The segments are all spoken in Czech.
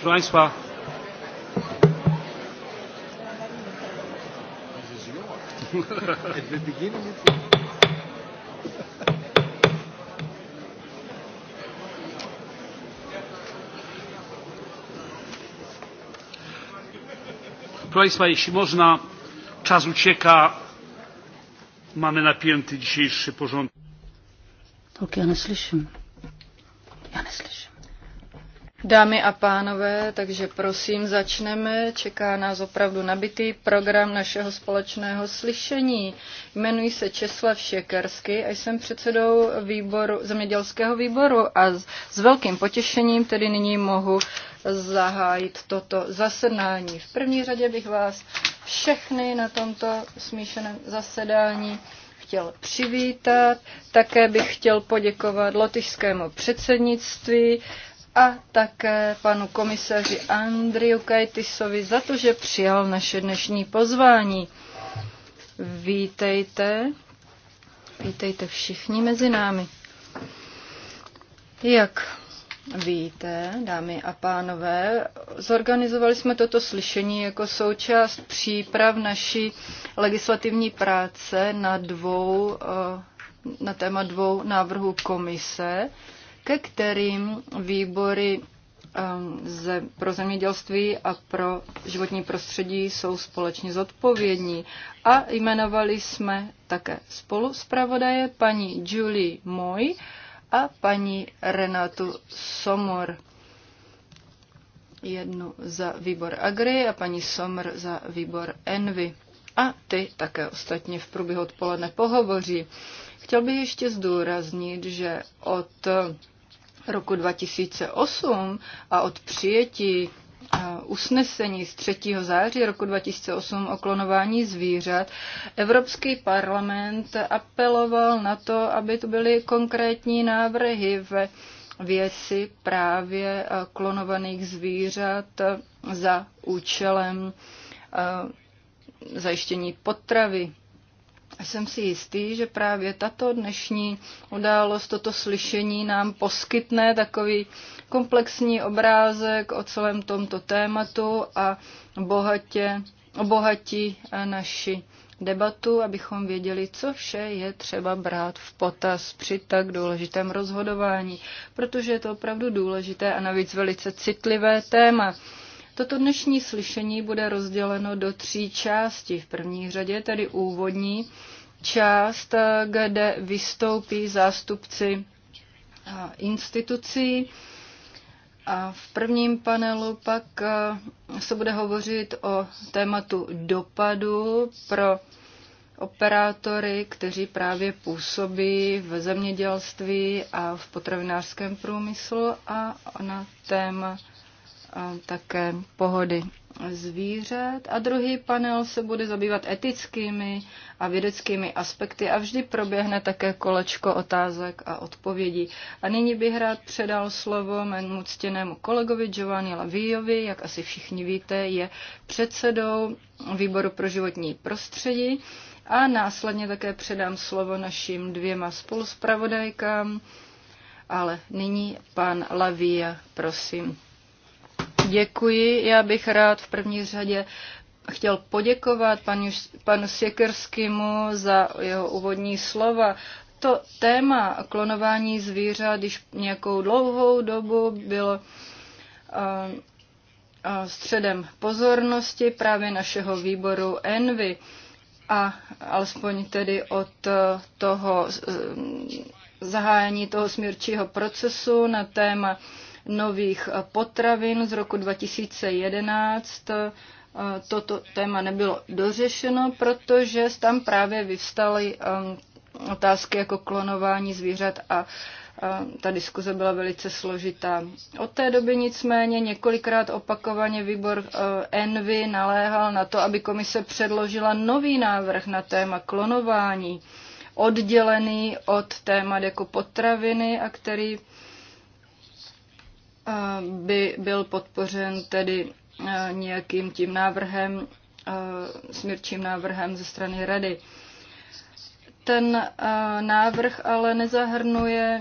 Proszę Państwa, Proszę Państwa, jeśli można, czas ucieka. Mamy napięty dzisiejszy porządek. Okay, Dámy a pánové, takže prosím, začneme. Čeká nás opravdu nabitý program našeho společného slyšení. Jmenuji se Česlav Šekersky a jsem předsedou výboru, zemědělského výboru a s, s velkým potěšením tedy nyní mohu zahájit toto zasedání. V první řadě bych vás všechny na tomto smíšeném zasedání chtěl přivítat. Také bych chtěl poděkovat lotyšskému předsednictví a také panu komisaři Andriu Kajtisovi za to, že přijal naše dnešní pozvání. Vítejte, vítejte všichni mezi námi. Jak víte, dámy a pánové, zorganizovali jsme toto slyšení jako součást příprav naší legislativní práce na dvou eh, na téma dvou návrhů komise ke kterým výbory um, ze, pro zemědělství a pro životní prostředí jsou společně zodpovědní. A jmenovali jsme také spolu zpravodaje paní Julie Moy a paní Renatu Somor. Jednu za výbor Agri a paní Somr za výbor Envy. A ty také ostatně v průběhu odpoledne pohovoří. Chtěl bych ještě zdůraznit, že od roku 2008 a od přijetí eh, usnesení z 3. září roku 2008 o klonování zvířat, Evropský parlament apeloval na to, aby tu byly konkrétní návrhy ve věci právě eh, klonovaných zvířat eh, za účelem zajištění potravy jsem si jistý, že právě tato dnešní událost, toto slyšení nám poskytne takový komplexní obrázek o celém tomto tématu a bohatě, obohatí naši debatu, abychom věděli, co vše je třeba brát v potaz při tak důležitém rozhodování, protože je to opravdu důležité a navíc velice citlivé téma. Toto dnešní slyšení bude rozděleno do tří částí. V první řadě tedy úvodní část, kde vystoupí zástupci institucí. A v prvním panelu pak se bude hovořit o tématu dopadu pro operátory, kteří právě působí v zemědělství a v potravinářském průmyslu a na téma také pohody zvířat a druhý panel se bude zabývat etickými a vědeckými aspekty a vždy proběhne také kolečko otázek a odpovědí. A nyní bych rád předal slovo mému ctěnému kolegovi Giovanni Lavíjovi, jak asi všichni víte, je předsedou výboru pro životní prostředí a následně také předám slovo našim dvěma spoluspravodajkám, ale nyní pan Lavia, prosím. Děkuji. Já bych rád v první řadě chtěl poděkovat panu, panu Sěkerskému za jeho úvodní slova. To téma klonování zvířat, když nějakou dlouhou dobu bylo eh, eh, středem pozornosti právě našeho výboru Envy a alespoň tedy od eh, toho zahájení toho smírčího procesu na téma nových eh, potravin z roku 2011 eh, toto téma nebylo dořešeno, protože tam právě vyvstaly eh, otázky jako klonování zvířat a ta diskuze byla velice složitá. Od té doby nicméně několikrát opakovaně výbor Envy naléhal na to, aby komise předložila nový návrh na téma klonování, oddělený od témat jako potraviny a který by byl podpořen tedy e, nějakým tím návrhem, e, smírčím návrhem ze strany Rady. Ten e, návrh ale nezahrnuje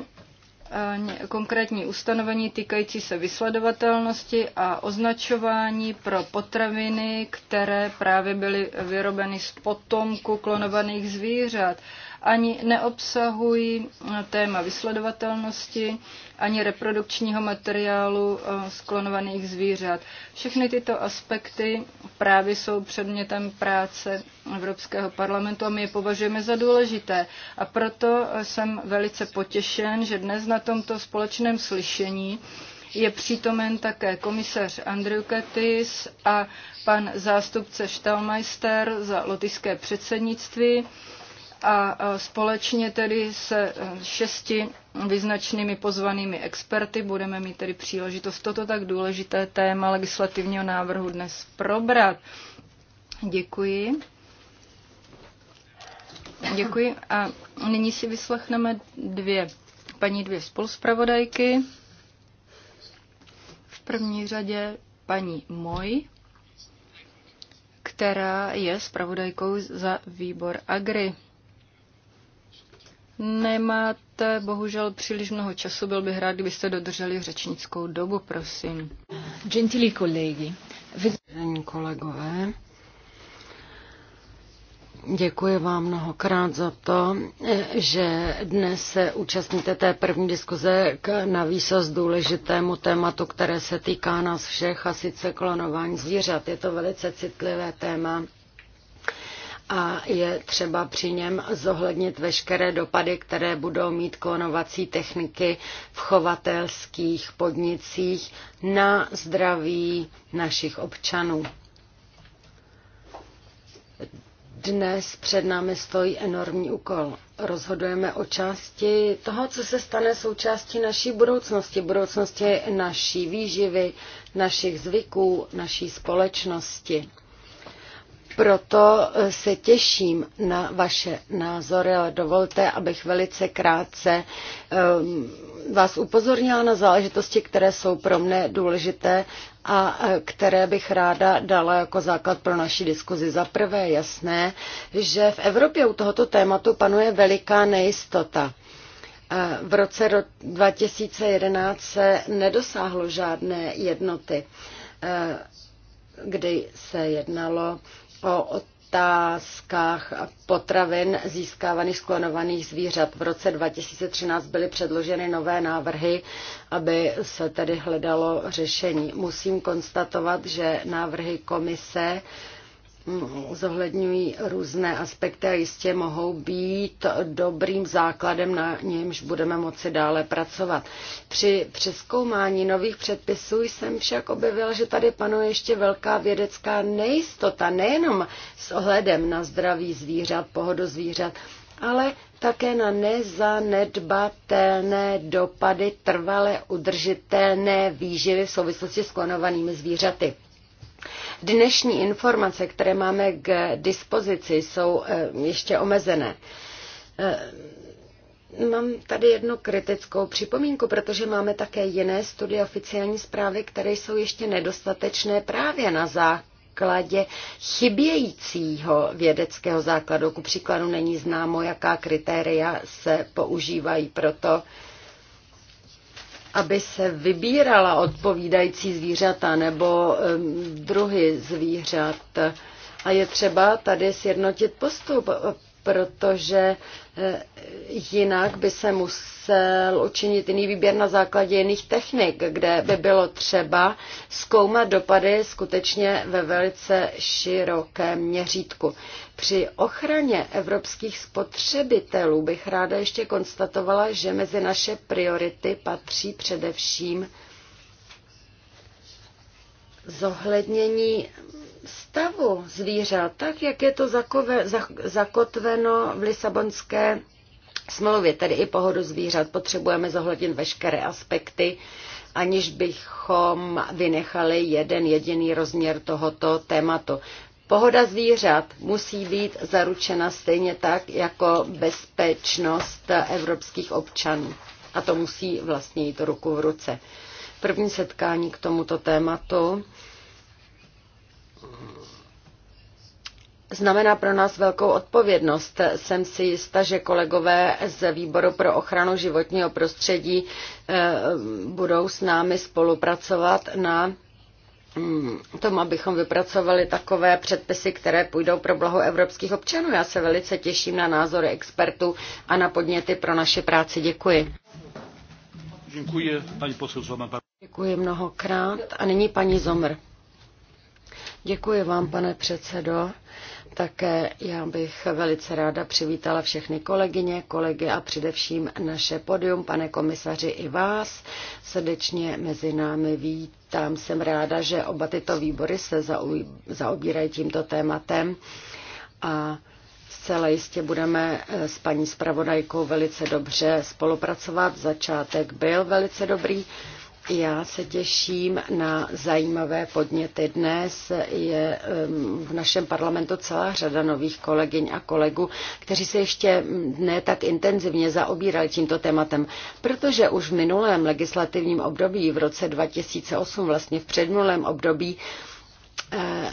konkrétní ustanovení týkající se vysledovatelnosti a označování pro potraviny, které právě byly vyrobeny z potomku klonovaných zvířat ani neobsahují eh, téma vysledovatelnosti, ani reprodukčního materiálu eh, sklonovaných zvířat. Všechny tyto aspekty právě jsou předmětem práce Evropského parlamentu a my je považujeme za důležité. A proto eh, jsem velice potěšen, že dnes na tomto společném slyšení je přítomen také komisař Andrew Katis a pan zástupce Stalmeister za lotyšské předsednictví a společně tedy se e, šesti vyznačnými pozvanými experty budeme mít tedy příležitost toto tak důležité téma legislativního návrhu dnes probrat. Děkuji. Děkuji a nyní si vyslechneme dvě, paní dvě spoluspravodajky. V první řadě paní Moj, která je spravodajkou za výbor Agri. Nemáte bohužel příliš mnoho času, byl bych rád, kdybyste dodrželi řečnickou dobu, prosím. Gentili kolegy, vyzvání kolegové, Děkuji vám mnohokrát za to, že dnes se účastníte té první diskuze k navýsost důležitému tématu, které se týká nás všech, a sice klonování zvířat. Je to velice citlivé téma a je třeba při něm zohlednit veškeré dopady, které budou mít klonovací techniky v chovatelských podnicích na zdraví našich občanů. Dnes před námi stojí enormní úkol. Rozhodujeme o části toho, co se stane součástí naší budoucnosti, budoucnosti naší výživy, našich zvyků, naší společnosti. Proto eh, se těším na vaše názory, ale dovolte, abych velice krátce ehm, vás upozornila na záležitosti, které jsou pro mne důležité a eh, které bych ráda dala jako základ pro naši diskuzi. Za prvé jasné, že v Evropě u tohoto tématu panuje veliká nejistota. Eh, v roce 2011 se nedosáhlo žádné jednoty kdy se jednalo o otázkách potravin získávaných z klonovaných zvířat. V roce 2013 byly předloženy nové návrhy, aby se tedy hledalo řešení. Musím konstatovat, že návrhy komise zohledňují různé aspekty a jistě mohou být dobrým základem, na němž budeme moci dále pracovat. Při přeskoumání nových předpisů jsem však objevila, že tady panuje ještě velká vědecká nejistota, nejenom s ohledem na zdraví zvířat, pohodu zvířat, ale také na nezanedbatelné dopady trvale udržitelné výživy v souvislosti s klonovanými zvířaty. Dnešní informace, které máme k dispozici, jsou eh, ještě omezené. Eh, mám tady jednu kritickou připomínku, protože máme také jiné studie oficiální zprávy, které jsou ještě nedostatečné právě na základě chybějícího vědeckého základu. Ku příkladu není známo, jaká kritéria se používají pro to, aby se vybírala odpovídající zvířata nebo druhy zvířat. A je třeba tady sjednotit postup, protože eh, jinak by se musel učinit jiný výběr na základě jiných technik, kde by bylo třeba zkoumat dopady skutečně ve velice širokém měřítku. Při ochraně evropských spotřebitelů bych ráda ještě konstatovala, že mezi naše priority patří především zohlednění stavu zvířat, tak jak je to zakotveno v Lisabonské smlouvě, tedy i pohodu zvířat. Potřebujeme zohlednit veškeré aspekty, aniž bychom vynechali jeden jediný rozměr tohoto tématu. Pohoda zvířat musí být zaručena stejně tak jako bezpečnost evropských občanů. A to musí vlastně jít ruku v ruce. První setkání k tomuto tématu znamená pro nás velkou odpovědnost. Jsem si jista, že kolegové z Výboru pro ochranu životního prostředí eh, budou s námi spolupracovat na Mm, tom, abychom vypracovali takové předpisy, které půjdou pro blaho evropských občanů. Já se velice těším na názory expertů a na podněty pro naše práci. Děkuji. Děkuji, paní Děkuji mnohokrát. A nyní paní Zomr. Děkuji vám, pane předsedo. Také já bych velice ráda přivítala všechny kolegyně, kolegy a především naše podium, pane komisaři i vás. Srdečně mezi námi vítám. Jsem ráda, že oba tyto výbory se zaobírají tímto tématem a Zcela jistě budeme eh, s paní zpravodajkou velice dobře spolupracovat. Začátek byl velice dobrý já se těším na zajímavé podněty. Dnes je um, v našem parlamentu celá řada nových kolegyň a kolegů, kteří se ještě ne tak intenzivně zaobírali tímto tématem, protože už v minulém legislativním období, v roce 2008, vlastně v předminulém období, eh,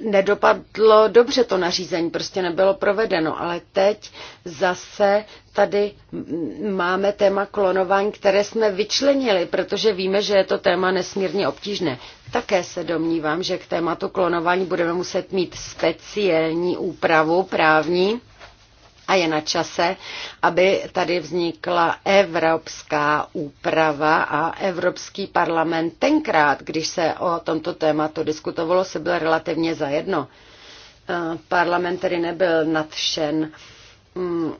nedopadlo dobře to nařízení, prostě nebylo provedeno, ale teď zase tady máme téma klonování, které jsme vyčlenili, protože víme, že je to téma nesmírně obtížné. Také se domnívám, že k tématu klonování budeme muset mít speciální úpravu právní, a je na čase, aby tady vznikla evropská úprava a Evropský parlament tenkrát, když se o tomto tématu diskutovalo, se byl relativně zajedno. Eh, parlament tedy nebyl nadšen mm,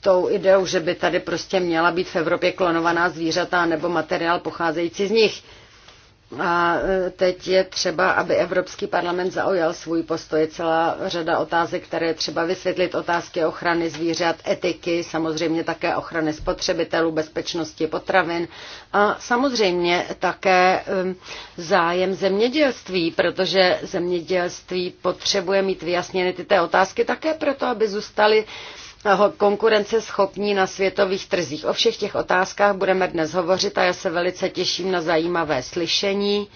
tou ideou, že by tady prostě měla být v Evropě klonovaná zvířata nebo materiál pocházející z nich. A e, teď je třeba, aby Evropský parlament zaujal svůj postoj. Celá řada otázek, které je třeba vysvětlit, otázky ochrany zvířat, etiky, samozřejmě také ochrany spotřebitelů, bezpečnosti potravin a samozřejmě také zájem zemědělství, protože zemědělství potřebuje mít vyjasněny tyto otázky také proto, aby zůstaly konkurenceschopní na světových trzích. O všech těch otázkách budeme dnes hovořit a já se velice těším na zajímavé slyšení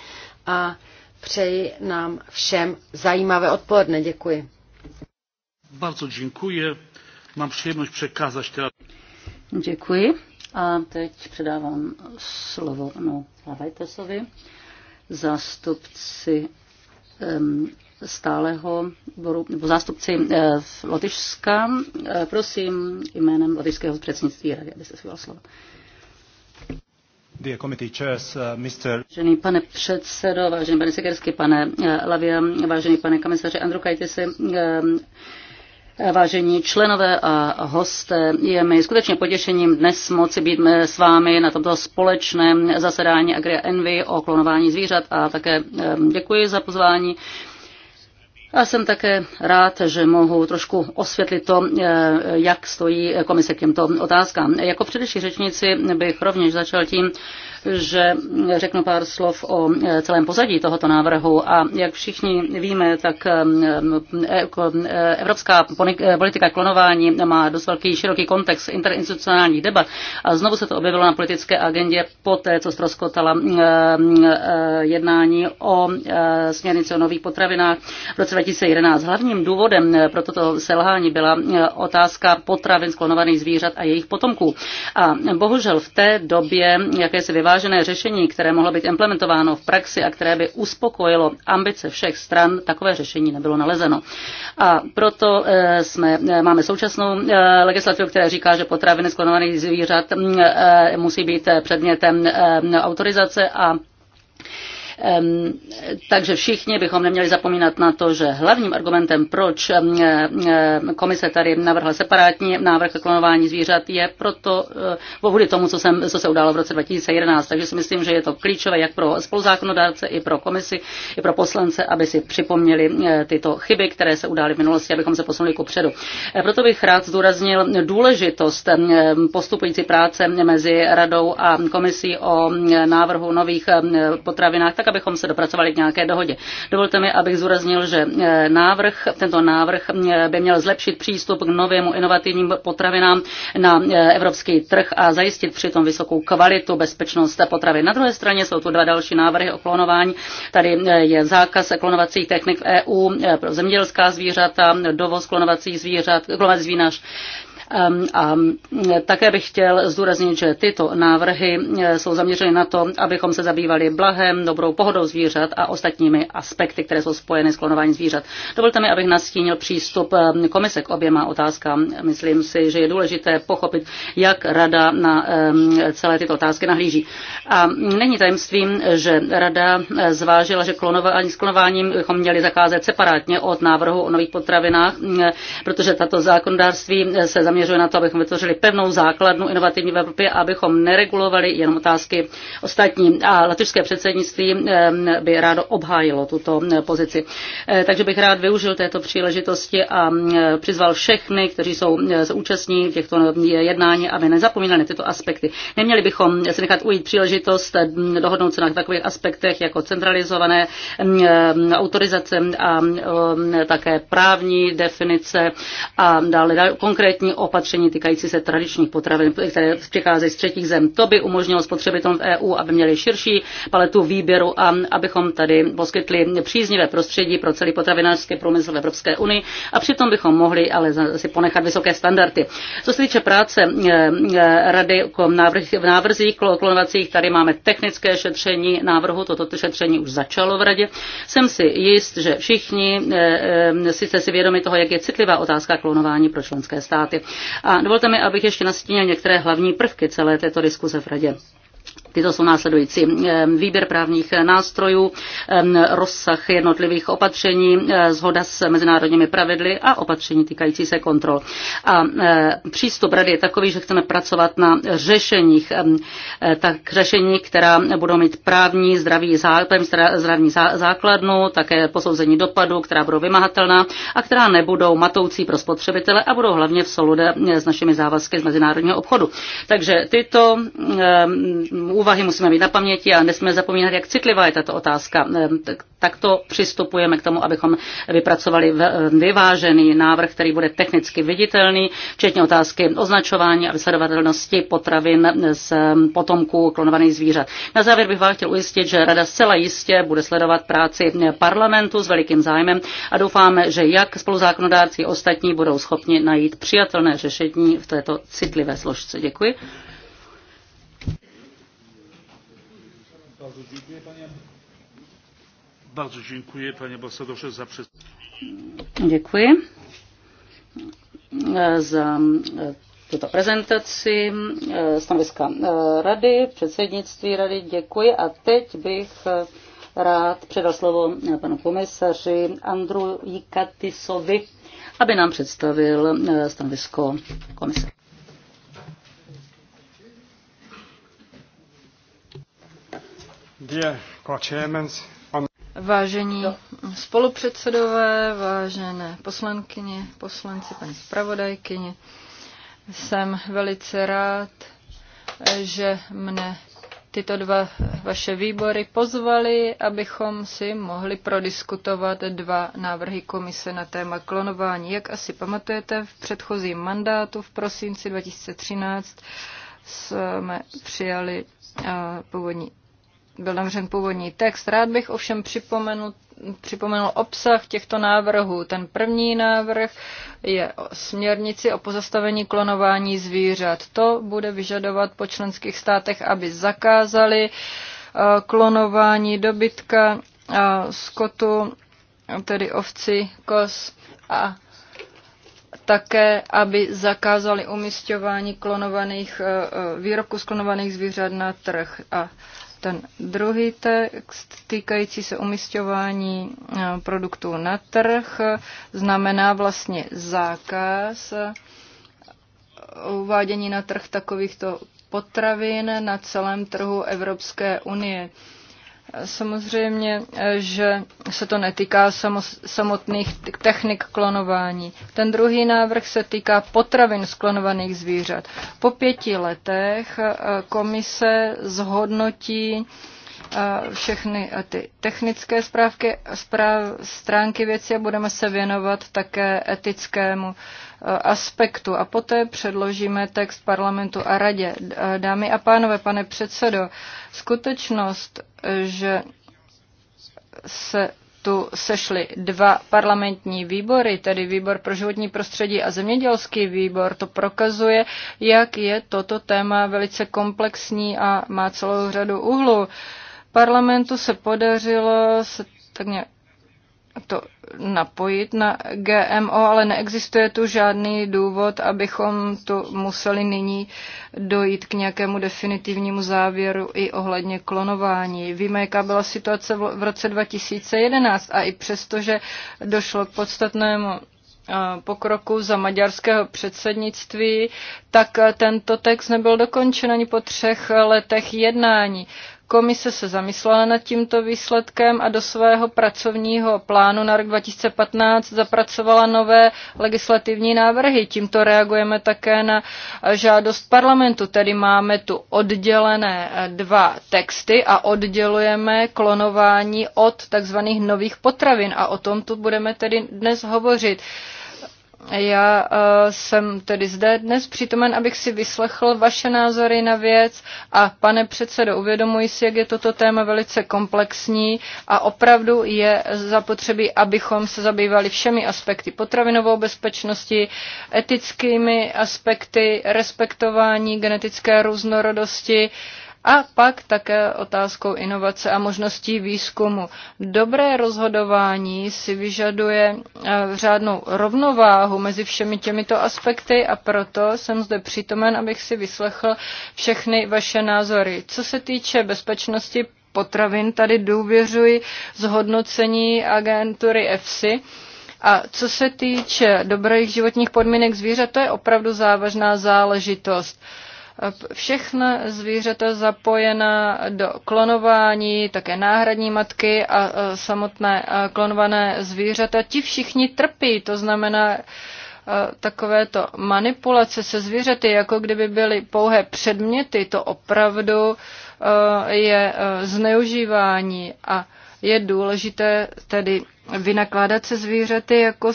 a přeji nám všem zajímavé odpoledne. Děkuji. Bardzo dziękuję. Mam przyjemność przekazać teraz. Děkuji. A teď předávám slovo no, Lavajtesovi, zástupci um, stáleho boru, nebo zástupci eh, Lotyšska. Eh, prosím jménem Lotyšského předsednictví rady, se svýval slovo. Eh, vážený pane předsedo, vážený pane Sekersky, pane eh, Lavia, vážený pane komisaři Andru Kajtisi, Vážení členové a hosté, je mi skutečně potěšením dnes moci být s vámi na tomto společném zasedání Agria Envy o klonování zvířat a také děkuji za pozvání já jsem také rád, že mohu trošku osvětlit to, eh, jak stojí komise k těmto otázkám. Jako předešlí řečníci bych rovněž začal tím, že řeknu pár slov o eh, celém pozadí tohoto návrhu a jak všichni víme, tak eh, eh, jako, evropská politika klonování má dost velký široký kontext interinstitucionálních debat a znovu se to objevilo na politické agendě po té, co zproskotala jednání o směrnici o nových potravinách v roce 2011. Hlavním důvodem pro toto selhání byla otázka potravin sklonovaných zvířat a jejich potomků. A bohužel v té době, jaké se vyváží vyvážené řešení, které mohlo být implementováno v praxi a které by uspokojilo ambice všech stran, takové řešení nebylo nalezeno. A proto eh, jsme, eh, máme současnou eh, legislativu, která říká, že potraviny sklonovaných zvířat mm, musí být předmětem autorizace a takže všichni bychom neměli zapomínat na to, že hlavním argumentem, proč komise tady navrhla separátní návrh ke klonování zvířat, je proto kvůli eh, tomu, co, jsem, co se událo v roce 2011. Takže si myslím, že je to klíčové jak pro spoluzákonodárce, i pro komisi, i pro poslance, aby si připomněli eh, tyto chyby, které se udály v minulosti, abychom se posunuli ku předu. Eh, proto bych rád zdůraznil důležitost postupující práce mezi radou a komisí o návrhu nových potravinách, tak abychom se dopracovali k nějaké dohodě. Dovolte mi, abych zúraznil, že eh, návrh, tento návrh eh, by měl zlepšit přístup k novému inovativním potravinám na eh, evropský trh a zajistit přitom vysokou kvalitu, bezpečnost potravy. Na druhé straně jsou tu dva další návrhy o klonování. Tady je zákaz klonovacích technik v EU pro zemědělská zvířata, dovoz klonovacích zvířat, klonovací zvínař a také bych chtěl zdůraznit, že tyto návrhy eh, jsou zaměřeny na to, abychom se zabývali blahem, dobrou pohodou zvířat a ostatními aspekty, které jsou spojeny s klonováním zvířat. Dovolte mi, abych nastínil přístup komise k oběma otázkám. Myslím si, že je důležité pochopit, jak rada na celé tyto otázky nahlíží. A není tajemstvím, že rada eh, zvážila, že klonování, s klonováním bychom měli zakázat separátně od návrhu o nových potravinách, protože tato zákonodárství eh, se zaměřuje směřuje na to, abychom vytvořili pevnou základnu inovativní v Evropě a abychom neregulovali jenom otázky ostatní. A latušské předsednictví by rádo obhájilo tuto pozici. E, takže bych rád využil této příležitosti a přizval všechny, kteří jsou účastní těchto jednání, aby nezapomínali tyto aspekty. Neměli bychom se nechat ujít příležitost dohodnout se na takových aspektech jako centralizované autorizace a také právní definice a dále konkrétní opatření týkající se tradičních potravin, které přicházejí z třetích zem. To by umožnilo spotřebitelům v EU, aby měli širší paletu výběru a abychom tady poskytli příznivé prostředí pro celý potravinářský průmysl v Evropské unii a přitom bychom mohli ale si ponechat vysoké standardy. Co se týče práce e, e, rady v návrzích klonovacích, tady máme technické šetření návrhu, toto šetření už začalo v radě. Jsem si jist, že všichni e, sice si vědomi toho, jak je citlivá otázka klonování pro členské státy. A dovolte mi, abych ještě nastínil některé hlavní prvky celé této diskuze v Radě. Tyto jsou následující. Výběr právních nástrojů, rozsah jednotlivých opatření, zhoda e, s mezinárodními pravidly a opatření týkající se kontrol. A e, přístup rady je takový, že chceme pracovat na řešeních, e, tak řešení, která budou mít právní, zdravý, zdravní základnu, také posouzení dopadu, která budou vymahatelná a která nebudou matoucí pro spotřebitele a budou hlavně v solude s našimi závazky z mezinárodního obchodu. Takže tyto um, úvahy musíme mít na paměti a nesmíme zapomínat, jak citlivá je tato otázka. Ehm, takto přistupujeme k tomu, abychom vypracovali ehm, vyvážený návrh, který bude technicky viditelný, včetně otázky označování a vysledovatelnosti potravin z ehm, potomků klonovaných zvířat. Na závěr bych vás chtěl ujistit, že Rada zcela jistě bude sledovat práci parlamentu s velikým zájmem a doufáme, že jak spoluzákonodárci ostatní budou schopni najít přijatelné řešení v této citlivé složce. Děkuji. Bardzo dziękuję, panie... Bardzo dziękuję, panie ambasadorze, za představení. Děkuji e, za e, tuto prezentaci e, stanoviska rady, předsednictví rady. Děkuji a teď bych rád předal slovo panu komisaři Andru Jikatisovi, aby nám představil stanovisko komise. Vážení spolupředsedové, vážené poslankyně, poslanci, paní zpravodajkyně, jsem velice rád, že mne tyto dva vaše výbory pozvali, abychom si mohli prodiskutovat dva návrhy komise na téma klonování. Jak asi pamatujete, v předchozím mandátu v prosinci 2013 jsme přijali eh, původní byl navržen původní text. Rád bych ovšem připomenul, připomenul obsah těchto návrhů. Ten první návrh je o směrnici o pozastavení klonování zvířat. To bude vyžadovat po členských státech, aby zakázali eh, klonování dobytka, eh, skotu, tedy ovci, kos a také, aby zakázali umistování klonovaných eh, výrobků z klonovaných zvířat na trh. A ten druhý text týkající se umistování eh, produktů na trh znamená vlastně zákaz eh, uvádění na trh takovýchto potravin na celém trhu Evropské unie. Samozřejmě, eh, že se to netýká samotných technik klonování. Ten druhý návrh se týká potravin klonovaných zvířat. Po pěti letech eh, komise zhodnotí všechny ty technické zprávky, zpráv, stránky věci a budeme se věnovat také etickému e, aspektu. A poté předložíme text parlamentu a radě. E, dámy a pánové, pane předsedo, skutečnost, že se tu sešly dva parlamentní výbory, tedy výbor pro životní prostředí a zemědělský výbor. To prokazuje, jak je toto téma velice komplexní a má celou řadu úhlů. Uh, Parlamentu se podařilo se tak nějak to napojit na GMO, ale neexistuje tu žádný důvod, abychom tu museli nyní dojít k nějakému definitivnímu závěru i ohledně klonování. Víme, jaká byla situace v roce 2011 a i přesto, že došlo k podstatnému eh, pokroku za maďarského předsednictví, tak eh, tento text nebyl dokončen ani po třech letech jednání. Komise se zamyslela nad tímto výsledkem a do svého pracovního plánu na rok 2015 zapracovala nové legislativní návrhy. Tímto reagujeme také na žádost parlamentu, tedy máme tu oddělené eh, dva texty a oddělujeme klonování od tzv. nových potravin a o tom tu budeme tedy dnes hovořit. Já eh, jsem tedy zde dnes přítomen, abych si vyslechl vaše názory na věc a pane předsedo, uvědomuji si, jak je toto téma velice komplexní a opravdu je zapotřebí, abychom se zabývali všemi aspekty potravinovou bezpečnosti, etickými aspekty, respektování genetické různorodosti, uh, a pak také otázkou inovace a možností výzkumu. Dobré rozhodování si vyžaduje eh, řádnou rovnováhu mezi všemi těmito aspekty a proto jsem zde přítomen, abych si vyslechl všechny vaše názory. Co se týče bezpečnosti potravin, tady důvěřuji zhodnocení agentury EFSI. A co se týče dobrých životních podmínek zvířat, to je opravdu závažná záležitost všechna zvířata zapojená do klonování, také náhradní matky a samotné klonované zvířata, ti všichni trpí, to znamená, takovéto manipulace se zvířaty, jako kdyby byly pouhé předměty, to opravdu je zneužívání a je důležité tedy vynakládat se zvířaty jako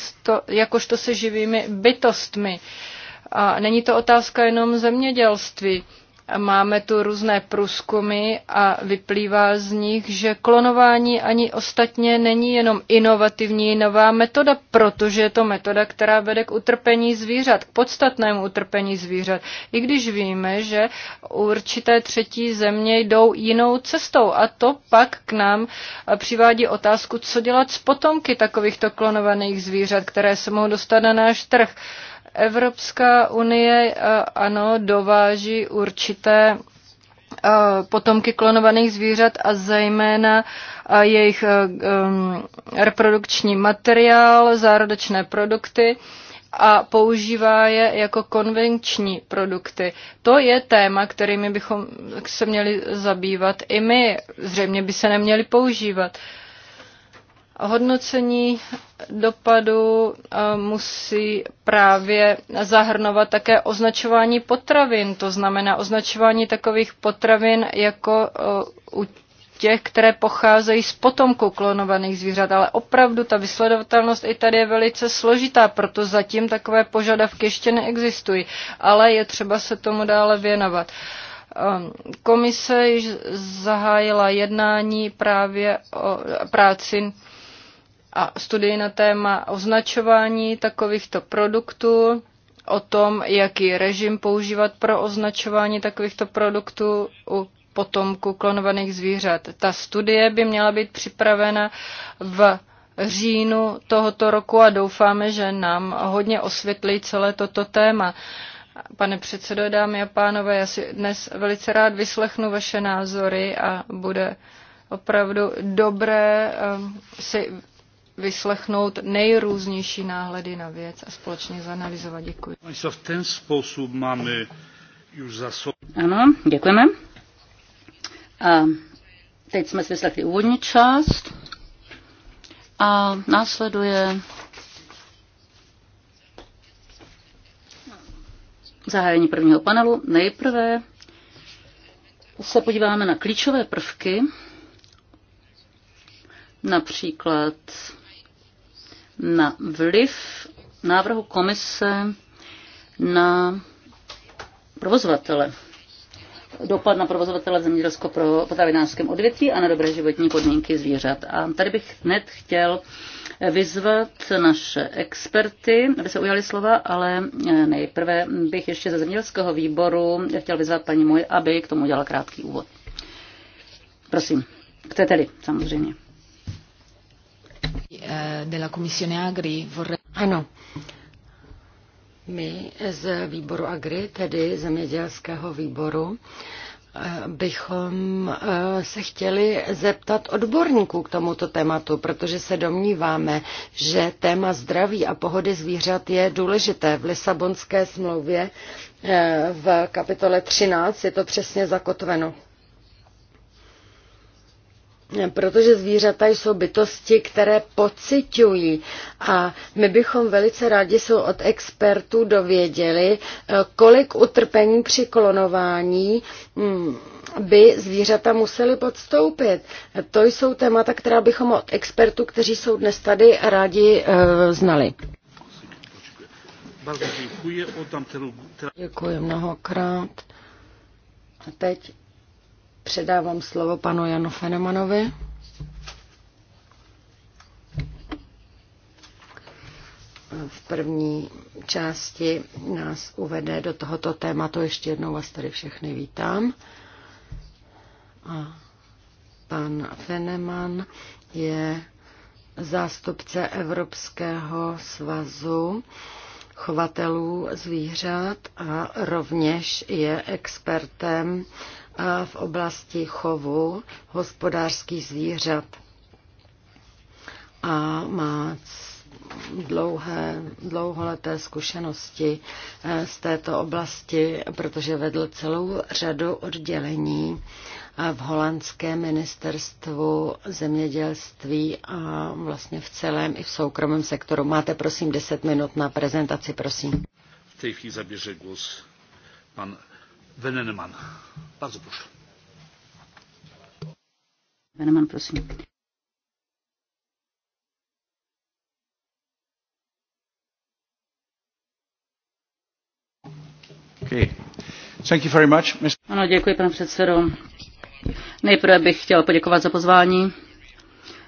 jakožto se živými bytostmi. Uh, a není to otázka jenom zemědělství. Máme tu různé průzkumy a vyplývá z nich, že klonování ani ostatně není jenom inovativní nová metoda, protože je to metoda, která vede k utrpení zvířat, k podstatnému utrpení zvířat. I když víme, že určité třetí země jdou jinou cestou a to pak k nám přivádí otázku, co dělat s potomky takovýchto klonovaných zvířat, které se mohou dostat na náš trh. Evropská unie, eh, ano, dováží určité eh, potomky klonovaných zvířat a zejména eh, jejich reprodukční materiál, zárodečné produkty a používá je jako konvenční produkty. To je téma, kterými bychom se měli zabývat i my. Zřejmě by se neměli používat. Uh, Hodnocení dopadu musí právě zahrnovat také označování potravin, to znamená označování takových potravin jako uh, u těch, které pocházejí z potomku klonovaných zvířat, ale opravdu ta vysledovatelnost i tady je velice složitá, proto zatím takové požadavky ještě neexistují, ale je třeba se tomu dále věnovat. Um, komise již zahájila jednání právě o práci a studii na téma označování takovýchto produktů, o tom, jaký režim používat pro označování takovýchto produktů u potomku klonovaných zvířat. Ta studie by měla být připravena v říjnu tohoto roku a doufáme, že nám hodně osvětlí celé toto téma. Pane předsedo, dámy a pánové, já si dnes velice rád vyslechnu vaše názory a bude opravdu dobré eh, si vyslechnout nejrůznější náhledy na věc a společně zanalizovat. Děkuji. V ten způsob máme už za Ano, děkujeme. A teď jsme si vyslechli úvodní část a následuje zahájení prvního panelu. Nejprve se podíváme na klíčové prvky, například na vliv návrhu komise na provozovatele. Dopad na provozovatele v zemědělsko-potravinářském odvětví a na dobré životní podmínky zvířat. A tady bych hned chtěl vyzvat naše experty, aby se ujali slova, ale eh, nejprve bych ještě ze zemědělského výboru chtěl vyzvat paní moji, aby k tomu udělala krátký úvod. Prosím, chcete-li, samozřejmě. Agri Ano. My z výboru Agri, tedy zemědělského výboru, bychom eh, se chtěli zeptat odborníků k tomuto tématu, protože se domníváme, že téma zdraví a pohody zvířat je důležité. V Lisabonské smlouvě eh, v kapitole 13 je to přesně zakotveno protože zvířata jsou bytosti, které pociťují a my bychom velice rádi se od expertů dověděli, eh, kolik utrpení při klonování mm, by zvířata museli podstoupit. To jsou témata, která bychom od expertů, kteří jsou dnes tady, rádi eh, znali. Děkuji mnohokrát. A teď Předávám slovo panu Janu Fenemanovi. V první části nás uvede do tohoto tématu. Ještě jednou vás tady všechny vítám. A pan Feneman je zástupce Evropského svazu chovatelů zvířat a rovněž je expertem v oblasti chovu hospodářských zvířat a má dlouhé, dlouholeté zkušenosti eh, z této oblasti, protože vedl celou řadu oddělení eh, v holandském ministerstvu zemědělství a vlastně v celém i v soukromém sektoru. Máte prosím 10 minut na prezentaci, prosím. V té chvíli zaběře pan Veneneman. Bardzo proszę. Veneman, prosím. Okay. Thank you very much, Mr. Ano, děkuji, pane předsedo. Nejprve bych chtěl poděkovat za pozvání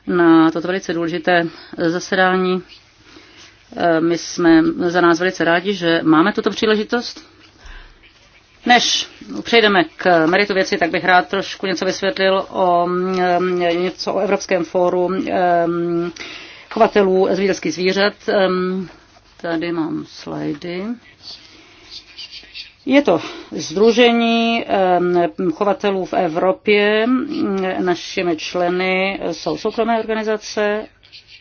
na toto velice důležité zasedání. Eh, my jsme za nás velice rádi, že máme tuto příležitost než přejdeme k meritu věci, tak bych rád trošku něco vysvětlil o mm, mm, něco o Evropském fóru mm, chovatelů zemědělských zvířat. Tady mám slajdy. Je to Združení chovatelů v Evropě. Našimi členy jsou soukromé organizace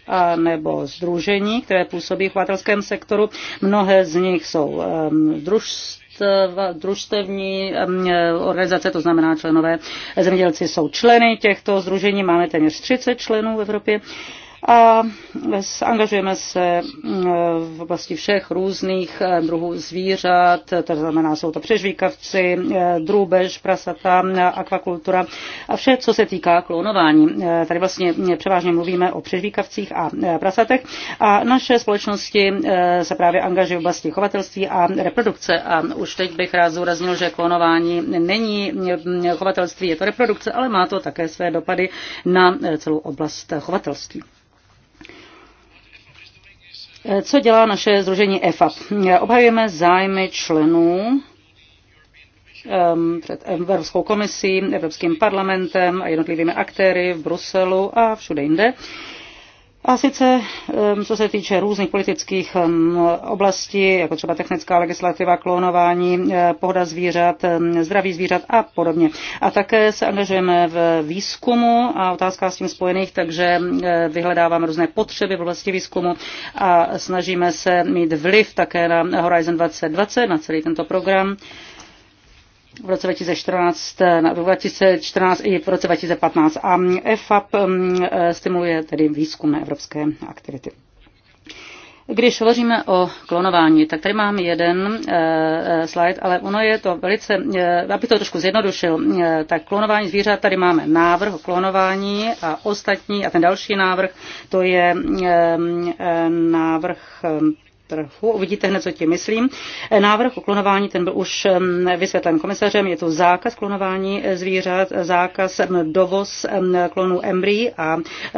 a nebo združení, které působí v chovatelském sektoru. Mnohé z nich jsou družství družstevní organizace, to znamená členové zemědělci jsou členy těchto združení, máme téměř 30 členů v Evropě a angažujeme se mm, v oblasti všech různých eh, druhů zvířat, to znamená, jsou to přežvíkavci, eh, drůbež, prasata, eh, akvakultura a vše, co se týká klonování. Tady vlastně převážně mluvíme o přežvíkavcích a prasatech a naše společnosti se právě angažují v oblasti chovatelství a reprodukce a už teď bych rád zúraznil, že klonování není mm, chovatelství, je to reprodukce, ale má to také své dopady na celou oblast chovatelství. Co dělá naše združení EFAP? Obhajujeme zájmy členů před Evropskou komisí, Evropským parlamentem a jednotlivými aktéry v Bruselu a všude jinde. A sice, co se týče různých politických oblastí, jako třeba technická legislativa, klonování, e, pohoda zvířat, zdraví zvířat a podobně. A také se angažujeme v výzkumu a otázka s tím spojených, takže vyhledáváme různé potřeby v oblasti výzkumu a snažíme se mít vliv také na Horizon 2020, na celý tento program v roce 2014, na 2014 i v roce 2015 a EFAP um, eh, stimuluje tedy výzkum na evropské aktivity. Když hovoříme o klonování, tak tady mám jeden uh, slide, ale ono je to velice, uh, abych to trošku zjednodušil, uh, tak klonování zvířat, tady máme návrh o klonování a ostatní, a ten další návrh, to je e, e, návrh e, trhu. Uvidíte hned, co tím myslím. Návrh o klonování, ten byl už vysvětlen komisařem, je to zákaz klonování zvířat, zákaz dovoz klonů embryí a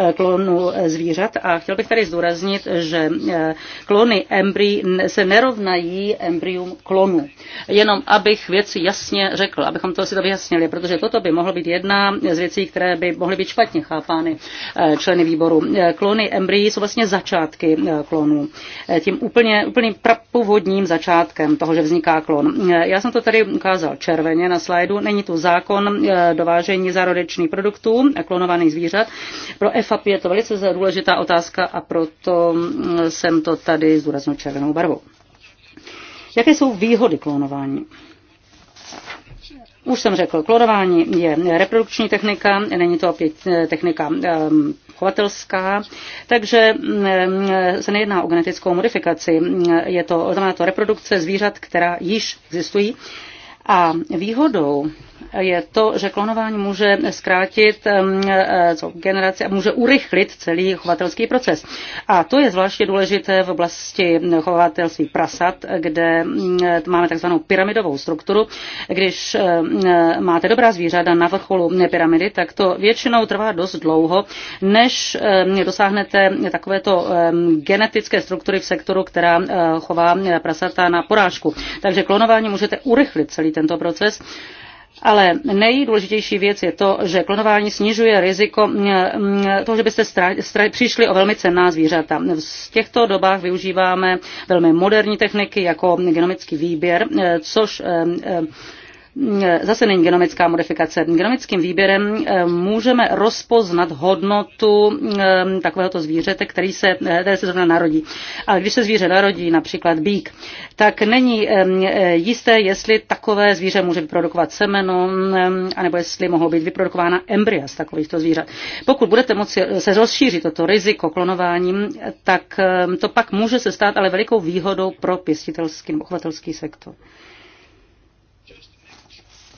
e, klonů zvířat. A chtěl bych tady zdůraznit, že e, klony embryí se nerovnají embryům klonů. Jenom abych věci jasně řekl, abychom to si to vyjasnili, protože toto by mohlo být jedna z věcí, které by mohly být špatně chápány e, členy výboru. Klony embryí jsou vlastně začátky klonů. Tím úplně úplně, úplně původním začátkem toho, že vzniká klon. Já jsem to tady ukázal červeně na slajdu. Není tu zákon eh, dovážení zárodečných produktů a klonovaných zvířat. Pro e FAP je to velice důležitá otázka a proto mm, jsem to tady zdůraznil červenou barvou. Jaké jsou výhody klonování? Už jsem řekl, klonování je reprodukční technika, není to opět eh, technika um, chovatelská, takže mm, mm, se nejedná o genetickou modifikaci. Je to, znamená to reprodukce zvířat, která již existují. A výhodou je to, že klonování může zkrátit eh, generaci a může urychlit celý chovatelský proces. A to je zvláště důležité v oblasti chovatelství prasat, kde mm, máme takzvanou pyramidovou strukturu. Když eh, máte dobrá zvířata na vrcholu pyramidy, tak to většinou trvá dost dlouho, než dosáhnete takovéto genetické struktury v sektoru, která eh, chová prasata na porážku. Takže klonování můžete urychlit celý tento proces ale nejdůležitější věc je to, že klonování snižuje riziko mm, mm, toho, že byste přišli o velmi cenná zvířata. V těchto dobách využíváme velmi moderní techniky jako genomický výběr, eh, což eh, eh, Eh, zase není genomická modifikace. Genomickým výběrem eh, můžeme rozpoznat hodnotu eh, takovéhoto zvířete, který se, které se zrovna narodí. Ale když se zvíře narodí, například bík, tak není jisté, jestli takové zvíře může vyprodukovat semeno, anebo jestli mohou být vyprodukována embrya z takovýchto zvířat. Pokud budete moci se rozšířit toto riziko klonováním, tak to pak může se stát ale velikou výhodou pro pěstitelský nebo chovatelský sektor.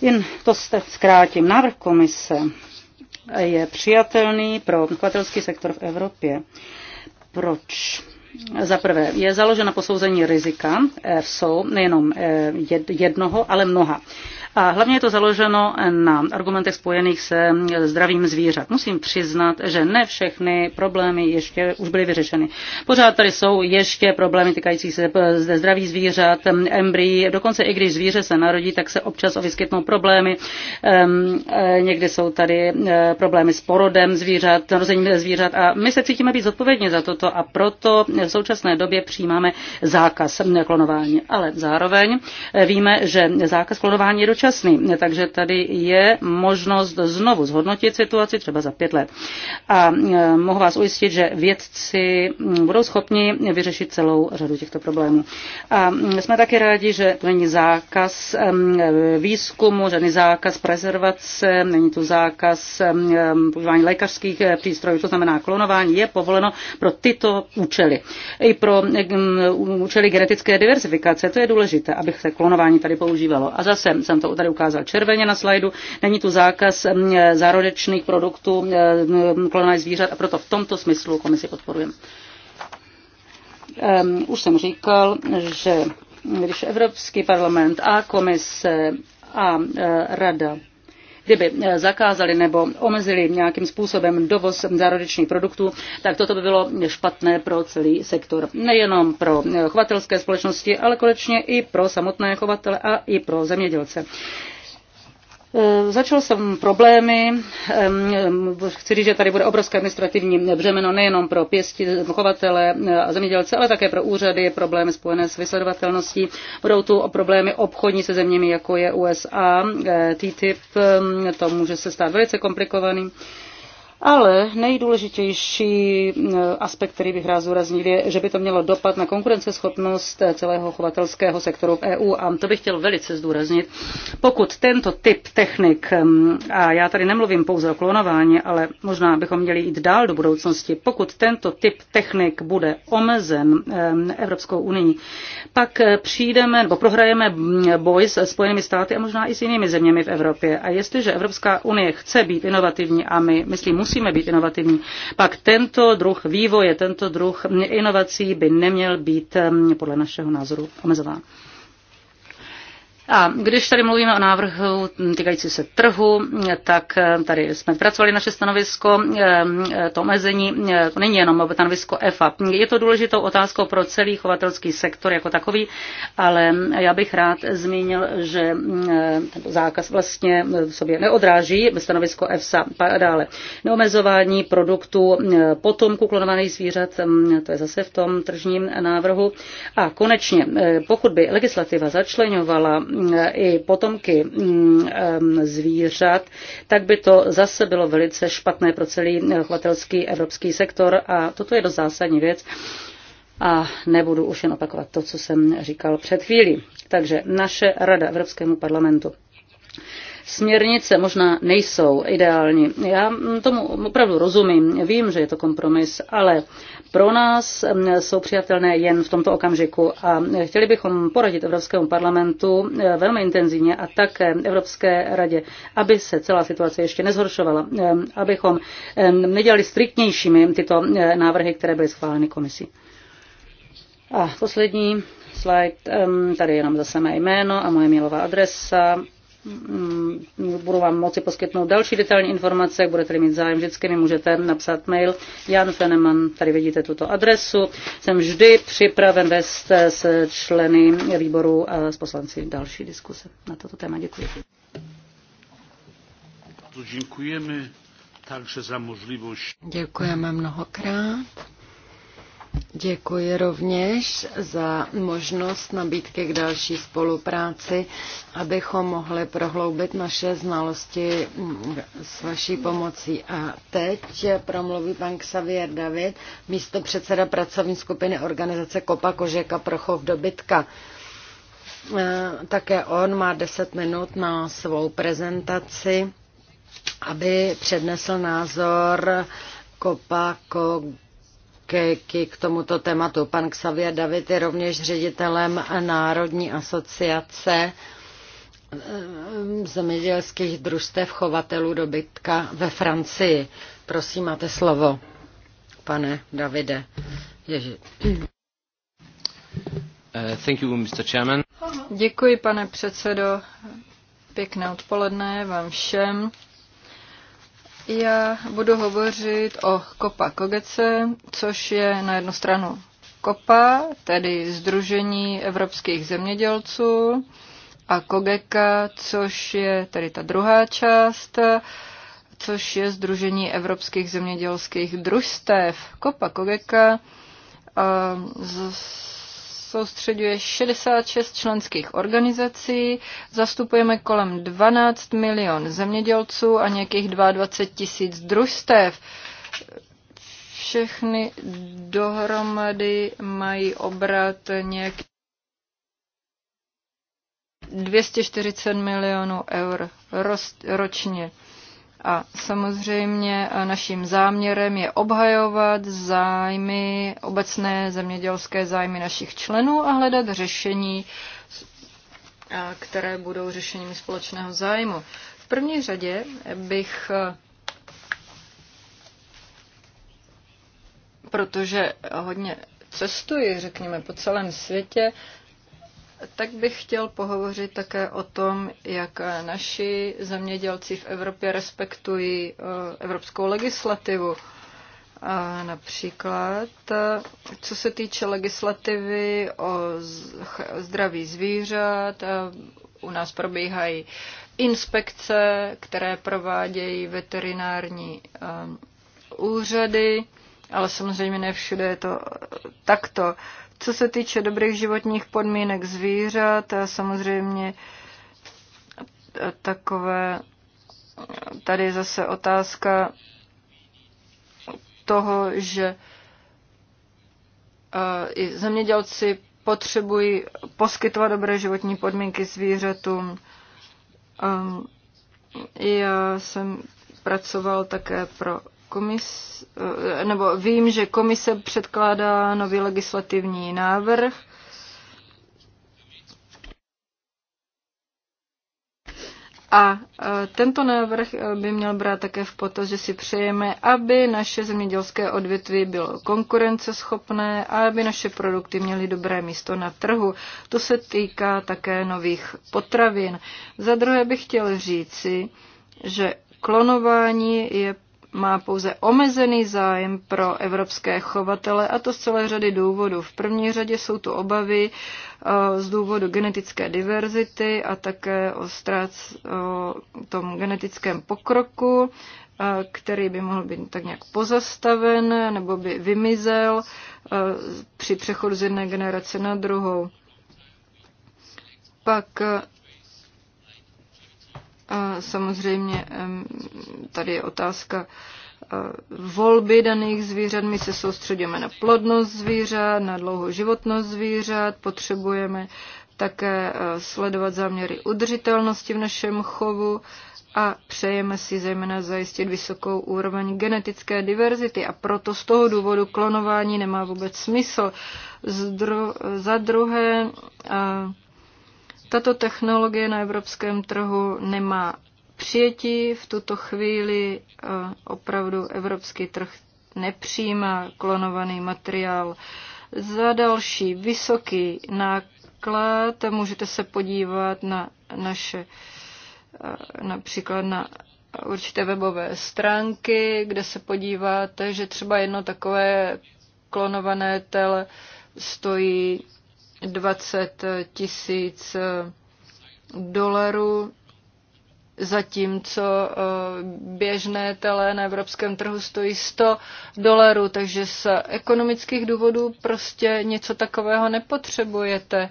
Jen to zkrátím. Návrh komise je přijatelný pro obyvatelský sektor v Evropě. Proč? Za prvé, je založena posouzení rizika, jsou e nejenom e, jednoho, ale mnoha. A hlavně je to založeno na argumentech spojených se zdravím zvířat. Musím přiznat, že ne všechny problémy ještě už byly vyřešeny. Pořád tady jsou ještě problémy týkající se eh, zde zdraví zvířat, embryí. Dokonce i když zvíře se narodí, tak se občas vyskytnou problémy. Eh, někdy jsou tady eh, problémy s porodem zvířat, narozením zvířat a my se cítíme být zodpovědní za toto a proto v současné době přijímáme zákaz klonování. Ale zároveň víme, že zákaz klonování je dočasný současný. Takže tady je možnost znovu zhodnotit situaci třeba za pět let. A e, mohu vás ujistit, že vědci budou schopni vyřešit celou řadu těchto problémů. A jsme taky rádi, že to není zákaz výzkumu, žádný zákaz prezervace, není tu zákaz používání lékařských e, přístrojů, to znamená klonování je povoleno pro tyto účely. I pro účely genetické diversifikace, to je důležité, aby se klonování tady používalo. A zase jsem to to tady ukázal červeně na slajdu, není tu zákaz mm, eh, zárodečných produktů eh, mm, klonovaných zvířat a proto v tomto smyslu komisi podporujeme. Um, už jsem říkal, že když Evropský parlament a komise a eh, rada Kdyby eh, zakázali nebo omezili nějakým způsobem dovoz zárodečných produktů, tak toto by bylo špatné pro celý sektor. Nejenom pro eh, chovatelské společnosti, ale konečně i pro samotné chovatele a i pro zemědělce. Eh, začal jsem problémy. Ehm, chci říct, že tady bude obrovské administrativní břemeno nejenom pro pěsti, chovatele eh, a zemědělce, ale také pro úřady, problémy spojené s vysledovatelností. Budou tu problémy obchodní se zeměmi, jako je USA, eh, TTIP, ehm, to může se stát velice komplikovaným. Ale nejdůležitější mm, aspekt, který bych rád zúraznil, je, že by to mělo dopad na konkurenceschopnost eh, celého chovatelského sektoru v EU. A to bych chtěl velice zdůraznit. Pokud tento typ technik, mm, a já tady nemluvím pouze o klonování, ale možná bychom měli jít dál do budoucnosti, pokud tento typ technik bude omezen eh, Evropskou unii, pak eh, přijdeme nebo prohrajeme mm, boj s Spojenými státy a možná i s jinými zeměmi v Evropě. A jestliže Evropská unie chce být inovativní a my, myslím, musí musíme být inovativní. Pak tento druh vývoje, tento druh inovací by neměl být podle našeho názoru omezován. A když tady mluvíme o návrhu týkající se trhu, tak eh, tady jsme pracovali naše stanovisko, eh, eh, to omezení, to není jenom stanovisko EFA. Je to důležitou otázkou pro celý chovatelský sektor jako takový, ale já bych rád zmínil, že ten zákaz vlastně v sobě neodráží stanovisko EFSA. Dále neomezování produktů potomku klonovaných zvířat, mm, to je zase v tom tržním návrhu. A konečně, pokud by legislativa začlenovala i potomky mm, zvířat, tak by to zase bylo velice špatné pro celý chovatelský evropský sektor a toto je dost zásadní věc. A nebudu už jen opakovat to, co jsem říkal před chvílí. Takže naše Rada Evropskému parlamentu Směrnice možná nejsou ideální. Já tomu opravdu rozumím, vím, že je to kompromis, ale pro nás jsou přijatelné jen v tomto okamžiku a chtěli bychom poradit Evropskému parlamentu eh, velmi intenzivně a také Evropské radě, aby se celá situace ještě nezhoršovala, abychom nedělali striktnějšími tyto eh, návrhy, které byly schváleny komisí. A poslední slide, tady je nám zase mé jméno a moje mailová adresa Mm, budu vám moci poskytnout další detailní informace, jak budete mít zájem, vždycky mi můžete napsat mail. Jan Feneman, tady vidíte tuto adresu. Jsem vždy připraven vést eh, s členy výboru a s poslanci další diskuse na toto téma. Děkuji. Děkujeme takže za možlivost. Děkujeme mnohokrát. Děkuji rovněž za možnost nabídky k další spolupráci, abychom mohli prohloubit naše znalosti s vaší pomocí. A teď promluví pan Xavier David, místo předseda pracovní skupiny organizace Kopa Kožeka Prochov Dobytka. Také on má 10 minut na svou prezentaci, aby přednesl názor Kopa Kožeka k, k tomuto tématu. Pan Xavier David je rovněž ředitelem Národní asociace eh, zemědělských družstev chovatelů dobytka ve Francii. Prosím, máte slovo, pane Davide. Ježi. Eh, thank you, Mr. Chairman. Děkuji, pane předsedo. Pěkné odpoledne vám všem. Já budu hovořit o Kopa Kogece, což je na jednu stranu Kopa, tedy Združení evropských zemědělců, a Kogeka, což je tedy ta druhá část, což je Združení evropských zemědělských družstev. Kopa Kogeka soustředuje 66 členských organizací, zastupujeme kolem 12 milion zemědělců a nějakých 22 tisíc družstev. Všechny dohromady mají obrat nějak 240 milionů eur ročně. A samozřejmě eh, naším záměrem je obhajovat zájmy, obecné zemědělské zájmy našich členů a hledat řešení, eh, které budou řešením společného zájmu. V první řadě bych eh, protože hodně cestuji, řekněme, po celém světě, tak bych chtěl pohovořit také o tom, jak naši zemědělci v Evropě respektují eh, evropskou legislativu. A například, eh, co se týče legislativy o zdraví zvířat, eh, u nás probíhají inspekce, které provádějí veterinární úřady, ale samozřejmě ne všude je to takto. Co se týče dobrých životních podmínek zvířat, a samozřejmě takové, tady je zase otázka toho, že i zemědělci potřebují poskytovat dobré životní podmínky zvířatům. Já jsem pracoval také pro komis, eh, nebo vím, že komise předkládá nový legislativní návrh. A eh, tento návrh eh, by měl brát také v potaz, že si přejeme, aby naše zemědělské odvětví bylo konkurenceschopné a aby naše produkty měly dobré místo na trhu. To se týká také nových potravin. Za druhé bych chtěl říci, že klonování je má pouze omezený zájem pro evropské chovatele a to z celé řady důvodů. V první řadě jsou tu obavy eh, z důvodu genetické diverzity a také o, ztrát o tom genetickém pokroku, eh, který by mohl být tak nějak pozastaven nebo by vymizel eh, při přechodu z jedné generace na druhou. Pak Samozřejmě tady je otázka e, volby daných zvířat. My se soustředíme na plodnost zvířat, na dlouhou životnost zvířat, potřebujeme také e, sledovat záměry udržitelnosti v našem chovu a přejeme si zejména zajistit vysokou úroveň genetické diverzity a proto z toho důvodu klonování nemá vůbec smysl. Zdru, za druhé, e, tato technologie na evropském trhu nemá přijetí. V tuto chvíli eh, opravdu evropský trh nepřijímá klonovaný materiál. Za další vysoký náklad můžete se podívat na naše eh, například na určité webové stránky, kde se podíváte, že třeba jedno takové klonované tele stojí 20 tisíc eh, dolarů, zatímco eh, běžné tele na evropském trhu stojí 100 dolarů, takže z ekonomických důvodů prostě něco takového nepotřebujete.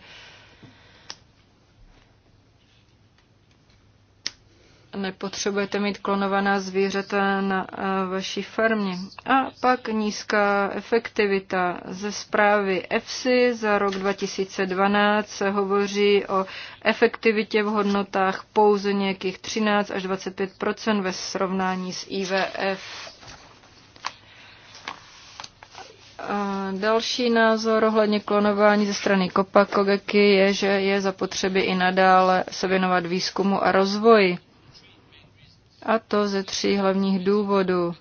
nepotřebujete mít klonovaná zvířata na eh, vaší farmě. A pak nízká efektivita. Ze zprávy EFSI za rok 2012 se hovoří o efektivitě v hodnotách pouze nějakých 13 až 25 ve srovnání s IVF. A další názor ohledně klonování ze strany Kopa Kogeky je, že je zapotřebí i nadále se věnovat výzkumu a rozvoji. A to ze tří hlavních důvodů.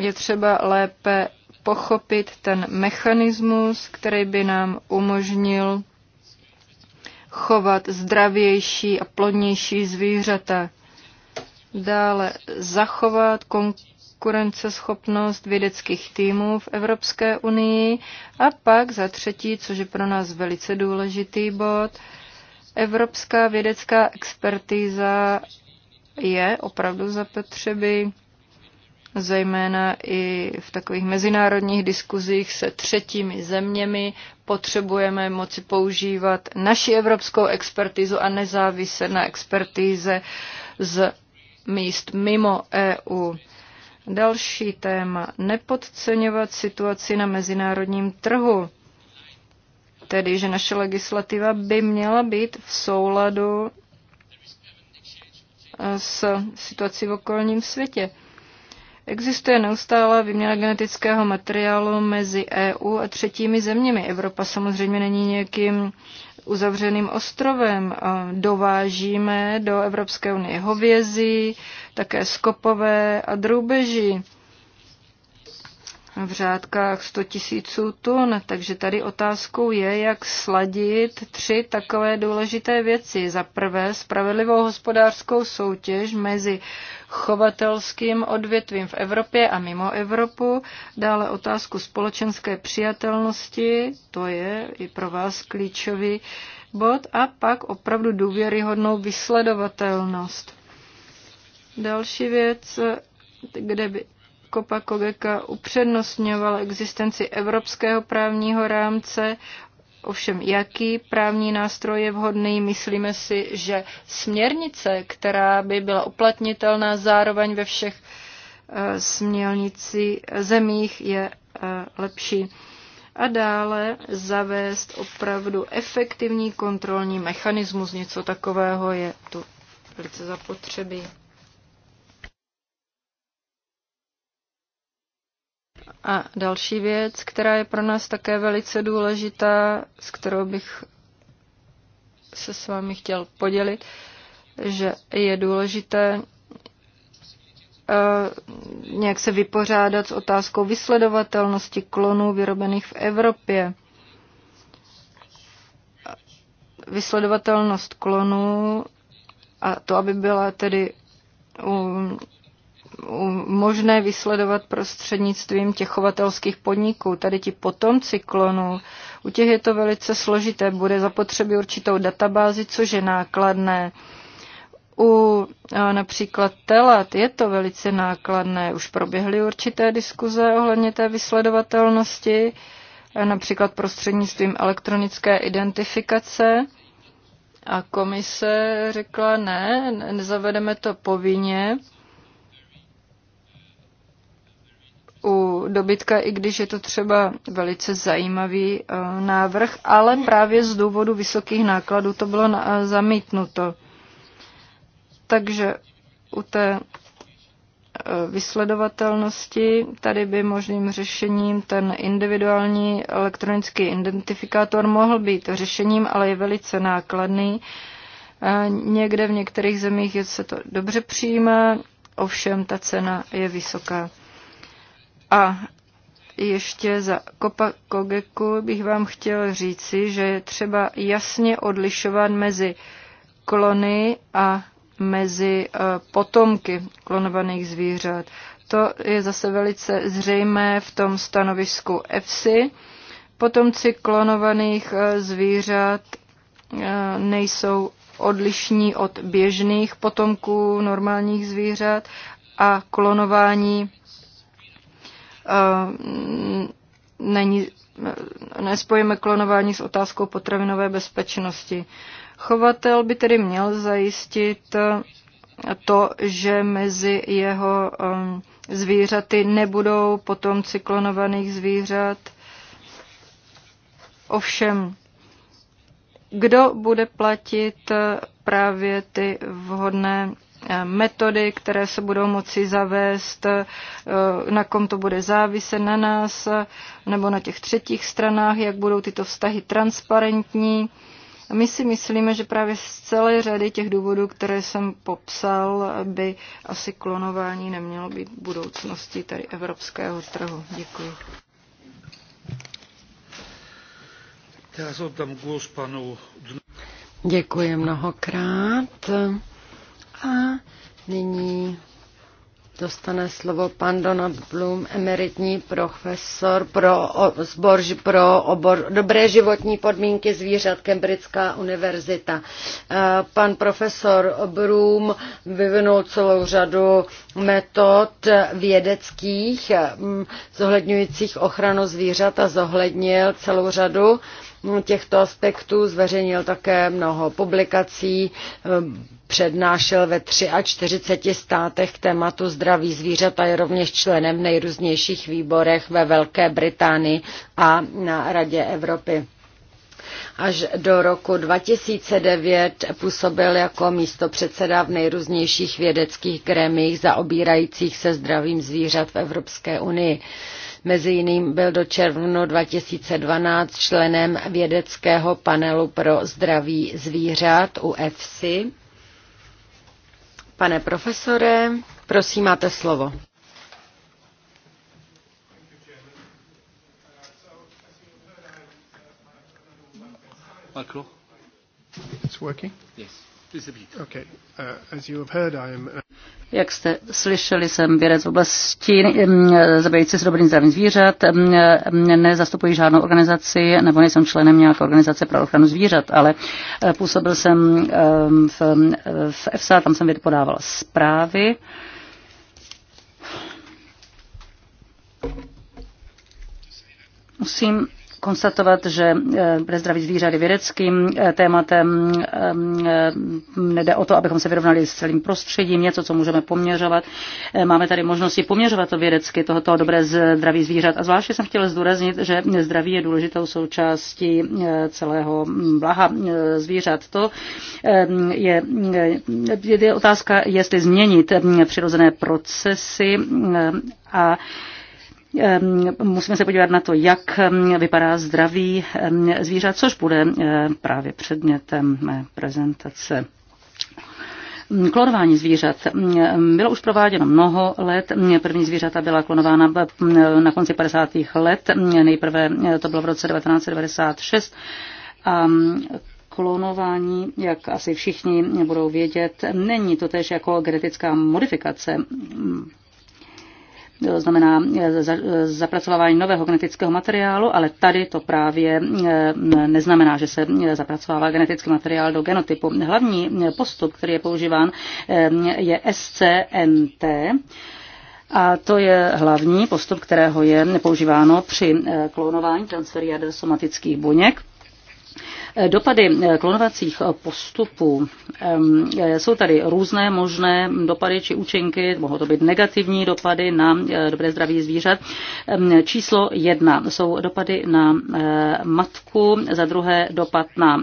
Je třeba lépe pochopit ten mechanismus, který by nám umožnil chovat zdravější a plodnější zvířata. Dále zachovat konkurenceschopnost vědeckých týmů v Evropské unii a pak za třetí, což je pro nás velice důležitý bod, evropská vědecká expertíza je opravdu zapotřebí, zejména i v takových mezinárodních diskuzích se třetími zeměmi, potřebujeme moci používat naši evropskou expertizu a nezáviset na expertíze z míst mimo EU. Další téma. Nepodceňovat situaci na mezinárodním trhu. Tedy, že naše legislativa by měla být v souladu s situací v okolním světě. Existuje neustálá výměna genetického materiálu mezi EU a třetími zeměmi. Evropa samozřejmě není nějakým uzavřeným ostrovem. Dovážíme do Evropské unie hovězí, také skopové a drůbeží v řádkách 100 tisíců tun, takže tady otázkou je, jak sladit tři takové důležité věci. Za prvé, spravedlivou hospodářskou soutěž mezi chovatelským odvětvím v Evropě a mimo Evropu, dále otázku společenské přijatelnosti, to je i pro vás klíčový bod, a pak opravdu důvěryhodnou vysledovatelnost. Další věc, kde by Jakopa Kogeka upřednostňoval existenci evropského právního rámce, Ovšem, jaký právní nástroj je vhodný? Myslíme si, že směrnice, která by byla uplatnitelná zároveň ve všech eh, směrnici zemích, je eh, lepší. A dále zavést opravdu efektivní kontrolní mechanismus. Něco takového je tu velice zapotřebí. A další věc, která je pro nás také velice důležitá, s kterou bych se s vámi chtěl podělit, že je důležité eh, nějak se vypořádat s otázkou vysledovatelnosti klonů vyrobených v Evropě. Vysledovatelnost klonů a to, aby byla tedy možné vysledovat prostřednictvím těch chovatelských podniků. Tady ti potomci klonů, u těch je to velice složité, bude zapotřebí určitou databázi, což je nákladné. U například telat je to velice nákladné. Už proběhly určité diskuze ohledně té vysledovatelnosti, například prostřednictvím elektronické identifikace. A komise řekla ne, nezavedeme to povinně, u dobytka, i když je to třeba velice zajímavý eh, návrh, ale právě z důvodu vysokých nákladů to bylo eh, zamítnuto. Takže u té eh, vysledovatelnosti. Tady by možným řešením ten individuální elektronický identifikátor mohl být řešením, ale je velice nákladný. Někde v některých zemích se to dobře přijímá, ovšem ta cena je vysoká. A ještě za Kopa Kogeku bych vám chtěl říci, že je třeba jasně odlišovat mezi klony a mezi eh, potomky klonovaných zvířat. To je zase velice zřejmé v tom stanovisku EFSI. Potomci klonovaných eh, zvířat eh, nejsou odlišní od běžných potomků normálních zvířat a klonování Eh, není, eh, nespojíme klonování s otázkou potravinové bezpečnosti. Chovatel by tedy měl zajistit eh, to, že mezi jeho zvířaty nebudou potomci klonovaných zvířat. Ovšem, kdo bude platit právě ty vhodné Eh, metody, které se budou moci zavést, eh, na kom to bude záviset na nás nebo na těch třetích stranách, jak budou tyto vztahy transparentní. My si myslíme, že právě z celé řady těch důvodů, které jsem popsal, by asi klonování nemělo být v budoucnosti tady evropského trhu. Děkuji. Teraz oddám panu. Děkuji mnohokrát. A nyní dostane slovo pan Donald Blum, emeritní profesor pro, obor, pro obor dobré životní podmínky zvířat Cambridgeská univerzita. E, pan profesor Blum vyvinul celou řadu metod vědeckých zohledňujících ochranu zvířat a zohlednil celou řadu uh, No, těchto aspektů, zveřejnil také mnoho publikací, eh, přednášel ve 43 státech k tématu zdraví zvířat a je rovněž členem v nejrůznějších výborech ve Velké Británii a na Radě Evropy. Až do roku 2009 působil jako místopředseda v nejrůznějších vědeckých gremiích zaobírajících se zdravím zvířat v Evropské unii. Mezi jiným byl do červnu 2012 členem vědeckého panelu pro zdraví zvířat u EFSI. Pane profesore, prosím, máte slovo. It's working? Yes. Uh, uh, Jak jste slyšeli, jsem vědec v oblasti um, zabývající se dobrým zdravím zvířat. Um, um, nezastupuji žádnou organizaci, nebo nejsem členem nějaké organizace pro ochranu zvířat, ale uh, působil jsem v, v EFSA, tam jsem podával zprávy. Musím konstatovat, že eh, bude zdraví zvířat je vědeckým eh, tématem. Nede eh, mm, o to, abychom se vyrovnali s celým prostředím, něco, co můžeme poměřovat. Máme tady možnosti poměřovat to vědecky, tohoto dobré zdraví zvířat. A zvláště jsem chtěla zdůraznit, že zdraví je důležitou součástí celého mm, blaha zvířat. To je, je otázka, jestli změnit mm, přirozené procesy a Ehm, musíme se podívat na to, jak ehm, vypadá zdraví ehm, zvířat, což bude právě předmětem mé prezentace. Klonování zvířat bylo už prováděno mnoho let. První zvířata byla klonována na konci 50. let. Nejprve eh, to bylo v roce 1996. A klonování, jak asi všichni budou vědět, není to tež jako genetická modifikace to znamená e, e, zapracovávání nového genetického materiálu, ale tady to právě e, neznamená, že se zapracovává genetický materiál do genotypu. Hlavní postup, který je používán, je SCNT. A to je hlavní postup, kterého je nepoužíváno při klonování transferu jader somatických buněk. Eh, dopady eh, klonovacích eh, postupů jsou tady různé možné dopady či účinky, mohou to být negativní dopady na dobré zdraví zvířat. Číslo jedna jsou dopady na matku, za druhé dopad na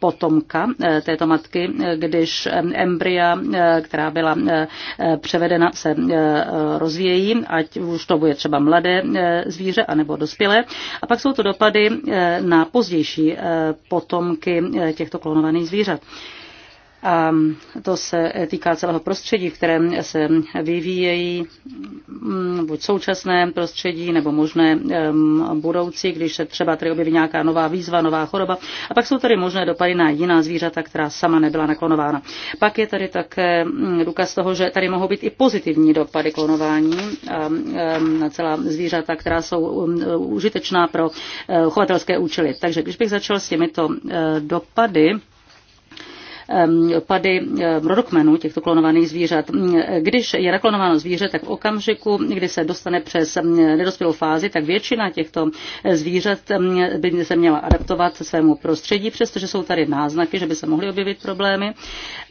potomka této matky, když embrya, která byla převedena, se rozvíjí ať už to bude třeba mladé zvíře anebo dospělé. A pak jsou to dopady na pozdější potomky eh, těchto klonovaných zvířat. A to se týká celého prostředí, v kterém se vyvíjejí mm, buď současné prostředí nebo možné budoucí, když se třeba tady objeví nějaká nová výzva, nová choroba. A pak jsou tady možné dopady na jiná zvířata, která sama nebyla naklonována. Pak je tady také mm, důkaz toho, že tady mohou být i pozitivní dopady klonování na celá zvířata, která jsou užitečná pro eh, chovatelské účely. Takže když bych začal s těmito eh, dopady, Ehm, pady ehm, rodokmenů těchto klonovaných zvířat. Ehm, když je naklonováno zvíře, tak v okamžiku, kdy se dostane přes nedospělou fázi, tak většina těchto eh, zvířat by se měla adaptovat svému prostředí, přestože jsou tady náznaky, že by se mohly objevit problémy.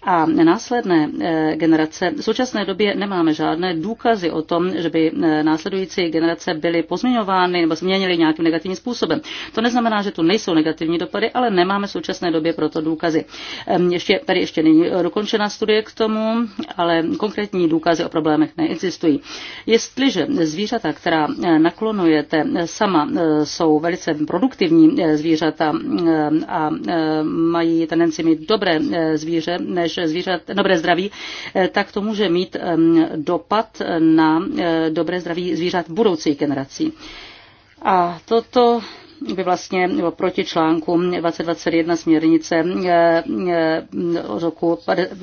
A následné eh, generace, v současné době nemáme žádné důkazy o tom, že by eh, následující generace byly pozměňovány nebo změnily nějakým negativním způsobem. To neznamená, že tu nejsou negativní dopady, ale nemáme v současné době proto důkazy. Ještě ještě, tady ještě není eh, dokončena studie k tomu, ale konkrétní důkazy o problémech neexistují. Jestliže zvířata, která eh, naklonujete eh, sama, jsou velice produktivní zvířata a mají tendenci mít dobré zvíře, než zvířat, dobré zdraví, tak to může mít dopad na dobré zdraví zvířat budoucí generací. A toto by vlastně nebo proti článku 2021 směrnice eh, eh, roku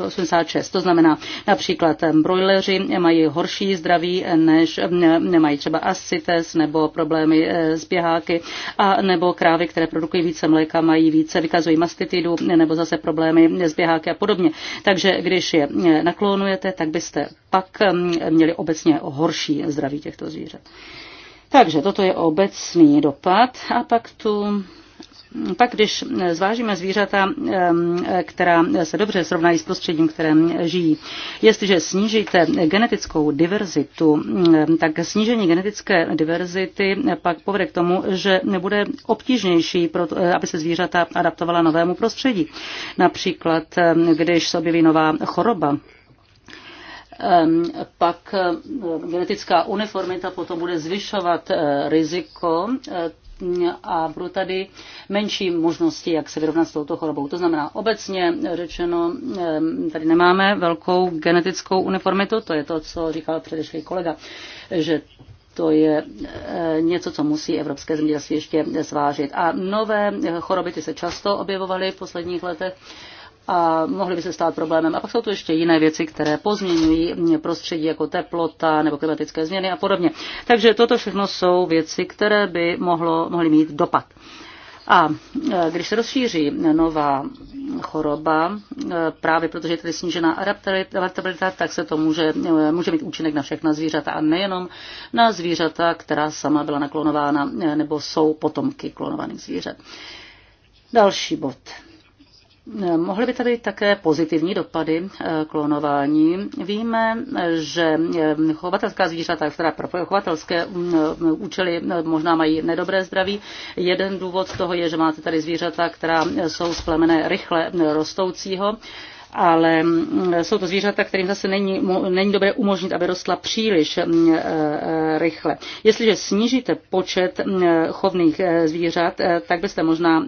86. To znamená například eh, brojleři mají horší zdraví, než nemají třeba ascites nebo problémy s běháky a nebo krávy, které produkují více mléka, mají více, vykazují mastitidu nebo zase problémy s běháky a podobně. Takže když je naklonujete, tak byste pak měli obecně horší zdraví těchto zvířat. Takže toto je obecný dopad a pak tu pak, když zvážíme zvířata, která se dobře srovnají s prostředím, kterém žijí, jestliže snížíte genetickou diverzitu, tak snížení genetické diverzity pak povede k tomu, že nebude obtížnější, aby se zvířata adaptovala novému prostředí. Například, když se objeví nová choroba, pak eh, genetická uniformita potom bude zvyšovat eh, riziko eh, a budou tady menší možnosti, jak se vyrovnat s touto chorobou. To znamená, obecně řečeno, tady nemáme velkou genetickou uniformitu, to je to, co říkal předešlý kolega, že to je něco, co musí evropské zemědělství ještě zvážit. A nové choroby, ty se často objevovaly v posledních letech a mohly by se stát problémem. A pak jsou tu ještě jiné věci, které pozměňují prostředí jako teplota nebo klimatické změny a podobně. Takže toto všechno jsou věci, které by mohlo, mohly mít dopad. A e, když se rozšíří nová choroba, e, právě protože je tady snížená adaptabilita, tak se to může, e, může mít účinek na všechna zvířata a nejenom na zvířata, která sama byla naklonována nebo jsou potomky klonovaných zvířat. Další bod. Mohly by tady také pozitivní dopady eh, klonování. Víme, že eh, chovatelská zvířata, která pro chovatelské mm, eh, účely možná mají nedobré zdraví. Jeden důvod z toho je, že máte tady zvířata, která jsou z plemene rychle rostoucího ale mm, jsou to zvířata, kterým zase není, není dobré umožnit, aby rostla příliš mm, e, e, rychle. Jestliže snížíte počet mm, chovných e, zvířat, tak byste možná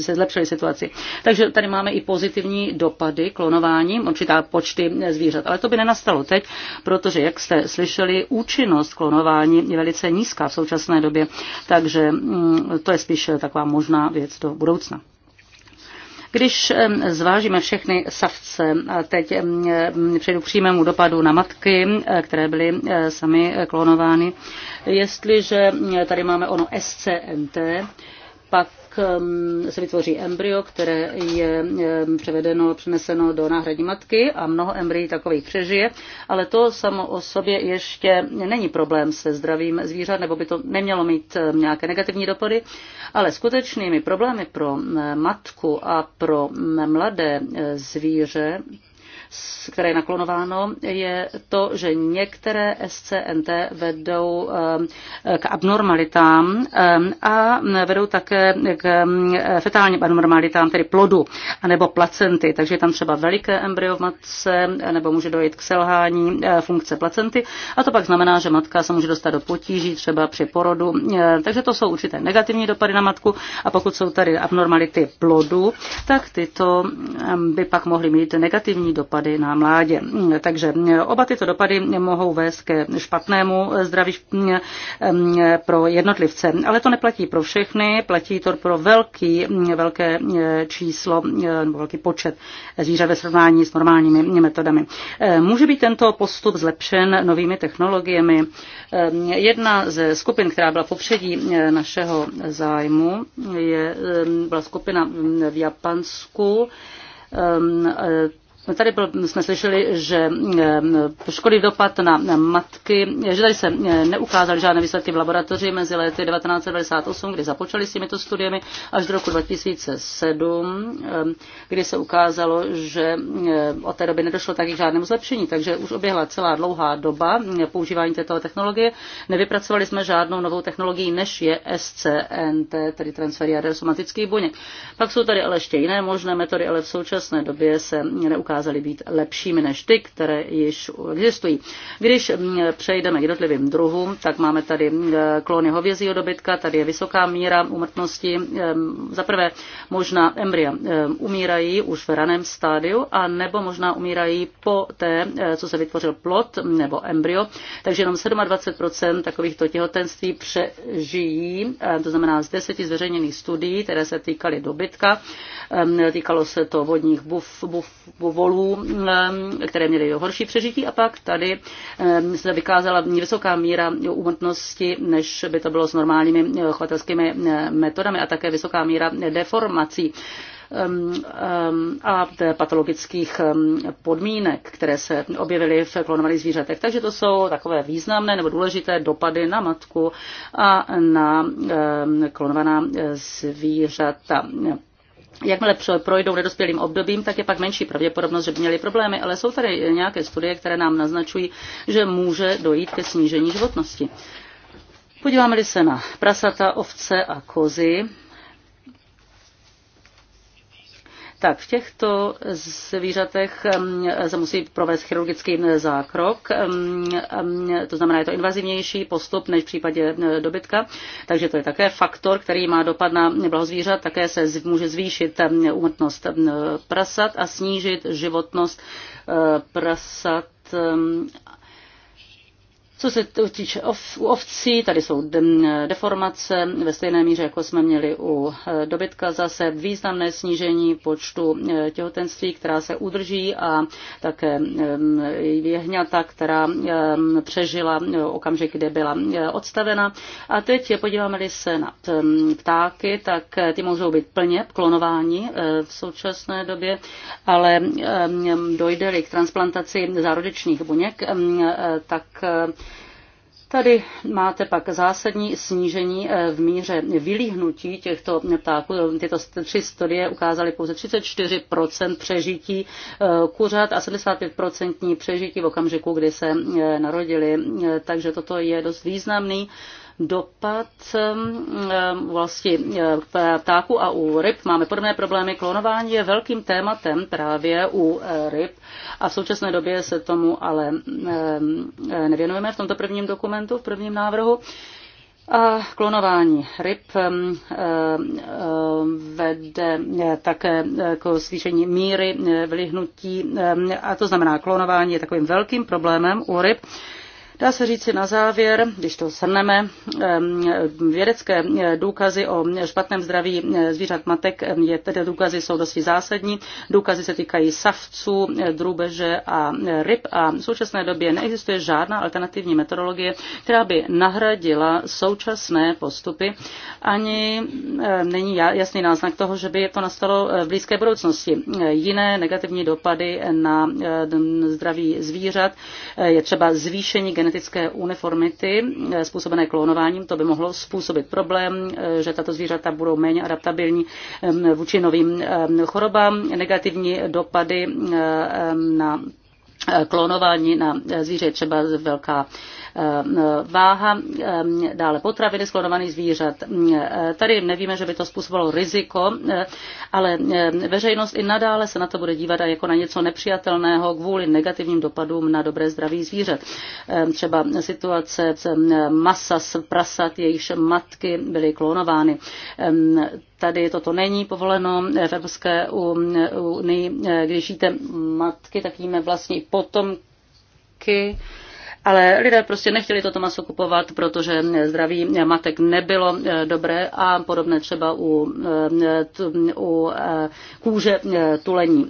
se zlepšili situaci. Takže tady máme i pozitivní dopady klonování, určitá počty zvířat. Ale to by nenastalo teď, protože, jak jste slyšeli, účinnost klonování je velice nízká v současné době, takže to je spíš taková možná věc do budoucna. Když zvážíme všechny savce, teď přejdu přímému dopadu na matky, které byly e, sami e, klonovány, jestliže tady máme ono SCNT, pak Um, se vytvoří embryo, které je um, převedeno, přeneseno do náhradní matky a mnoho embryí takových přežije, ale to samo o sobě ještě není problém se zdravím zvířat, nebo by to nemělo mít um, nějaké negativní dopady, ale skutečnými problémy pro matku a pro mladé uh, zvíře které je naklonováno, je to, že některé SCNT vedou ehm, k abnormalitám ehm, a vedou také k ehm, fetálním abnormalitám, tedy plodu, anebo placenty. Takže je tam třeba veliké embryo v matce, nebo může dojít k selhání e, funkce placenty. A to pak znamená, že matka se může dostat do potíží třeba při porodu. E, takže to jsou určité negativní dopady na matku. A pokud jsou tady abnormality plodu, tak tyto by pak mohly mít negativní dopady dopady na mládě. Takže oba tyto dopady mohou vést ke špatnému zdraví mm, mm, pro jednotlivce. Ale to neplatí pro všechny, platí to pro velký, mm, velké číslo nebo velký počet zvířat ve srovnání s normálními metodami. Eh, může být tento postup zlepšen novými technologiemi. Eh, jedna ze skupin, která byla popředí eh, našeho zájmu, je, byla skupina v Japansku, ehm, No, tady byl, jsme slyšeli, že škodlivý dopad na matky, že tady se neukázaly žádné výsledky v laboratoři mezi lety 1998, kdy započali s těmito studiemi, až do roku 2007, kdy se ukázalo, že od té doby nedošlo taky k žádnému zlepšení, takže už oběhla celá dlouhá doba používání této technologie. Nevypracovali jsme žádnou novou technologii, než je SCNT, tedy transfer jader somatických buněk. Pak jsou tady ale ještě jiné možné metody, ale v současné době se neukázaly dokázaly být lepšími než ty, které již existují. Když mm, přejdeme k jednotlivým druhům, tak máme tady mm, klony hovězího dobytka, tady je vysoká míra umrtnosti. Za prvé možná embrya umírají už v raném stádiu a nebo možná umírají po té, eh, co se vytvořil plod nebo embryo, takže jenom 27% takovýchto těhotenství přežijí, eh, to znamená z deseti zveřejněných studií, které se týkaly dobytka, týkalo se to vodních buf, buf, buf, Mongolů, eh, které měly horší přežití a pak tady eh, se vykázala vysoká míra úmrtnosti, než by to bylo s normálními eh, chovatelskými metodami a také vysoká míra deformací a patologických podmínek, které se objevily v klonovaných zvířatech. Takže to jsou takové významné nebo důležité dopady na matku a na klonovaná zvířata. Jakmile projdou nedospělým obdobím, tak je pak menší pravděpodobnost, že by měli problémy, ale jsou tady nějaké studie, které nám naznačují, že může dojít ke snížení životnosti. Podíváme-li se na prasata, ovce a kozy, tak v těchto zvířatech um, se musí provést chirurgický zákrok. Um, um, to znamená, je to invazivnější postup než v případě uh, dobytka, takže to je také faktor, který má dopad na blahozvířat, Také se může zvýšit úmrtnost prasat a snížit životnost uh, prasat co se týče ov, u ovcí, tady jsou deformace ve stejné míře, jako jsme měli u eh, dobytka. Zase významné snížení počtu eh, těhotenství, která se udrží a také eh, jehňata, která přežila okamžik, kdy byla odstavena. A teď podíváme-li se na ptáky, tak ty můžou být plně klonováni v současné době, ale dojde-li k transplantaci zárodečných buněk, tak Tady máte pak zásadní snížení eh, v míře vylíhnutí těchto ptáků. Tyto tři studie ukázaly pouze 34% přežití eh, kuřat a 75% přežití v okamžiku, kdy se eh, narodili. Takže toto je dost významný dopad ehm, ehm, vlastně eh, ptáku a u ryb. Máme podobné problémy. Klonování je velkým tématem právě u eh, ryb a v současné době se tomu ale ehm, eh, nevěnujeme v tomto prvním dokumentu, v prvním návrhu. A klonování ryb vede také k zvýšení míry vlihnutí, a to znamená, klonování je takovým velkým problémem u ryb Dá se říci na závěr, když to shrneme, vědecké důkazy o špatném zdraví zvířat matek, je, tedy důkazy jsou dosti zásadní. Důkazy se týkají savců, drůbeže a ryb a v současné době neexistuje žádná alternativní metodologie, která by nahradila současné postupy. Ani není jasný náznak toho, že by to nastalo v blízké budoucnosti. Jiné negativní dopady na zdraví zvířat je třeba zvýšení generace genetické uniformity eh, způsobené klonováním, to by mohlo způsobit problém, eh, že tato zvířata budou méně adaptabilní vůči novým chorobám, negativní dopady eh, na klonování na zvíře je třeba velká Eh, váha, eh, dále potraviny sklonovaných zvířat. Eh, tady nevíme, že by to způsobilo riziko, ale veřejnost i nadále se na to bude dívat jako na něco nepřijatelného kvůli negativním dopadům na dobré zdraví zvířat. Třeba situace masa z prasat, jejichž matky byly klonovány tady toto není povoleno v Evropské unii. Když jíte matky, tak jíme vlastně potomky ale lidé prostě nechtěli toto maso kupovat, protože zdraví matek nebylo eh, dobré a podobné třeba u, eh, u eh, kůže tulení.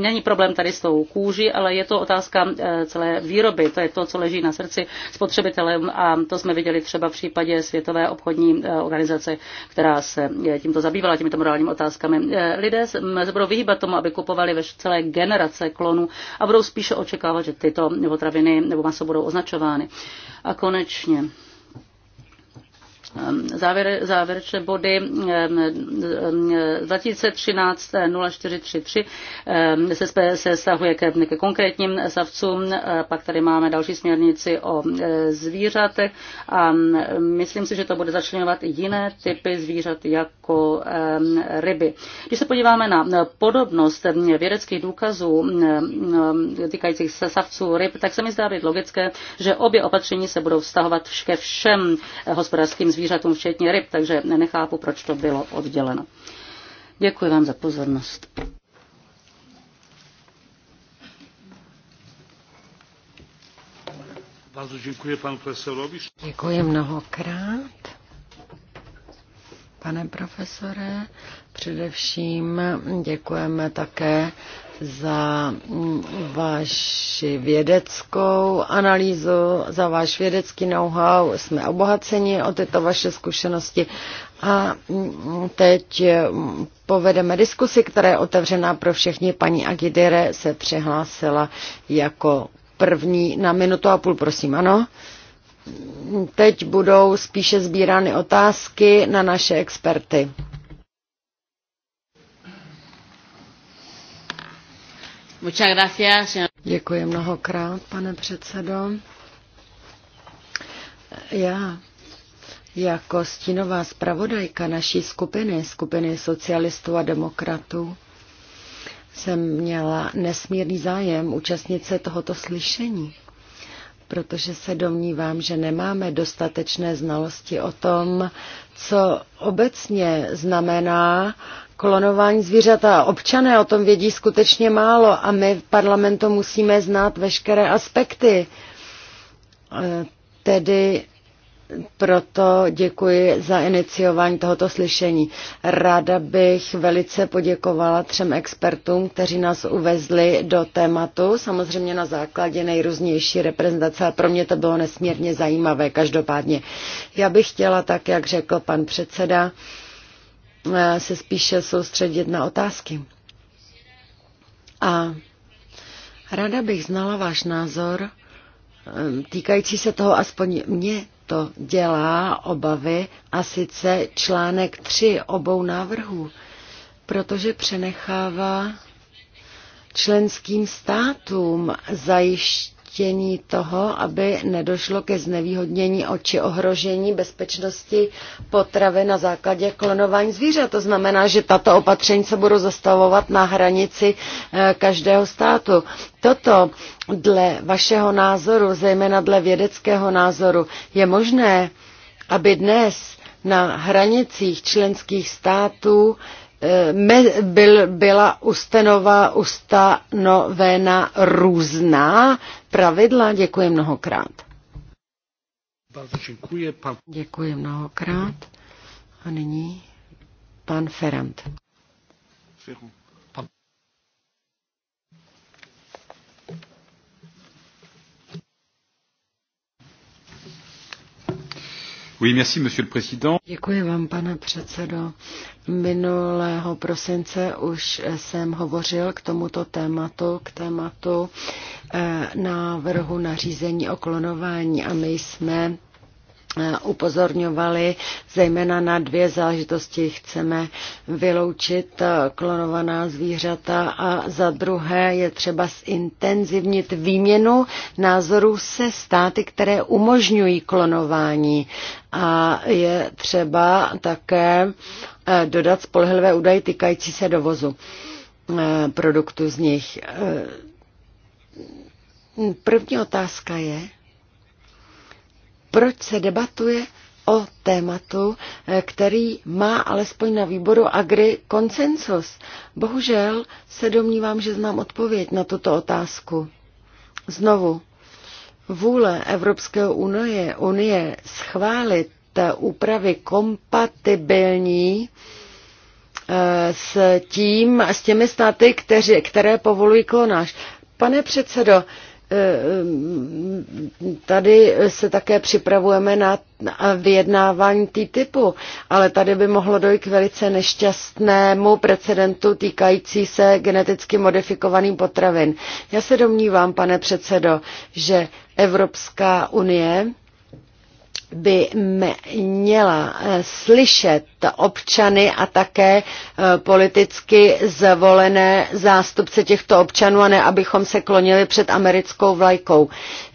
Není problém tady s tou kůží, ale je to otázka celé výroby. To je to, co leží na srdci spotřebitelům a to jsme viděli třeba v případě Světové obchodní organizace, která se tímto zabývala, těmito morálními otázkami. Lidé se budou vyhýbat tomu, aby kupovali ve celé generace klonů a budou spíše očekávat, že tyto potraviny nebo maso budou označovány. A konečně Ehm, závěrečné body 2013 ehm, 0433 ehm, se, se stahuje ke, ke konkrétním savcům, pak tady máme další směrnici o e, zvířatech a myslím si, že to bude začlenovat jiné typy zvířat jako ryby. Když se podíváme na podobnost vědeckých důkazů týkajících se savců ryb, tak se mi zdá být logické, že obě opatření se budou vztahovat ke všem hospodářským zvířatům zvířatům, včetně ryb, takže nechápu, proč to bylo odděleno. Děkuji vám za pozornost. Děkuji panu profesorovi. Děkuji mnohokrát pane profesore. Především děkujeme také za vaši vědeckou analýzu, za váš vědecký know-how. Jsme obohaceni o tyto vaše zkušenosti a teď povedeme diskusi, která je otevřená pro všechny. Paní Agidere se přihlásila jako první na minutu a půl, prosím, ano? teď budou spíše sbírány otázky na naše experty. Děkuji mnohokrát, pane předsedo. Já jako stínová zpravodajka naší skupiny, skupiny socialistů a demokratů, jsem měla nesmírný zájem účastnit se tohoto slyšení protože se domnívám, že nemáme dostatečné znalosti o tom, co obecně znamená klonování zvířat a občané o tom vědí skutečně málo a my v parlamentu musíme znát veškeré aspekty. E, tedy proto děkuji za iniciování tohoto slyšení. Ráda bych velice poděkovala třem expertům, kteří nás uvezli do tématu, samozřejmě na základě nejrůznější reprezentace a pro mě to bylo nesmírně zajímavé každopádně. Já bych chtěla, tak jak řekl pan předseda, eh, se spíše soustředit na otázky. A ráda bych znala váš názor eh, týkající se toho, aspoň mě to dělá obavy, a sice článek 3 obou návrhů, protože přenechává členským státům zajišť zajištění toho, aby nedošlo ke znevýhodnění oči ohrožení bezpečnosti potravy na základě klonování zvířat. To znamená, že tato opatření se budou zastavovat na hranici eh, každého státu. Toto dle vašeho názoru, zejména dle vědeckého názoru, je možné, aby dnes na hranicích členských států eh, byla ustanova, ustanovena různá pravidla. Děkuji mnohokrát. Děkuji, mnohokrát. A nyní pan Ferrand. Ferrand. Děkuji vám, pane předsedo. Minulého prosince už jsem hovořil k tomuto tématu, k tématu eh, návrhu nařízení o klonování a my jsme upozorňovali zejména na dvě záležitosti. Chceme vyloučit eh, klonovaná zvířata a za druhé je třeba zintenzivnit výměnu názorů se státy, které umožňují klonování. A je třeba také eh, dodat spolehlivé údaje týkající se dovozu eh, produktů z nich. První otázka je, proč se debatuje o tématu, eh, který má alespoň na výboru Agri konsensus. Bohužel se domnívám, že znám odpověď na tuto otázku. Znovu, vůle Evropské unie, unie schválit úpravy kompatibilní eh, s tím, s těmi státy, kteři, které povolují klonáž. Pane předsedo, tady se také připravujeme na vyjednávání TTIPu, ale tady by mohlo dojít k velice nešťastnému precedentu týkající se geneticky modifikovaným potravin. Já se domnívám, pane předsedo, že Evropská unie by měla eh, slyšet občany a také eh, politicky zvolené zástupce těchto občanů a ne abychom se klonili před americkou vlajkou.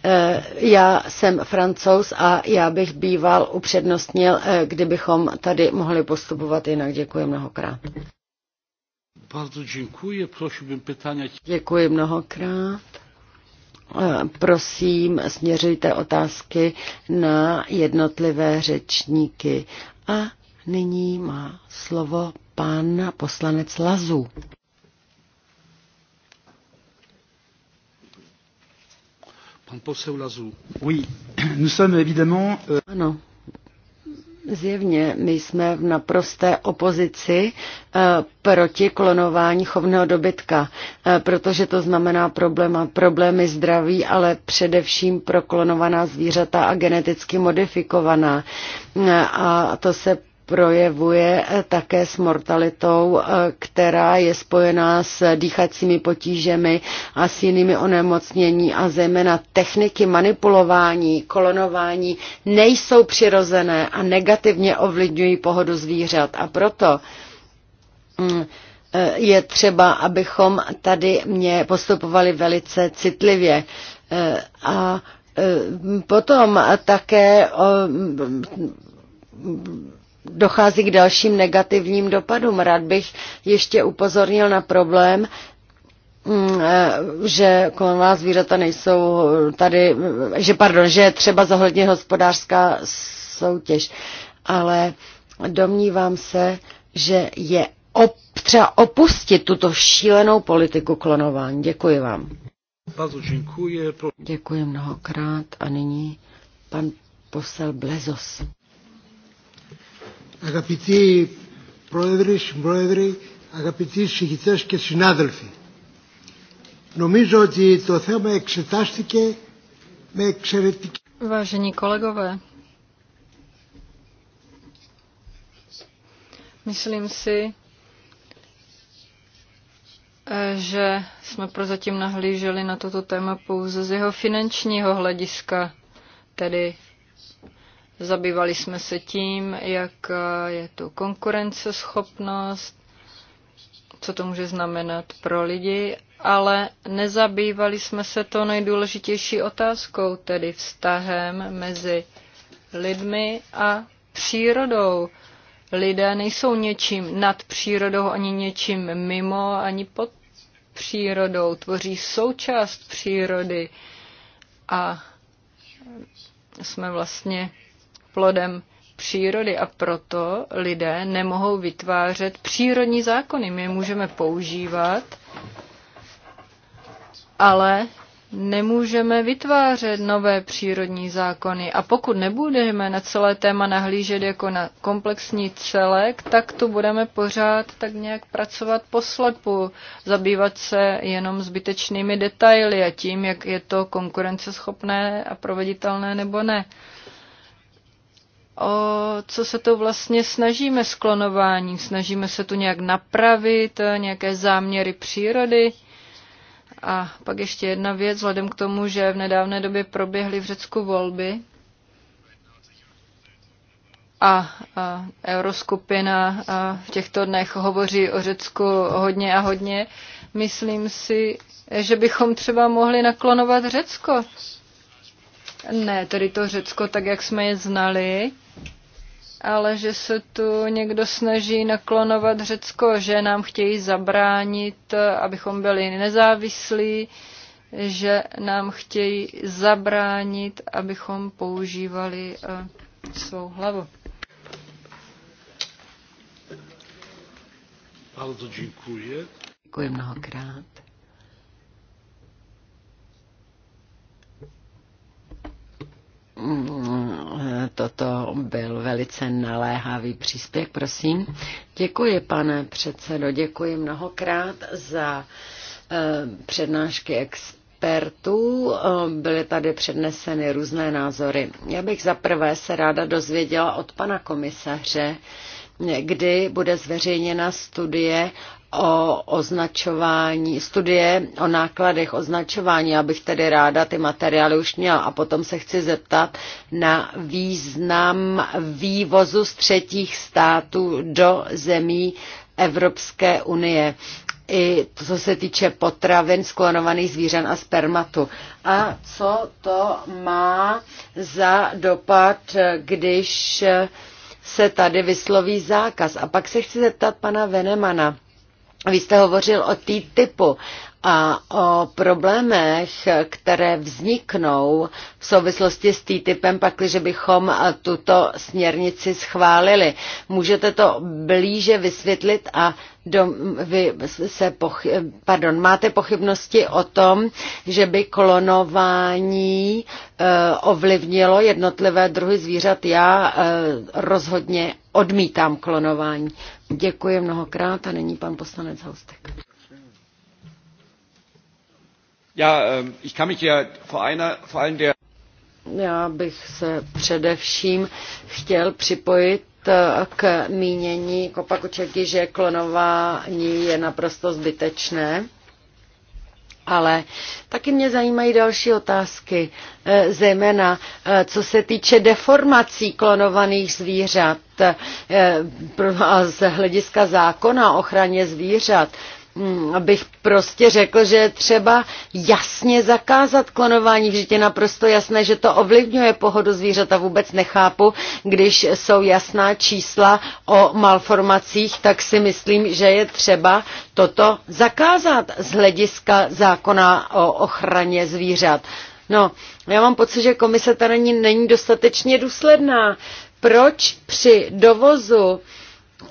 Eh, já jsem francouz a já bych býval upřednostnil, kdybychom tady mohli postupovat jinak. Děkuji mnohokrát. děkuji. mnohokrát. Eh, prosím, směřujte otázky na jednotlivé řečníky. A nyní má slovo pan poslanec Lazu. Pan posel Lazu. Oui, nous sommes évidemment... Euh, ano. Zjevně my jsme v naprosté opozici eh, proti klonování chovného dobytka, eh, protože to znamená problém, problémy zdraví, ale především proklonovaná zvířata a geneticky modifikovaná. Eh, a to se projevuje eh, také s mortalitou, eh, která je spojená s dýchacími potížemi a s jinými onemocnění a zejména techniky manipulování, kolonování nejsou přirozené a negativně ovlivňují pohodu zvířat. A proto mm, eh, je třeba, abychom tady mě postupovali velice citlivě. A potom také mm, dochází k dalším negativním dopadům. Rád bych ještě upozornil na problém, mm, eh, že klonová zvířata nejsou tady, že pardon, že je třeba zohlednit hospodářská soutěž. Ale domnívám se, že je op, třeba opustit tuto šílenou politiku klonování. Děkuji vám. Děkuji mnohokrát a nyní pan posel Blezos. Αγαπητοί πρόεδροι, συμπρόεδροι, αγαπητοί συγητές και συνάδελφοι. Νομίζω ότι το θέμα εξετάστηκε με εξαιρετική... Vážení kolegové, myslím si, že jsme prozatím nahlíželi na toto téma pouze z jeho finančního hlediska, tedy Zabývali jsme se tím, jak eh, je tu konkurenceschopnost, co to může znamenat pro lidi, ale nezabývali jsme se to nejdůležitější otázkou, tedy vztahem mezi lidmi a přírodou. Lidé nejsou něčím nad přírodou, ani něčím mimo, ani pod přírodou. Tvoří součást přírody a jsme vlastně plodem přírody a proto lidé nemohou vytvářet přírodní zákony. My je můžeme používat, ale nemůžeme vytvářet nové přírodní zákony. A pokud nebudeme na celé téma nahlížet jako na komplexní celek, tak tu budeme pořád tak nějak pracovat poslepu, zabývat se jenom zbytečnými detaily a tím, jak je to konkurenceschopné a proveditelné nebo ne o co se to vlastně snažíme s klonováním. Snažíme se tu nějak napravit nějaké záměry přírody. A pak ještě jedna věc, vzhledem k tomu, že v nedávné době proběhly v Řecku volby a, a euroskupina a v těchto dnech hovoří o Řecku hodně a hodně, myslím si, že bychom třeba mohli naklonovat Řecko. Ne, tedy to Řecko, tak jak jsme je znali, ale že se tu někdo snaží naklonovat Řecko, že nám chtějí zabránit, abychom byli nezávislí, že nám chtějí zabránit, abychom používali eh, svou hlavu. Děkuji mnohokrát. Toto byl velice naléhavý příspěvek, prosím. Děkuji, pane předsedo, děkuji mnohokrát za eh, přednášky expertů. Eh, byly tady předneseny různé názory. Já bych zaprvé se ráda dozvěděla od pana komisaře, kdy bude zveřejněna studie o označování, studie o nákladech označování, abych tedy ráda ty materiály už měla. A potom se chci zeptat na význam vývozu z třetích států do zemí Evropské unie i to, co se týče potravin, sklonovaných zvířat a spermatu. A co to má za dopad, když se tady vysloví zákaz. A pak se chci zeptat pana Venemana. Vy jste hovořil o tý typu a o problémech, které vzniknou v souvislosti s TTIPem, pakliže bychom tuto směrnici schválili. Můžete to blíže vysvětlit a do, vy se poch, pardon, máte pochybnosti o tom, že by klonování e, ovlivnilo jednotlivé druhy zvířat. Já e, rozhodně odmítám klonování. Děkuji mnohokrát a není pan poslanec Hostek. Já, ehm, ich kann mich ja vor einer, vor allem der... Já bych se především chtěl připojit eh, k mínění Kopaku Čeky, že klonování je naprosto zbytečné. Ale taky mě zajímají další otázky, eh, zejména eh, co se týče deformací klonovaných zvířat a z hlediska zákona o ochraně zvířat Mm, bych prostě řekl, že třeba jasně zakázat klonování, vždyť je naprosto jasné, že to ovlivňuje pohodu zvířat a vůbec nechápu, když jsou jasná čísla o malformacích, tak si myslím, že je třeba toto zakázat z hlediska zákona o ochraně zvířat. No, já mám pocit, že komise tady není dostatečně důsledná. Proč při dovozu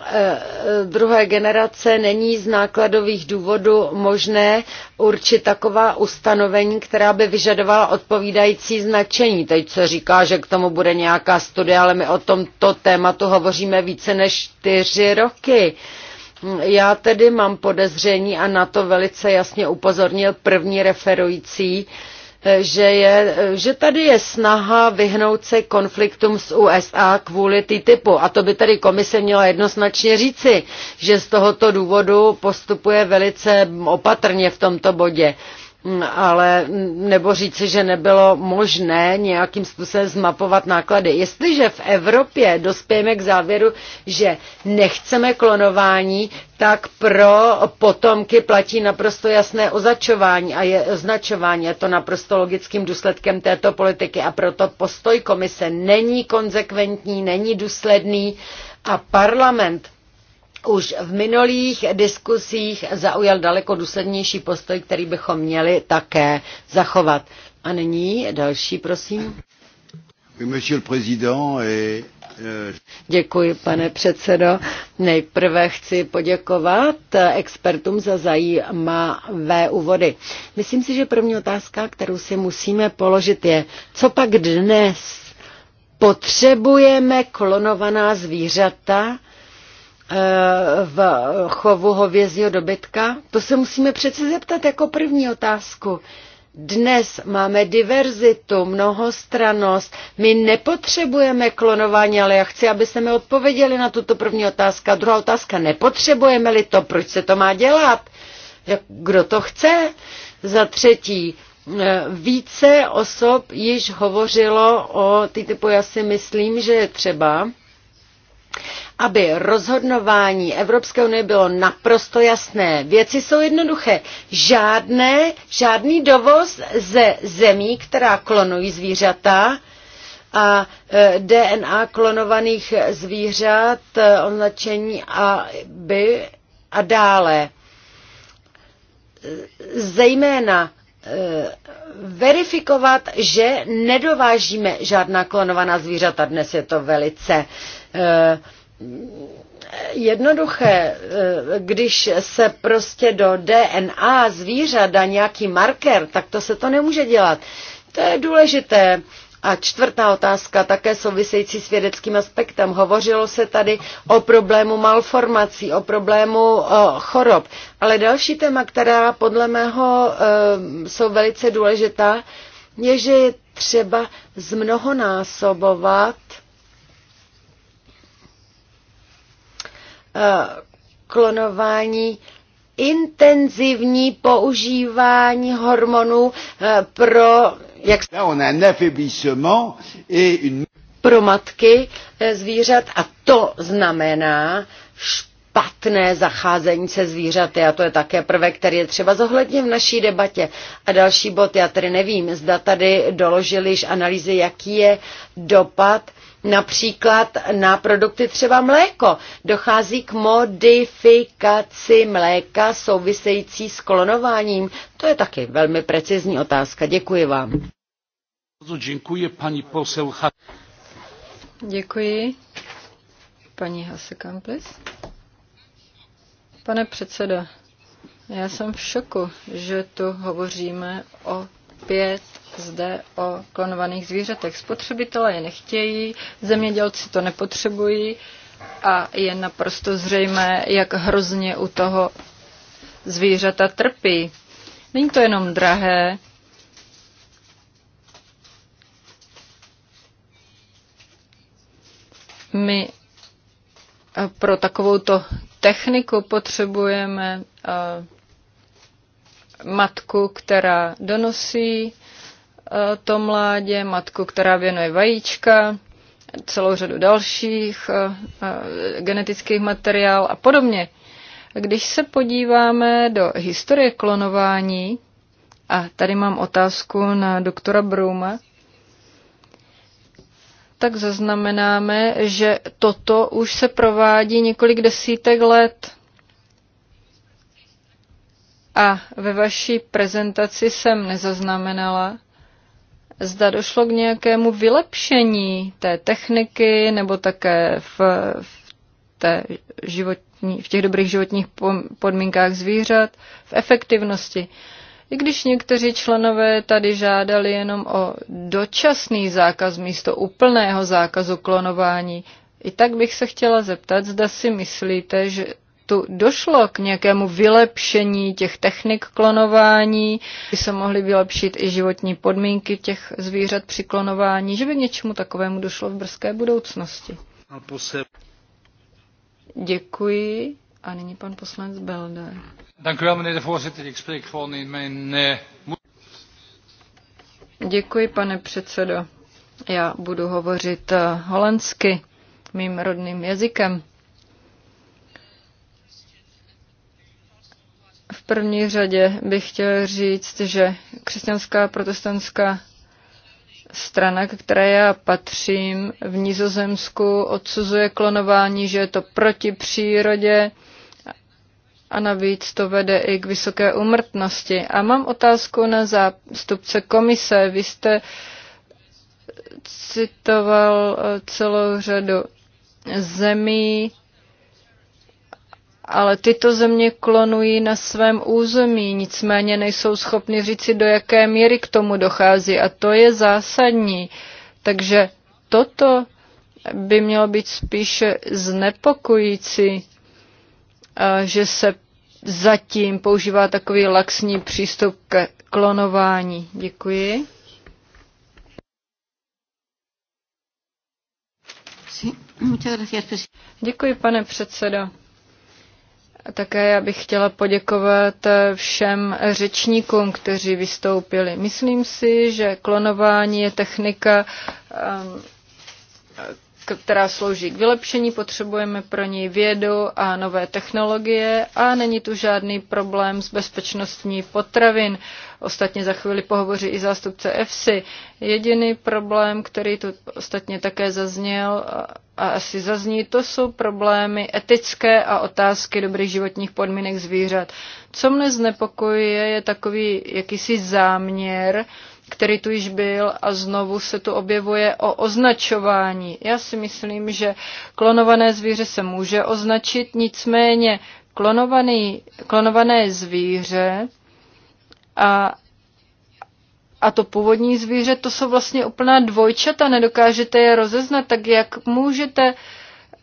Eh, druhé generace není z nákladových důvodů možné určit taková ustanovení, která by vyžadovala odpovídající značení. Teď se říká, že k tomu bude nějaká studie, ale my o tomto tématu hovoříme více než čtyři roky. Já tedy mám podezření a na to velice jasně upozornil první referující, že, je, že tady je snaha vyhnout se konfliktům s USA kvůli TTIPu. A to by tady komise měla jednoznačně říci, že z tohoto důvodu postupuje velice opatrně v tomto bodě ale nebo říci, že nebylo možné nějakým způsobem zmapovat náklady. Jestliže v Evropě dospějeme k závěru, že nechceme klonování, tak pro potomky platí naprosto jasné označování a je označování. Je to naprosto logickým důsledkem této politiky a proto postoj komise není konzekventní, není důsledný a parlament už v minulých diskusích zaujal daleko důslednější postoj, který bychom měli také zachovat. A nyní další, prosím. Euh, Děkuji, pane předsedo. Nejprve chci poděkovat expertům za zajímavé úvody. Myslím si, že první otázka, kterou si musíme položit, je, co pak dnes potřebujeme klonovaná zvířata, v chovu hovězího dobytka? To se musíme přece zeptat jako první otázku. Dnes máme diverzitu, mnohostranost. My nepotřebujeme klonování, ale já chci, aby se mi odpověděli na tuto první otázku. A druhá otázka, nepotřebujeme-li to, proč se to má dělat? Jak, kdo to chce? Za třetí, e, více osob již hovořilo o ty typu, já si myslím, že je třeba, aby rozhodování Evropské unie bylo naprosto jasné. Věci jsou jednoduché. Žádné, žádný dovoz ze zemí, která klonují zvířata, a e, DNA klonovaných zvířat, e, označení a by a dále. Zejména e, verifikovat, že nedovážíme žádná klonovaná zvířata. Dnes je to velice uh, jednoduché, eh, když se prostě do DNA zvířat dá nějaký marker, tak to se to nemůže dělat. To je důležité. A čtvrtá otázka, také související s vědeckým aspektem. Hovořilo se tady o problému malformací, o problému eh, chorob. Ale další téma, která podle mého eh, jsou velice důležitá, je, že je třeba zmnohonásobovat Eh, klonování intenzivní používání hormonů eh, pro, jak, pro matky eh, zvířat a to znamená špatné zacházení se zvířaty a to je také prvek, který je třeba zohlednit v naší debatě. A další bod, já tedy nevím, zda tady doložili již analýzy, jaký je dopad Například na produkty třeba mléko. Dochází k modifikaci mléka související s klonováním. To je taky velmi precizní otázka. Děkuji vám. Děkuji, paní posel. Děkuji. Paní Hasekamplis. Pane předsedo, já jsem v šoku, že tu hovoříme o pět zde o klonovaných zvířatech. Spotřebitelé je nechtějí, zemědělci to nepotřebují a je naprosto zřejmé, jak hrozně u toho zvířata trpí. Není to jenom drahé, my eh, pro takovouto techniku potřebujeme eh, matku, která donosí, Eh, to mládě, matku, která věnuje vajíčka, celou řadu dalších eh, eh, genetických materiál a podobně. Když se podíváme do historie klonování, a tady mám otázku na doktora Bruma, tak zaznamenáme, že toto už se provádí několik desítek let. A ve vaší prezentaci jsem nezaznamenala, zda došlo k nějakému vylepšení té techniky nebo také v, v, té životní, v těch dobrých životních podmínkách zvířat, v efektivnosti. I když někteří členové tady žádali jenom o dočasný zákaz místo úplného zákazu klonování, i tak bych se chtěla zeptat, zda si myslíte, že tu došlo k nějakému vylepšení těch technik klonování, by se mohly vylepšit i životní podmínky těch zvířat při klonování, že by k něčemu takovému došlo v brzké budoucnosti. Děkuji. A nyní pan poslanec Belde. Eh, Děkuji, pane předsedo. Já budu hovořit eh, holandsky, mým rodným jazykem. V první řadě bych chtěl říct, že křesťanská protestantská strana, k které já patřím v Nizozemsku, odsuzuje klonování, že je to proti přírodě a navíc to vede i k vysoké umrtnosti. A mám otázku na zástupce komise. Vy jste citoval eh, celou řadu zemí, ale tyto země klonují na svém území, nicméně nejsou schopny říci, do jaké míry k tomu dochází a to je zásadní. Takže toto by mělo být spíše znepokojící, eh, že se zatím používá takový laxní přístup ke klonování. Děkuji. Děkuji, pane předsedo. Také já bych chtěla poděkovat všem řečníkům, kteří vystoupili. Myslím si, že klonování je technika, um, která slouží k vylepšení, potřebujeme pro ní vědu a nové technologie a není tu žádný problém s bezpečnostní potravin. Ostatně za chvíli pohovoří i zástupce EFSI. Jediný problém, který tu ostatně také zazněl a asi zazní, to jsou problémy etické a otázky dobrých životních podmínek zvířat. Co mne znepokojuje, je takový jakýsi záměr, který tu již byl a znovu se tu objevuje o označování. Já si myslím, že klonované zvíře se může označit, nicméně klonovaný, klonované zvíře a a to původní zvíře, to jsou vlastně úplná dvojčata, nedokážete je rozeznat, tak jak můžete uh,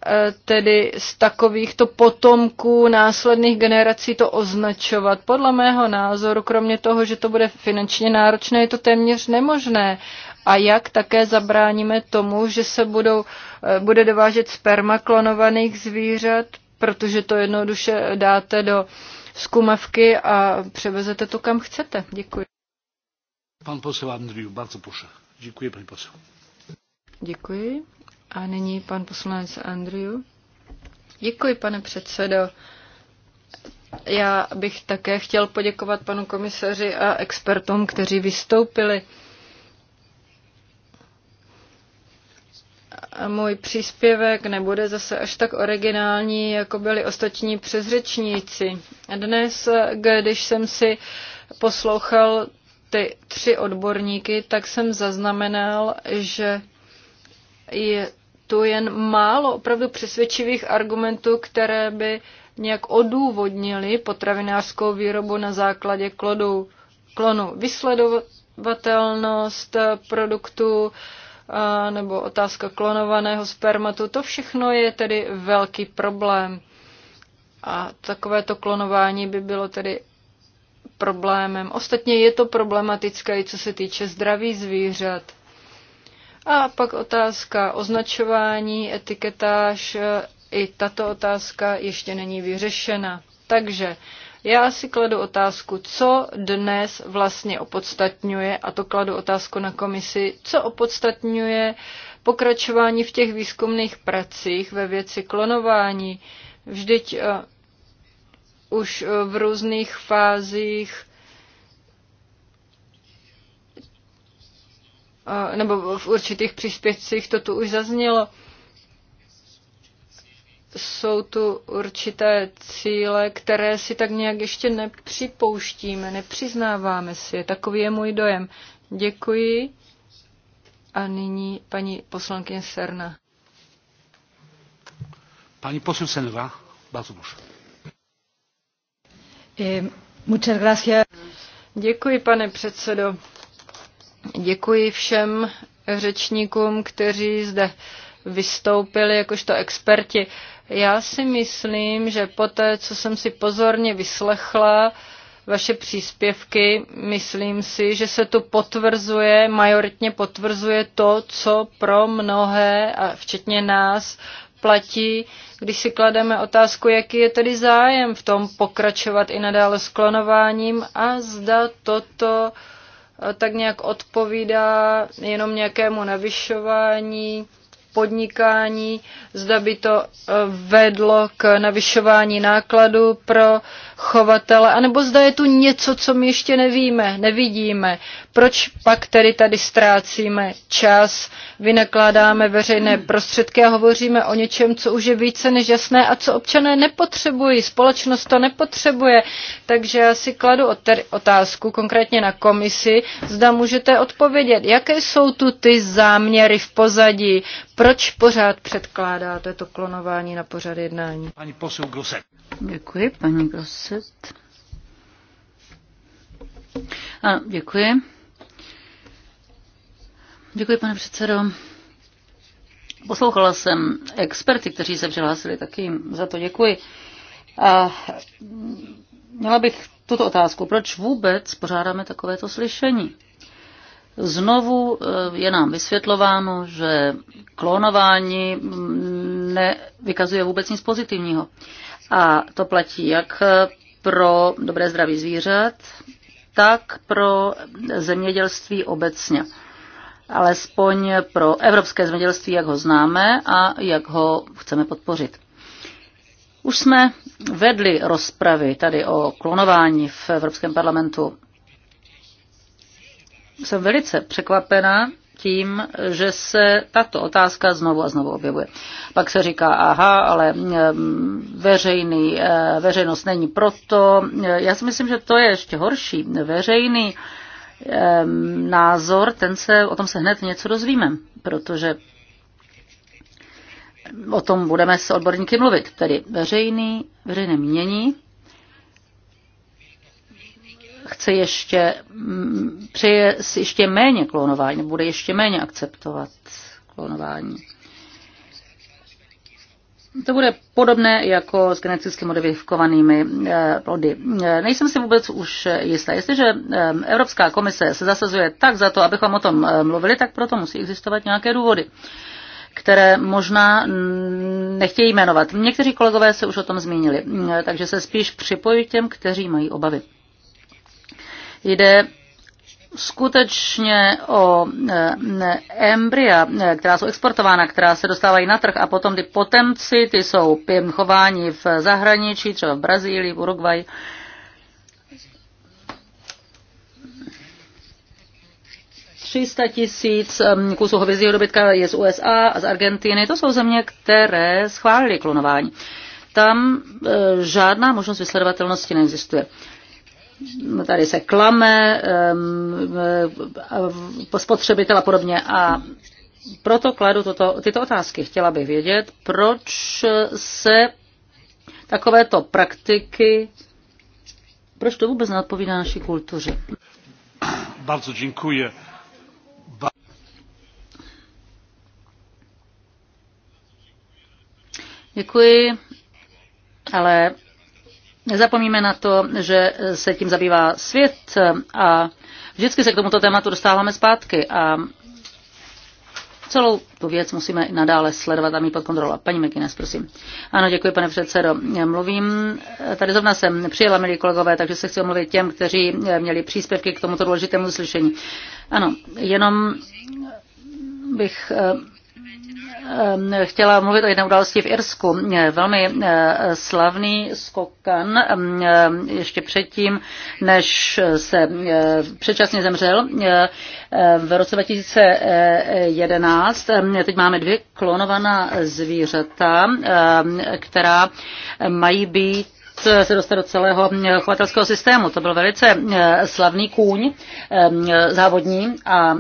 E, tedy z takovýchto potomků následných generací to označovat. Podle mého názoru, kromě toho, že to bude finančně náročné, je to téměř nemožné. A jak také zabráníme tomu, že se budou, e, bude dovážet sperma klonovaných zvířat, protože to jednoduše dáte do zkumavky a převezete to, kam chcete. Děkuji. Pan posel Andriu, bardzo proszę. Děkuji, paní posel. Děkuji. A nyní pan poslanec Andrew. Děkuji, pane předsedo. Já bych také chtěl poděkovat panu komisaři a expertům, kteří vystoupili. A můj příspěvek nebude zase až tak originální, jako byli ostatní přezřečníci. Dnes, když jsem si poslouchal ty tři odborníky, tak jsem zaznamenal, že je tu jen málo opravdu přesvědčivých argumentů, které by nějak odůvodnili potravinářskou výrobu na základě klodu, klonu. Vysledovatelnost produktu nebo otázka klonovaného spermatu, to všechno je tedy velký problém. A takovéto klonování by bylo tedy problémem. Ostatně je to problematické i co se týče zdraví zvířat. A pak otázka označování, etiketáž, i tato otázka ještě není vyřešena. Takže já si kladu otázku, co dnes vlastně opodstatňuje, a to kladu otázku na komisi, co opodstatňuje pokračování v těch výzkumných pracích ve věci klonování. Vždyť uh, už v různých fázích nebo v určitých příspěvcích to tu už zaznělo. Jsou tu určité cíle, které si tak nějak ještě nepřipouštíme, nepřiznáváme si je. Takový je můj dojem. Děkuji. A nyní paní poslankyně Serna. Pani poslankyně Serna, bardzo gracias. Děkuji, pane předsedo. Děkuji všem řečníkům, kteří zde vystoupili jakožto experti. Já si myslím, že poté, co jsem si pozorně vyslechla vaše příspěvky, myslím si, že se tu potvrzuje, majoritně potvrzuje to, co pro mnohé, a včetně nás, platí, když si klademe otázku, jaký je tedy zájem v tom pokračovat i nadále sklonováním a zda toto uh, tak nějak odpovídá jenom nějakému navyšování podnikání, zda by to eh, vedlo k navyšování nákladu pro chovatele, anebo zda je tu něco, co my ještě nevíme, nevidíme. Proč pak tedy tady ztrácíme čas, vynakládáme veřejné prostředky a hovoříme o něčem, co už je více než jasné a co občané nepotřebují, společnost to nepotřebuje. Takže já si kladu otázku konkrétně na komisi, zda můžete odpovědět, jaké jsou tu ty záměry v pozadí, pro proč pořád předkládáte to klonování na pořad jednání? Pani posu Grosset. Děkuji, paní Groset. Ano, děkuji. Děkuji, pane předsedo. Poslouchala jsem experty, kteří se přihlásili, taky za to děkuji. A měla bych tuto otázku. Proč vůbec pořádáme takovéto slyšení? Znovu eh, je nám vysvětlováno, že klonování mm, nevykazuje vůbec nic pozitivního. A to platí jak eh, pro dobré zdraví zvířat, tak pro zemědělství obecně. Alespoň pro evropské zemědělství, jak ho známe a jak ho chceme podpořit. Už jsme vedli rozpravy tady o klonování v Evropském parlamentu jsem velice překvapena tím, že se tato otázka znovu a znovu objevuje. Pak se říká, aha, ale mm, veřejný, eh, veřejnost není proto. Eh, já si myslím, že to je ještě horší. Veřejný eh, názor, ten se, o tom se hned něco dozvíme, protože o tom budeme s odborníky mluvit. Tedy veřejný, veřejné mění chce ještě, mm, přeje si ještě méně klonování, bude ještě méně akceptovat klonování. To bude podobné jako s geneticky modifikovanými eh, plody. Eh, nejsem si vůbec už jistá. Jestliže eh, Evropská komise se zasazuje tak za to, abychom o tom mluvili, tak proto musí existovat nějaké důvody které možná nechtějí jmenovat. Někteří kolegové se už o tom zmínili, takže se spíš připojí těm, kteří mají obavy. Jde skutečně o e, embrya, e, která jsou exportována, která se dostávají na trh a potom ty potemci, ty jsou chováni v zahraničí, třeba v Brazílii, v Uruguay. tisíc kusů hovězího dobytka je z USA a z Argentiny. To jsou země, které schválili klonování. Tam e, žádná možnost vysledovatelnosti neexistuje. No, tady se klame, spotřebitel a podobně. A proto kladu toto, tyto otázky. Chtěla bych vědět, proč se takovéto praktiky, proč to vůbec neodpovídá naší kultuře. Bardzo děkuji. Děkuji, ale Nezapomíme na to, že se tím zabývá svět a vždycky se k tomuto tématu dostáváme zpátky a celou tu věc musíme i nadále sledovat a mít pod kontrolou. Paní McInnes, prosím. Ano, děkuji, pane předsedo. Mluvím, tady zrovna jsem přijela, milí kolegové, takže se chci omluvit těm, kteří měli příspěvky k tomuto důležitému slyšení. Ano, jenom bych eh, chtěla mluvit o jedné události v Irsku. Velmi eh, slavný skokan eh, ještě předtím, než se eh, předčasně zemřel v roce 2011. Teď máme dvě klonovaná zvířata, která mají být Eh, se dostat do celého eh, chovatelského systému. To byl velice eh, slavný kůň závodní a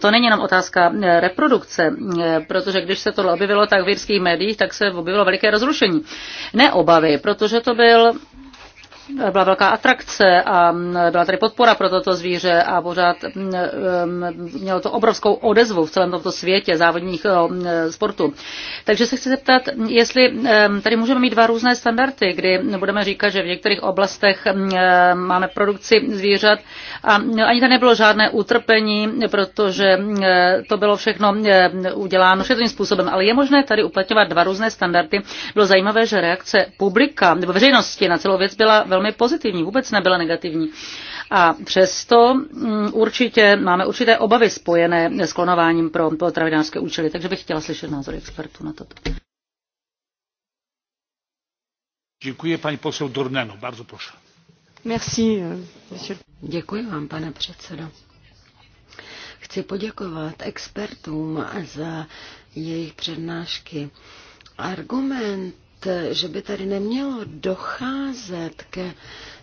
to není jenom otázka reprodukce, protože když se to objevilo tak v jirských médiích, tak se objevilo veliké rozrušení. Ne obavy, protože to byl byla velká atrakce a byla tady podpora pro toto zvíře a pořád um, mělo to obrovskou odezvu v celém tomto světě závodních um, sportů. Takže se chci zeptat, jestli um, tady můžeme mít dva různé standardy, kdy budeme říkat, že v některých oblastech máme produkci zvířat a no, ani tam nebylo žádné utrpení, protože to bylo všechno uděláno šetrným způsobem, ale je možné tady uplatňovat dva různé standardy. Bylo zajímavé, že reakce publika nebo veřejnosti na celou věc byla velmi velmi pozitivní, vůbec nebyla negativní. A přesto mm, určitě máme určité obavy spojené s klonováním pro potravinářské účely, takže bych chtěla slyšet názor expertů na toto. Děkuji, paní poslou Dornano, bardzo prosím. Merci, euh, Děkuji vám, pane předsedo. Chci poděkovat expertům za jejich přednášky. Argument že by tady nemělo docházet ke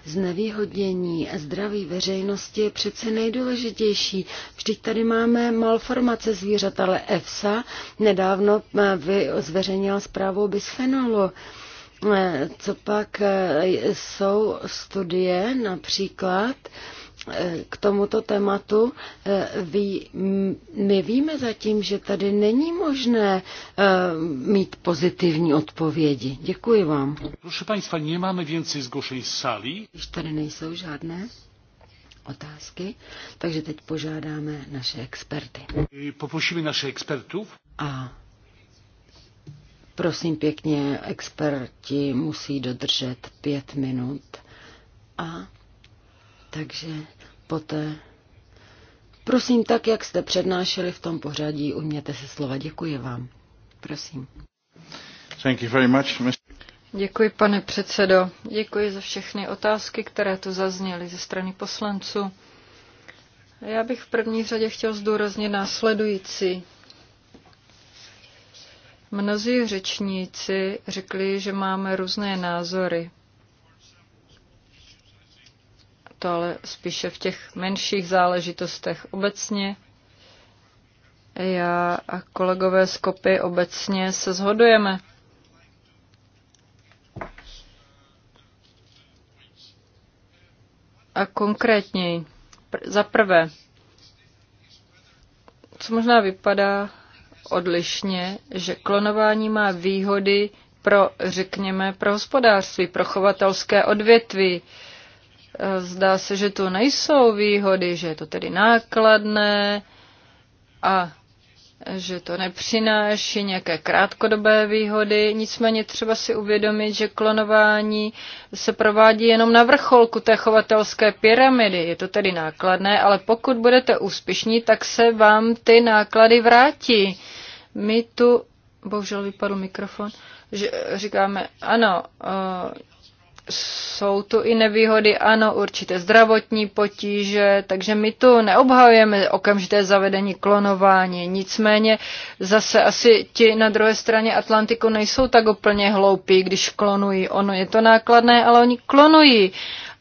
znevýhodnění a zdraví veřejnosti je přece nejdůležitější. Vždyť tady máme malformace zvířat, ale EFSA nedávno eh, zveřejnila zprávu o bisfenolu. Eh, co pak eh, jsou studie například, k tomuto tématu. E, Ví, my víme zatím, že tady není možné e, mít pozitivní odpovědi. Děkuji vám. Proszę Państwa, nemáme mamy więcej zgłoszeń z sali. Už tady nejsou žádné otázky, takže teď požádáme naše experty. E, poprosíme naše expertů. A prosím pěkně, experti musí dodržet pět minut. A takže poté. Prosím, tak jak jste přednášeli v tom pořadí, uměte se slova. Děkuji vám. Prosím. Thank you very much, Mr. Děkuji, pane předsedo. Děkuji za všechny otázky, které tu zazněly ze strany poslanců. Já bych v první řadě chtěl zdůraznit následující. Mnozí řečníci řekli, že máme různé názory. to ale spíše v těch menších záležitostech obecně. Já a kolegové z kopy obecně se zhodujeme. A konkrétněji, pr- za prvé, co možná vypadá odlišně, že klonování má výhody pro, řekněme, pro hospodářství, pro chovatelské odvětví. Uh, Zdá se, že tu nejsou výhody, že je to tedy nákladné a že to nepřináší nějaké krátkodobé výhody, nicméně třeba si uvědomit, že klonování se provádí jenom na vrcholku té chovatelské pyramidy. Je to tedy nákladné, ale pokud budete úspěšní, tak se vám ty náklady vrátí. My tu, bohužel vypadl mikrofon, že říkáme, ano, jsou tu i nevýhody, ano, určité zdravotní potíže, takže my tu neobhajujeme okamžité zavedení klonování. Nicméně zase asi ti na druhé straně Atlantiku nejsou tak úplně hloupí, když klonují. Ono je to nákladné, ale oni klonují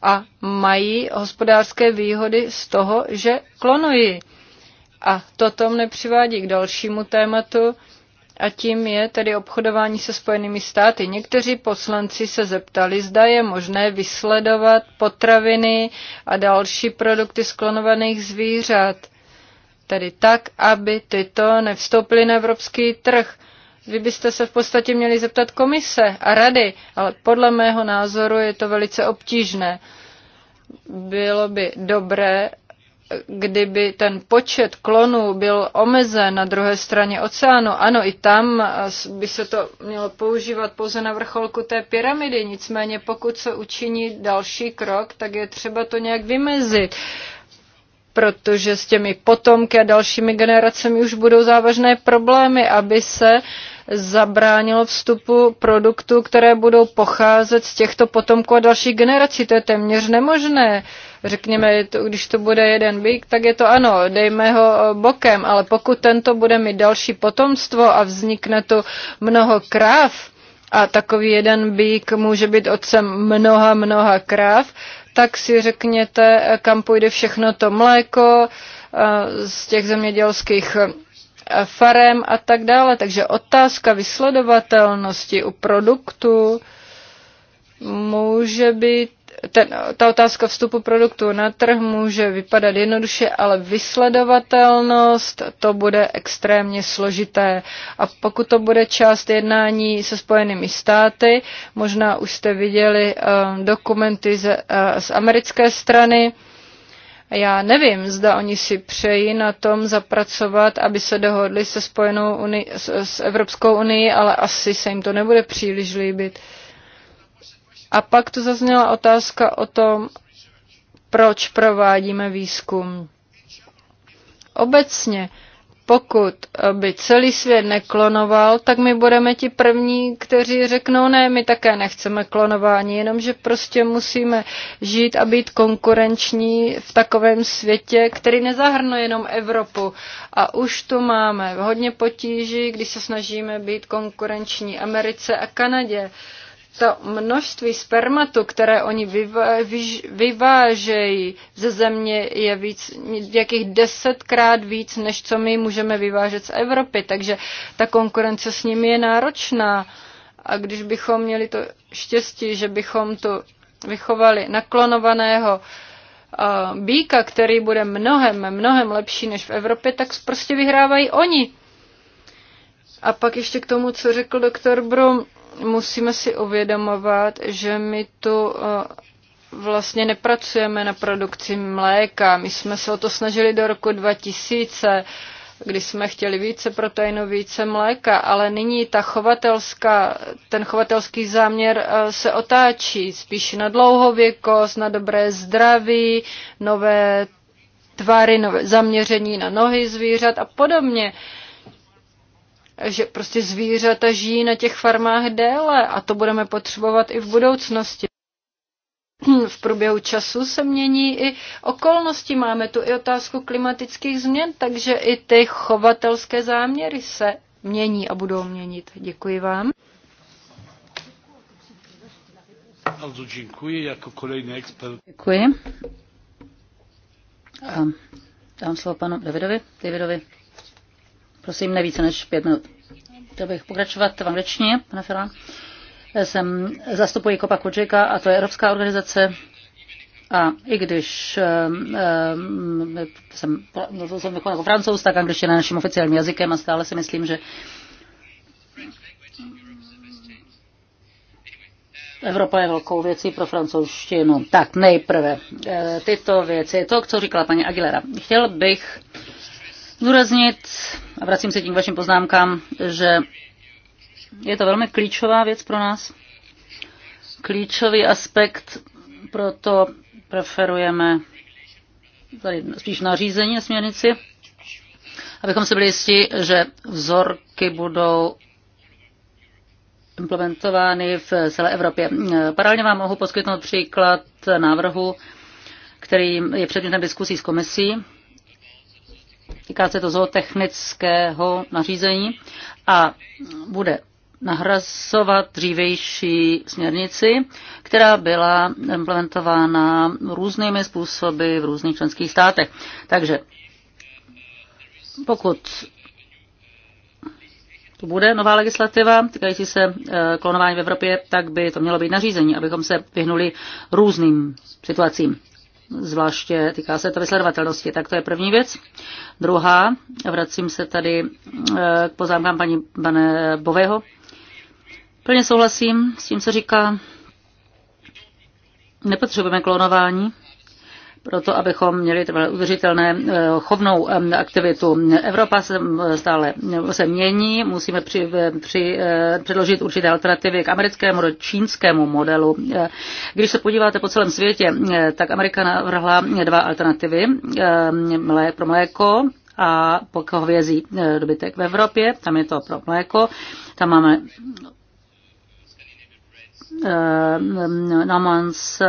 a mají hospodářské výhody z toho, že klonují. A toto mne přivádí k dalšímu tématu, a tím je tedy obchodování se Spojenými státy. Někteří poslanci se zeptali, zda je možné vysledovat potraviny a další produkty sklonovaných zvířat, tedy tak, aby tyto nevstoupily na evropský trh. Vy byste se v podstatě měli zeptat komise a rady, ale podle mého názoru je to velice obtížné. Bylo by dobré, kdyby ten počet klonů byl omezen na druhé straně oceánu, ano, i tam eh, by se to mělo používat pouze na vrcholku té pyramidy, nicméně pokud se učiní další krok, tak je třeba to nějak vymezit protože s těmi potomky a dalšími generacemi už budou závažné problémy, aby se zabránilo vstupu produktů, které budou pocházet z těchto potomků a dalších generací. To je téměř nemožné. Uh, řekněme, to, když to bude jeden bík, tak je to ano, dejme ho eh, bokem, ale pokud tento bude mít další potomstvo a vznikne tu mnoho kráv, a takový jeden bík může být otcem mnoha, mnoha kráv, tak si řekněte, eh, kam půjde všechno to mléko eh, z těch zemědělských farem a tak dále. Takže otázka vysledovatelnosti u produktu může být ten, ta otázka vstupu produktu na trh může vypadat jednoduše, ale vysledovatelnost to bude extrémně složité. A pokud to bude část jednání se Spojenými státy, možná už jste viděli uh, dokumenty z, uh, eh, z americké strany, já nevím, zda oni si přejí na tom zapracovat, aby se dohodli se Spojenou unii, s, s Evropskou unii, ale asi se jim to nebude příliš líbit. Uh, a pak tu zazněla otázka o tom, proč provádíme výzkum. Obecně, pokud by celý svět neklonoval, tak my budeme ti první, kteří řeknou, ne, my také nechceme klonování, jenomže prostě musíme žít a být konkurenční v takovém světě, který nezahrnuje jenom Evropu. A už tu máme hodně potíží, když se snažíme být konkurenční Americe a Kanadě. Uh, to množství spermatu, které oni vyvážejí ze země, je víc, jakých desetkrát víc, než co my můžeme vyvážet z Evropy. Takže ta konkurence s nimi je náročná. A když bychom měli to štěstí, že bychom tu vychovali naklonovaného býka, který bude mnohem, mnohem lepší než v Evropě, tak prostě vyhrávají oni. A pak ještě k tomu, co řekl doktor Brum, musíme si uvědomovat, že my tu eh, vlastně nepracujeme na produkci mléka. My jsme se o to snažili do roku 2000, kdy jsme chtěli více proteinu, více mléka, ale nyní ta chovatelská, ten chovatelský záměr eh, se otáčí spíš na dlouhověkost, na dobré zdraví, nové tvary, nové zaměření na nohy zvířat a podobně. Uh, že prostě zvířata žijí na těch farmách déle a to budeme potřebovat i v budoucnosti. V průběhu času se mění i okolnosti. Máme tu i otázku klimatických změn, takže i ty chovatelské záměry se mění a budou měnit. Děkuji vám. Bardzo dziękuję. Jako kolejny ekspert. Děkuji. dám slovo panu Davidovi. Davidovi. Prosím, nevíce než pět minut. Chtěl bych pokračovat v angličtině, pane Fila. Jsem, zastupuji Kopa Kudžika a to je Evropská organizace a i když um, jsem, no, jsem jako, jako francouz, tak angličtina je naším oficiálním jazykem a stále si myslím, že Evropa je velkou věcí pro francouzštinu. Tak nejprve eh, tyto věci, to, co říkala paní Aguilera. Chtěl bych zdůraznit, a vracím se tím k vašim poznámkám, že je to velmi klíčová věc pro nás. Klíčový aspekt, proto preferujeme tady spíš nařízení a směrnici, abychom se byli jistí, že vzorky budou implementovány v celé Evropě. Paralelně vám mohu poskytnout příklad návrhu, který je předmětem diskusí s komisí Týká se to zootechnického nařízení a bude nahrazovat dřívější směrnici, která byla implementována různými způsoby v různých členských státech. Takže pokud to bude nová legislativa týkající se eh, klonování v Evropě, tak by to mělo být nařízení, abychom se vyhnuli různým situacím zvláště týká se to vysledovatelnosti. Tak to je první věc. Druhá, vracím se tady eh, k poznámkám paní pane Bového. Plně souhlasím s tím, co říká. Nepotřebujeme klonování proto abychom měli trvalé udržitelné eh, chovnou aktivitu. Evropa se stále eh, se mění, musíme při, při, eh, předložit určité alternativy k americkému do čínskému modelu. Když se podíváte po celém světě, tak Amerika navrhla dva alternativy pro mléko a pokud hovězí dobytek v Evropě, tam je to pro mléko, tam máme Namans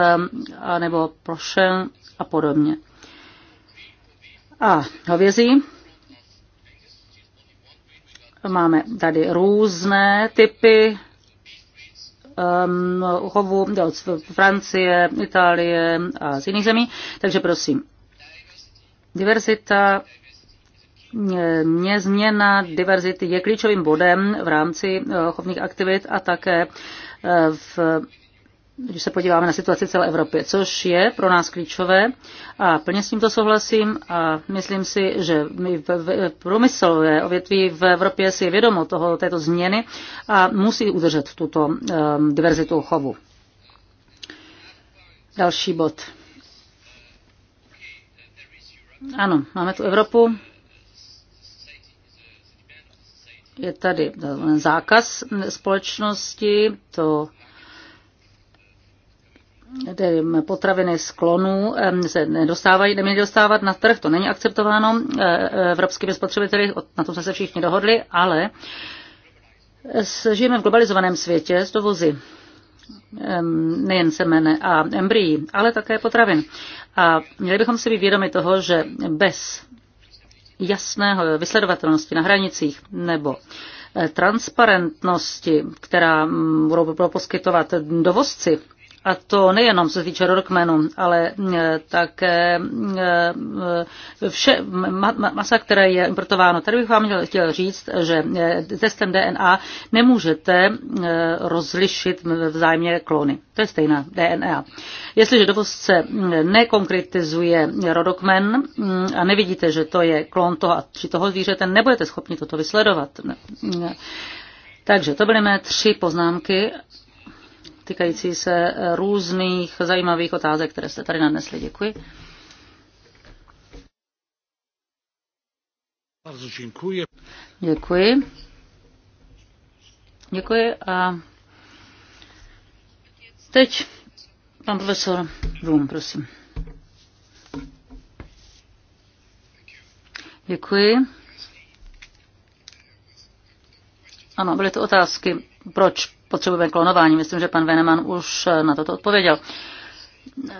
nebo Prošen a podobně. A hovězí. Máme tady různé typy um, chovu od Francie, Itálie a z jiných zemí. Takže prosím, diverzita, mě změna diverzity je klíčovým bodem v rámci eh, chovních aktivit a také eh, v když se podíváme na situaci celé Evropy, což je pro nás klíčové a plně s tímto souhlasím a myslím si, že my v, v průmyslové odvětví v Evropě si je vědomo toho, této změny a musí udržet tuto um, diverzitu chovu. Další bod. Ano, máme tu Evropu. Je tady zákaz společnosti, to potraviny z klonů se nedostávají, neměly dostávat na trh, to není akceptováno eh, eh, evropskými spotřebiteli, na tom jsme se všichni dohodli, ale žijeme v globalizovaném světě s dovozy nejen semene a embryí, ale také potravin. A měli bychom si být vědomi toho, že bez jasného vysledovatelnosti na hranicích nebo eh, transparentnosti, která mm, budou poskytovat dovozci, a to nejenom se týče rodokmenů, ale e, také e, e, vše masa, které je importováno. Tady bych vám chtěl říct, že testem DNA nemůžete rozlišit vzájemně klony. To je stejná DNA. Jestliže dovozce nekonkretizuje rodokmen a nevidíte, že to je klon toho a či toho zvířete, nebudete schopni toto vysledovat. Takže to byly mé tři poznámky týkající se různých zajímavých otázek, které jste tady nanesli. Děkuji. Děkuji. Děkuji. Děkuji a teď pan profesor Blum, prosím. Děkuji. Ano, byly to otázky, proč potřebujeme klonování. Myslím, že pan Veneman už na toto odpověděl.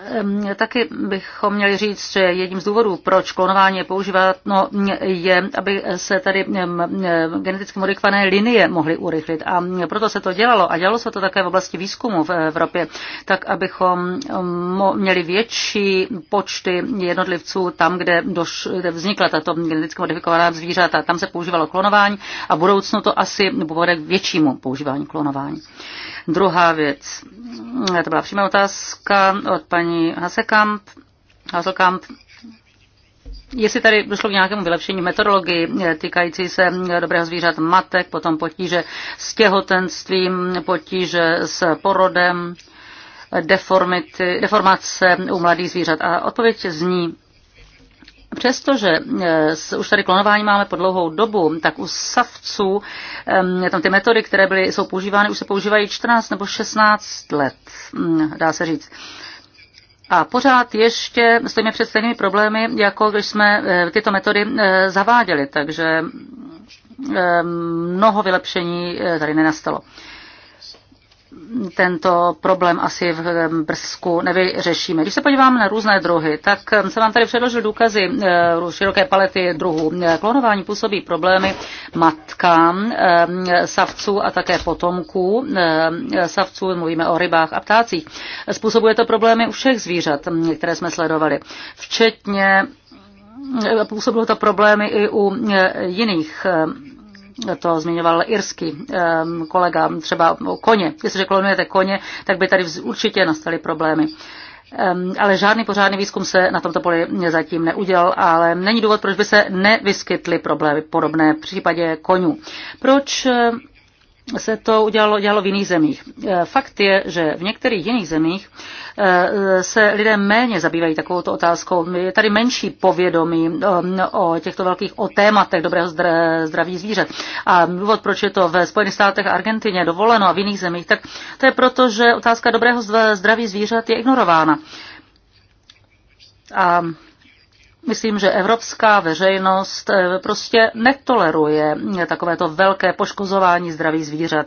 Ehm, taky bychom měli říct, že jedním z důvodů, proč klonování je no, je, aby se tady ehm, ehm, geneticky modifikované linie mohly urychlit. A proto se to dělalo a dělalo se to také v oblasti výzkumu v Evropě, tak abychom měli větší počty jednotlivců tam, kde, doš- kde vznikla tato geneticky modifikovaná zvířata. Tam se používalo klonování a v budoucnu to asi povede k většímu používání klonování. Druhá věc, to byla přímá otázka od paní Hasekamp, Hasekamp Jestli tady došlo k nějakému vylepšení metodologii týkající se dobrého zvířat matek, potom potíže s těhotenstvím, potíže s porodem, deformity, deformace u mladých zvířat. A odpověď zní, Přestože eh, už tady klonování máme po dlouhou dobu, tak u savců eh, tam ty metody, které byly, jsou používány, už se používají 14 nebo 16 let, hm, dá se říct. A pořád ještě stojíme před stejnými problémy, jako když jsme eh, tyto metody eh, zaváděli, takže eh, mnoho vylepšení tady nenastalo tento problém asi v Brzku nevyřešíme. Když se podíváme na různé druhy, tak jsem vám tady předložil důkazy eh, široké palety druhů. Klonování působí problémy matkám eh, savců a také potomků eh, savců, mluvíme o rybách a ptácích. Způsobuje to problémy u všech zvířat, hm, které jsme sledovali, včetně působilo to problémy i u jiných hm, to zmiňoval irský kolega, třeba o koně. Jestliže klonujete koně, tak by tady určitě nastaly problémy. Ale žádný pořádný výzkum se na tomto poli zatím neudělal, ale není důvod, proč by se nevyskytly problémy podobné v případě konů. Proč se to udělalo, udělalo v jiných zemích. E, fakt je, že v některých jiných zemích e, se lidé méně zabývají takovouto otázkou. Je tady menší povědomí e, o těchto velkých o tématech dobrého zdraví zvířat. A důvod, proč je to ve Spojených státech a Argentině dovoleno a v jiných zemích, tak to je proto, že otázka dobrého zdraví zvířat je ignorována. A Myslím, že evropská veřejnost eh, prostě netoleruje takovéto velké poškozování zdraví zvířat.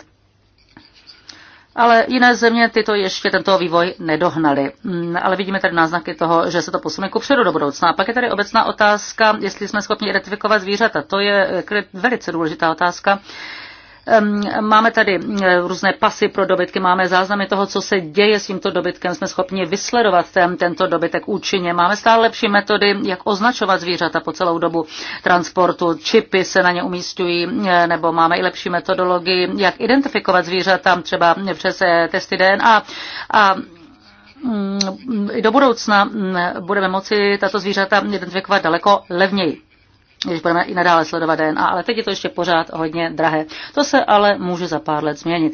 Ale jiné země tyto ještě tento vývoj nedohnaly. Mm, ale vidíme tady náznaky toho, že se to posune ku předu do budoucna. A pak je tady obecná otázka, jestli jsme schopni identifikovat zvířata. To je eh, velice důležitá otázka, Máme tady mm, různé pasy pro dobytky, máme záznamy toho, co se děje s tímto dobytkem, jsme schopni vysledovat ten, tento dobytek účinně. Máme stále lepší metody, jak označovat zvířata po celou dobu transportu. Čipy se na ně umístují, eh, nebo máme i lepší metodologii, jak identifikovat zvířata třeba přes eh, testy DNA. A mm, do budoucna mm, budeme moci tato zvířata identifikovat daleko levněji když budeme i nadále sledovat DNA, ale teď je to ještě pořád hodně drahé. To se ale může za pár let změnit.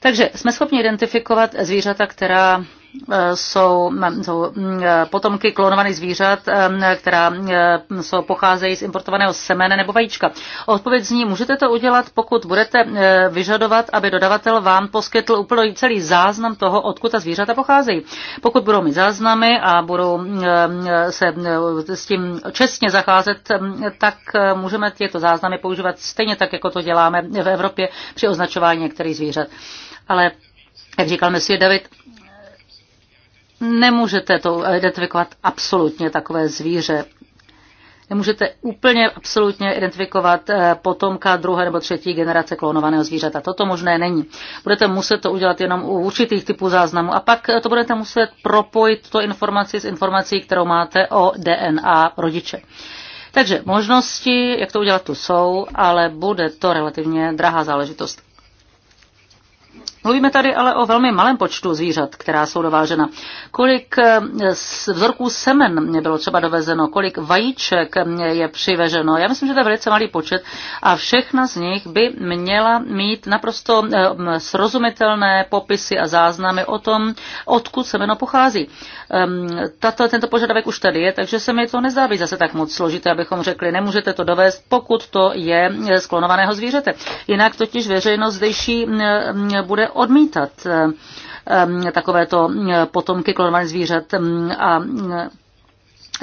Takže jsme schopni identifikovat zvířata, která jsou, jsou potomky klonovaných zvířat, která jsou, pocházejí z importovaného semene nebo vajíčka. Odpověď zní, můžete to udělat, pokud budete e, vyžadovat, aby dodavatel vám poskytl úplně celý záznam toho, odkud ta zvířata pocházejí. Pokud budou mít záznamy a budou e, se e, s tím čestně zacházet, tak můžeme tyto záznamy používat stejně tak, jako to děláme v Evropě při označování některých zvířat. Ale jak říkal Monsieur David, nemůžete to identifikovat absolutně takové zvíře. Nemůžete úplně absolutně identifikovat eh, potomka druhé nebo třetí generace klonovaného zvířata. Toto možné není. Budete muset to udělat jenom u určitých typů záznamů a pak eh, to budete muset propojit to informaci s informací, kterou máte o DNA rodiče. Takže možnosti, jak to udělat, tu jsou, ale bude to relativně drahá záležitost. Mluvíme tady ale o velmi malém počtu zvířat, která jsou dovážena. Kolik eh, vzorků semen bylo třeba dovezeno, kolik vajíček je přiveženo. Já myslím, že to je velice malý počet a všechna z nich by měla mít naprosto eh, srozumitelné popisy a záznamy o tom, odkud semeno pochází. Ehm, tato, tento požadavek už tady je, takže se mi to nezdá být zase tak moc složité, abychom řekli, nemůžete to dovést, pokud to je sklonovaného zvířete. Jinak totiž veřejnost zdejší bude odmítat eh, takovéto eh, potomky klonovaných zvířat mm, a eh,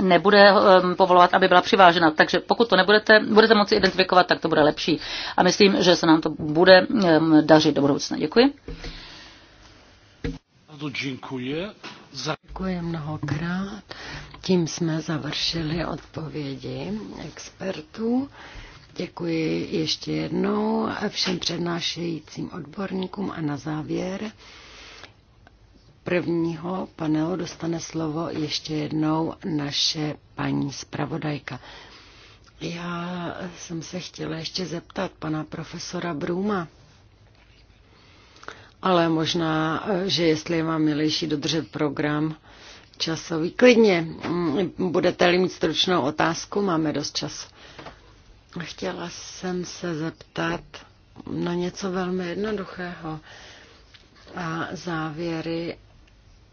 nebude povolovat, aby byla přivážena. Takže pokud to nebudete, budete moci identifikovat, tak to bude lepší. A myslím, že se nám to bude dařit do budoucna. Děkuji. Děkuji. Děkuji mnohokrát. Tím jsme završili odpovědi expertů. Děkuji ještě jednou všem přednášejícím odborníkům a na závěr prvního panelu dostane slovo ještě jednou naše paní zpravodajka. Já jsem se chtěla ještě zeptat pana profesora Bruma, ale možná, že jestli je vám milejší dodržet program časový, klidně, budete-li mít stručnou otázku, máme dost času. Chtěla jsem se zeptat na něco velmi jednoduchého. A závěry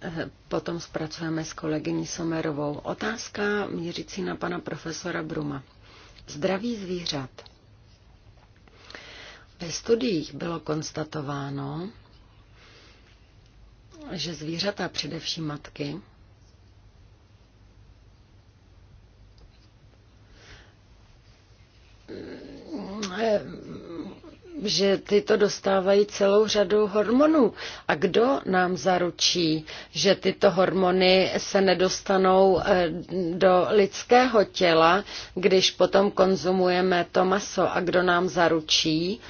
eh, potom zpracujeme s kolegyní Somerovou. Otázka mířící na pana profesora Bruma. Zdraví zvířat. Ve studiích bylo konstatováno, že zvířata, především matky, Eh, že tyto dostávají celou řadu hormonů. A kdo nám zaručí, že tyto hormony se nedostanou eh, do lidského těla, když potom konzumujeme to maso? A kdo nám zaručí,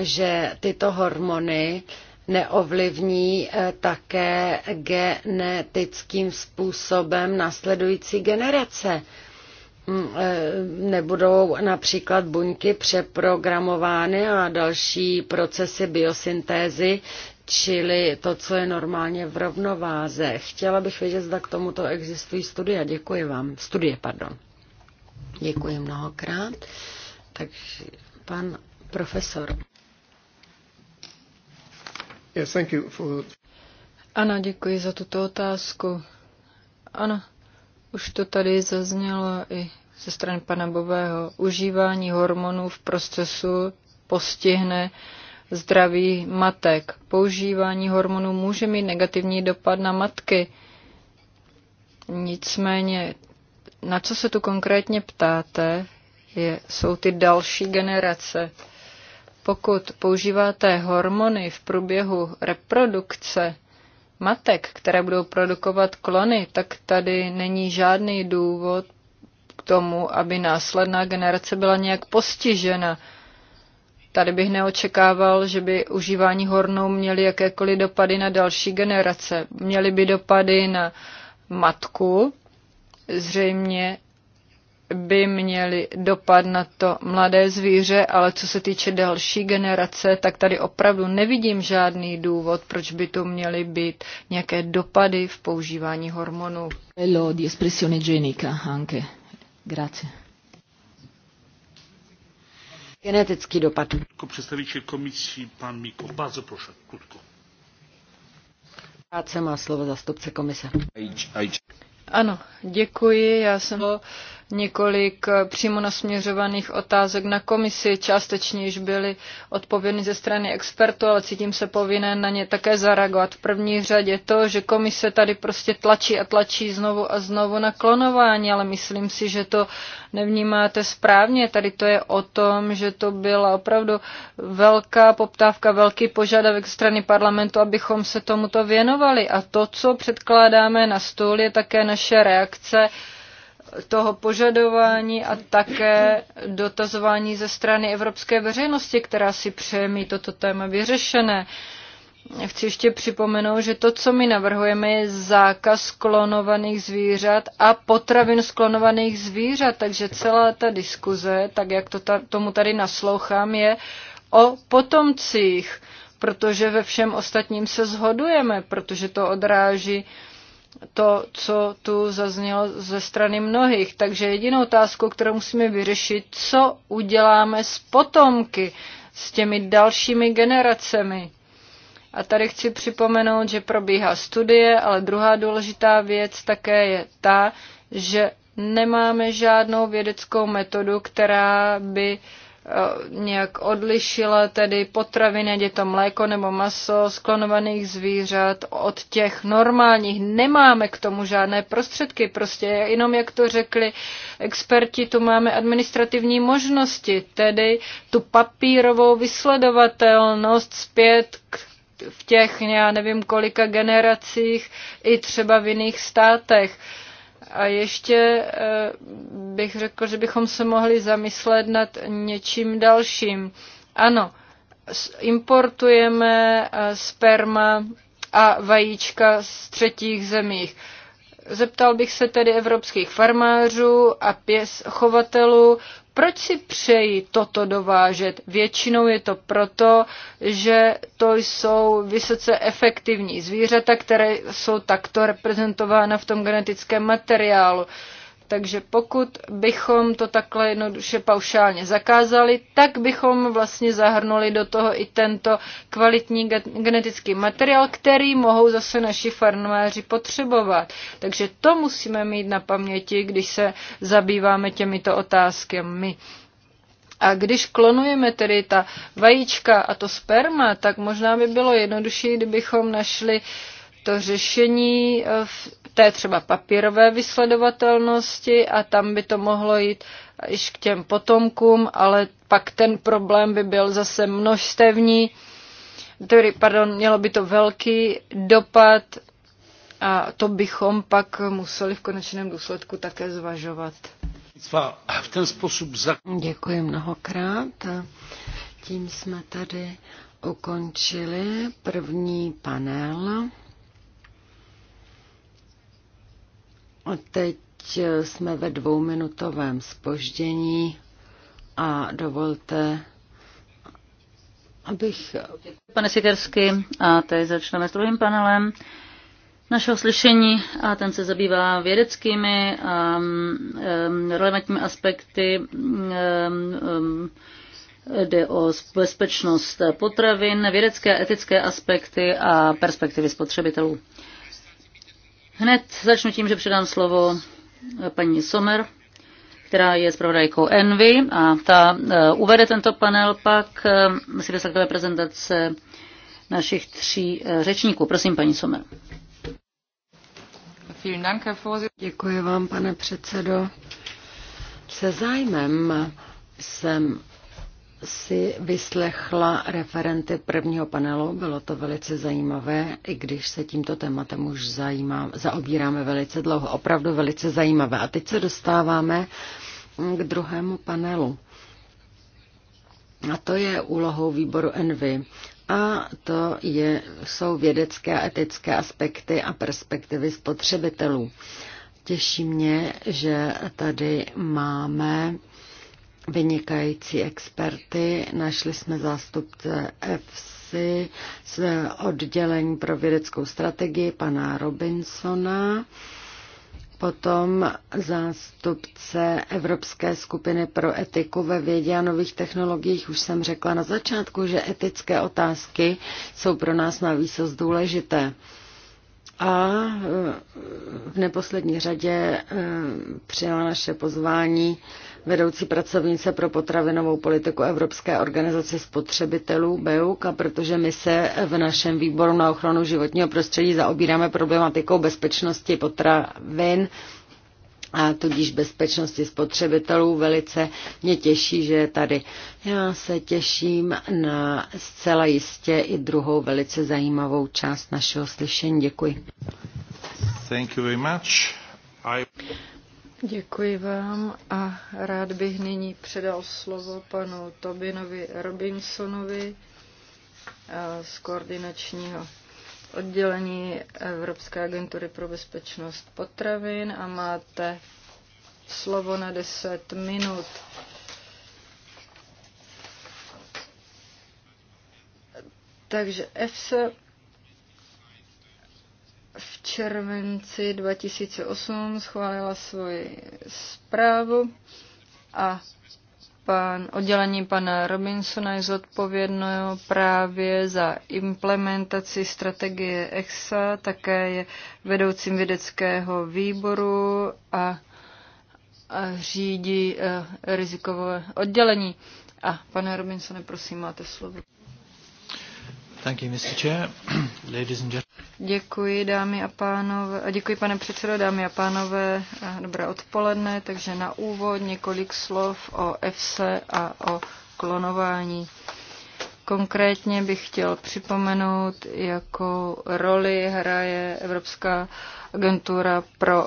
že tyto hormony neovlivní eh, také genetickým způsobem následující generace? Mm, eh, nebudou například buňky přeprogramovány a další procesy biosyntézy, čili to, co je normálně v rovnováze. Chtěla bych vědět, zda k tomuto existují studie. Děkuji vám. Studie, pardon. Děkuji mnohokrát. Takže pan profesor. Yes, thank you for... Ano, děkuji za tuto otázku. Ano, už to tady zaznělo i ze strany pana Bového. Užívání hormonů v procesu postihne zdraví matek. Používání hormonů může mít negativní dopad na matky. Nicméně, na co se tu konkrétně ptáte, je, jsou ty další generace. Pokud používáte hormony v průběhu reprodukce, matek, které budou produkovat klony, tak tady není žádný důvod k tomu, aby následná generace byla nějak postižena. Tady bych neočekával, že by užívání hornou měly jakékoliv dopady na další generace. Měly by dopady na matku, zřejmě by měly dopad na to mladé zvíře, ale co se týče další generace, tak tady opravdu nevidím žádný důvod, proč by to měly být nějaké dopady v používání hormonů. Hello, di espressione genica anche. Grazie. Genetický dopad. Jako představitel komisí, pan Miko, bardzo proszę, krótko. Práce má slovo zastupce komise. Ano, děkuji, já jsem několik eh, přímo nasměřovaných otázek na komisi. Částečně již byly odpovědny ze strany expertů, ale cítím se povinen na ně také zareagovat. V první řadě to, že komise tady prostě tlačí a tlačí znovu a znovu na klonování, ale myslím si, že to nevnímáte správně. Tady to je o tom, že to byla opravdu velká poptávka, velký požadavek strany parlamentu, abychom se tomuto věnovali. A to, co předkládáme na stůl, je také naše reakce toho požadování a také dotazování ze strany evropské veřejnosti, která si přeje mít toto téma vyřešené. Chci ještě připomenout, že to, co my navrhujeme, je zákaz klonovaných zvířat a potravin z klonovaných zvířat. Takže celá ta diskuze, tak jak to ta, tomu tady naslouchám, je o potomcích, protože ve všem ostatním se zhodujeme, protože to odráží uh, to, co tu zaznělo ze strany mnohých. Takže jedinou otázku, kterou musíme vyřešit, co uděláme s potomky, s těmi dalšími generacemi. A tady chci připomenout, že probíhá studie, ale druhá důležitá věc také je ta, že nemáme žádnou vědeckou metodu, která by uh, Eh, nějak odlišila tedy potraviny, ať je to mléko nebo maso sklonovaných zvířat od těch normálních. Nemáme k tomu žádné prostředky, prostě jenom jak to řekli experti, tu máme administrativní možnosti, tedy tu papírovou vysledovatelnost zpět k v těch, já nevím, kolika generacích, i třeba v jiných státech. A ještě eh, bych řekl, že bychom se mohli zamyslet nad něčím dalším. Ano, importujeme eh, sperma a vajíčka z třetích zemích. Zeptal bych se tedy evropských farmářů a pěs chovatelů, proč si přeji toto dovážet? Většinou je to proto, že to jsou vysoce efektivní zvířata, které jsou takto reprezentována v tom genetickém materiálu. Uh, takže pokud bychom to takhle jednoduše paušálně zakázali, tak bychom vlastně zahrnuli do toho i tento kvalitní genetický materiál, který mohou zase naši farmáři potřebovat. Takže to musíme mít na paměti, když se zabýváme těmito otázkami. A když klonujeme tedy ta vajíčka a to sperma, tak možná by bylo jednodušší, kdybychom našli to řešení eh, v té třeba papírové vysledovatelnosti a tam by to mohlo jít již k těm potomkům, ale pak ten problém by byl zase množstevní, tedy, pardon, mělo by to velký dopad a to bychom pak museli v konečném důsledku také zvažovat. V ten způsob za... Děkuji mnohokrát. A tím jsme tady ukončili první panel. Teď jsme ve dvouminutovém spoždění a dovolte, abych... Pane Sikersky, a teď začneme s druhým panelem našeho slyšení a ten se zabývá vědeckými a um, um, relevantními aspekty um, um, Jde o bezpečnost potravin, vědecké a etické aspekty a perspektivy spotřebitelů. Hned začnu tím, že předám slovo paní Sommer, která je zpravodajkou Envy a ta eh, uvede tento panel pak eh, si vyslechové prezentace našich tří eh, řečníků. Prosím, paní Sommer. Děkuji vám, pane předsedo. Se zájmem jsem si vyslechla referenty prvního panelu. Bylo to velice zajímavé, i když se tímto tématem už zajímá, zaobíráme velice dlouho. Opravdu velice zajímavé. A teď se dostáváme k druhému panelu. A to je úlohou výboru Envy. A to je, jsou vědecké a etické aspekty a perspektivy spotřebitelů. Těší mě, že tady máme vynikající experty. Našli jsme zástupce EFSI z oddělení pro vědeckou strategii pana Robinsona, potom zástupce Evropské skupiny pro etiku ve vědě a nových technologiích. Už jsem řekla na začátku, že etické otázky jsou pro nás na výsost důležité a eh, v neposlední řadě eh, přijala naše pozvání vedoucí pracovnice pro potravinovou politiku Evropské organizace spotřebitelů BEUK a protože my se v našem výboru na ochranu životního prostředí zaobíráme problematikou bezpečnosti potravin, a tudíž bezpečnosti spotřebitelů velice mě těší, že je tady. Já se těším na zcela jistě i druhou velice zajímavou část našeho slyšení. Děkuji. Thank you very much. I... Děkuji vám a rád bych nyní předal slovo panu Tobinovi Robinsonovi eh, z koordinačního oddělení Evropské agentury pro bezpečnost potravin a máte slovo na 10 minut. Takže EFSA v červenci 2008 schválila svoji zprávu a pan, oddělení pana Robinsona je zodpovědno právě za implementaci strategie EXA, také je vedoucím vědeckého výboru a, a řídí a, eh, rizikové oddělení. A pane Robinsone, prosím, máte slovo. Thank you, Mr. Chair. Ladies and Děkuji, dámy a pánové. A děkuji, pane předsedo, dámy a pánové. Dobré odpoledne. Takže na úvod několik slov o EFSE a o klonování. Konkrétně bych chtěl připomenout, jakou roli hraje Evropská agentura pro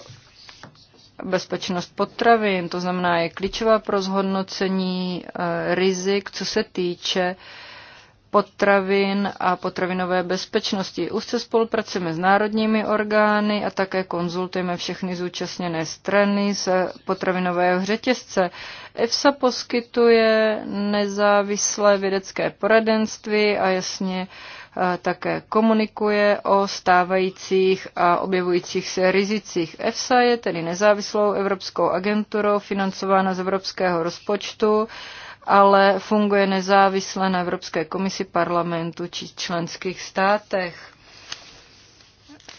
bezpečnost potravin, to znamená je klíčová pro zhodnocení e, rizik, co se týče uh, potravin a potravinové bezpečnosti. Úzce spolupracujeme s národními orgány a také konzultujeme všechny zúčastněné strany z potravinového řetězce. EFSA poskytuje nezávislé vědecké poradenství a jasně eh, také komunikuje o stávajících a objevujících se rizicích. EFSA je tedy nezávislou evropskou agenturou financována z evropského rozpočtu ale funguje nezávisle na Evropské komisi, parlamentu či členských státech.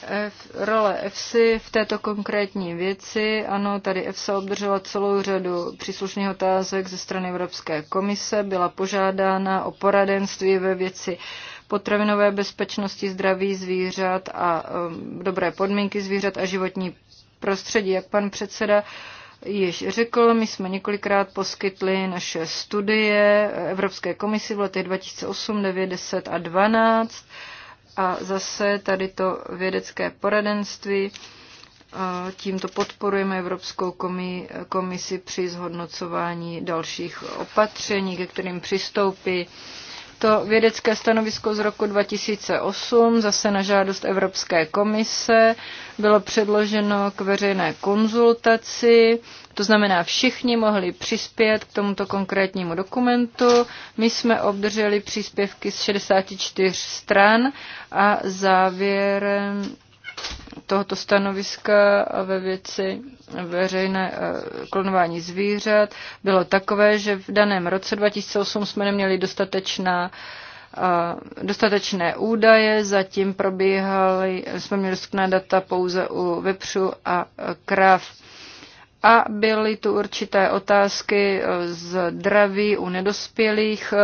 F, role EFSI v této konkrétní věci. Ano, tady EFSA obdržela celou řadu příslušných otázek ze strany Evropské komise, byla požádána o poradenství ve věci potravinové bezpečnosti, zdraví zvířat a um, dobré podmínky zvířat a životní prostředí. Jak pan předseda uh, již řekl, my jsme několikrát poskytli naše studie Evropské komisi v letech 2008, 9, 10 a 12 a zase tady to vědecké poradenství. Tímto podporujeme Evropskou komisi při zhodnocování dalších opatření, ke kterým přistoupí to vědecké stanovisko z roku 2008, zase na žádost Evropské komise, bylo předloženo k veřejné konzultaci, to znamená, všichni mohli přispět k tomuto konkrétnímu dokumentu. My jsme obdrželi příspěvky z 64 stran a závěrem tohoto stanoviska ve věci veřejné eh, klonování zvířat bylo takové, že v daném roce 2008 jsme neměli dostatečná eh, dostatečné údaje, zatím probíhaly, jsme měli dostupná data pouze u vepřů a krav. A byly tu určité otázky eh, zdraví u nedospělých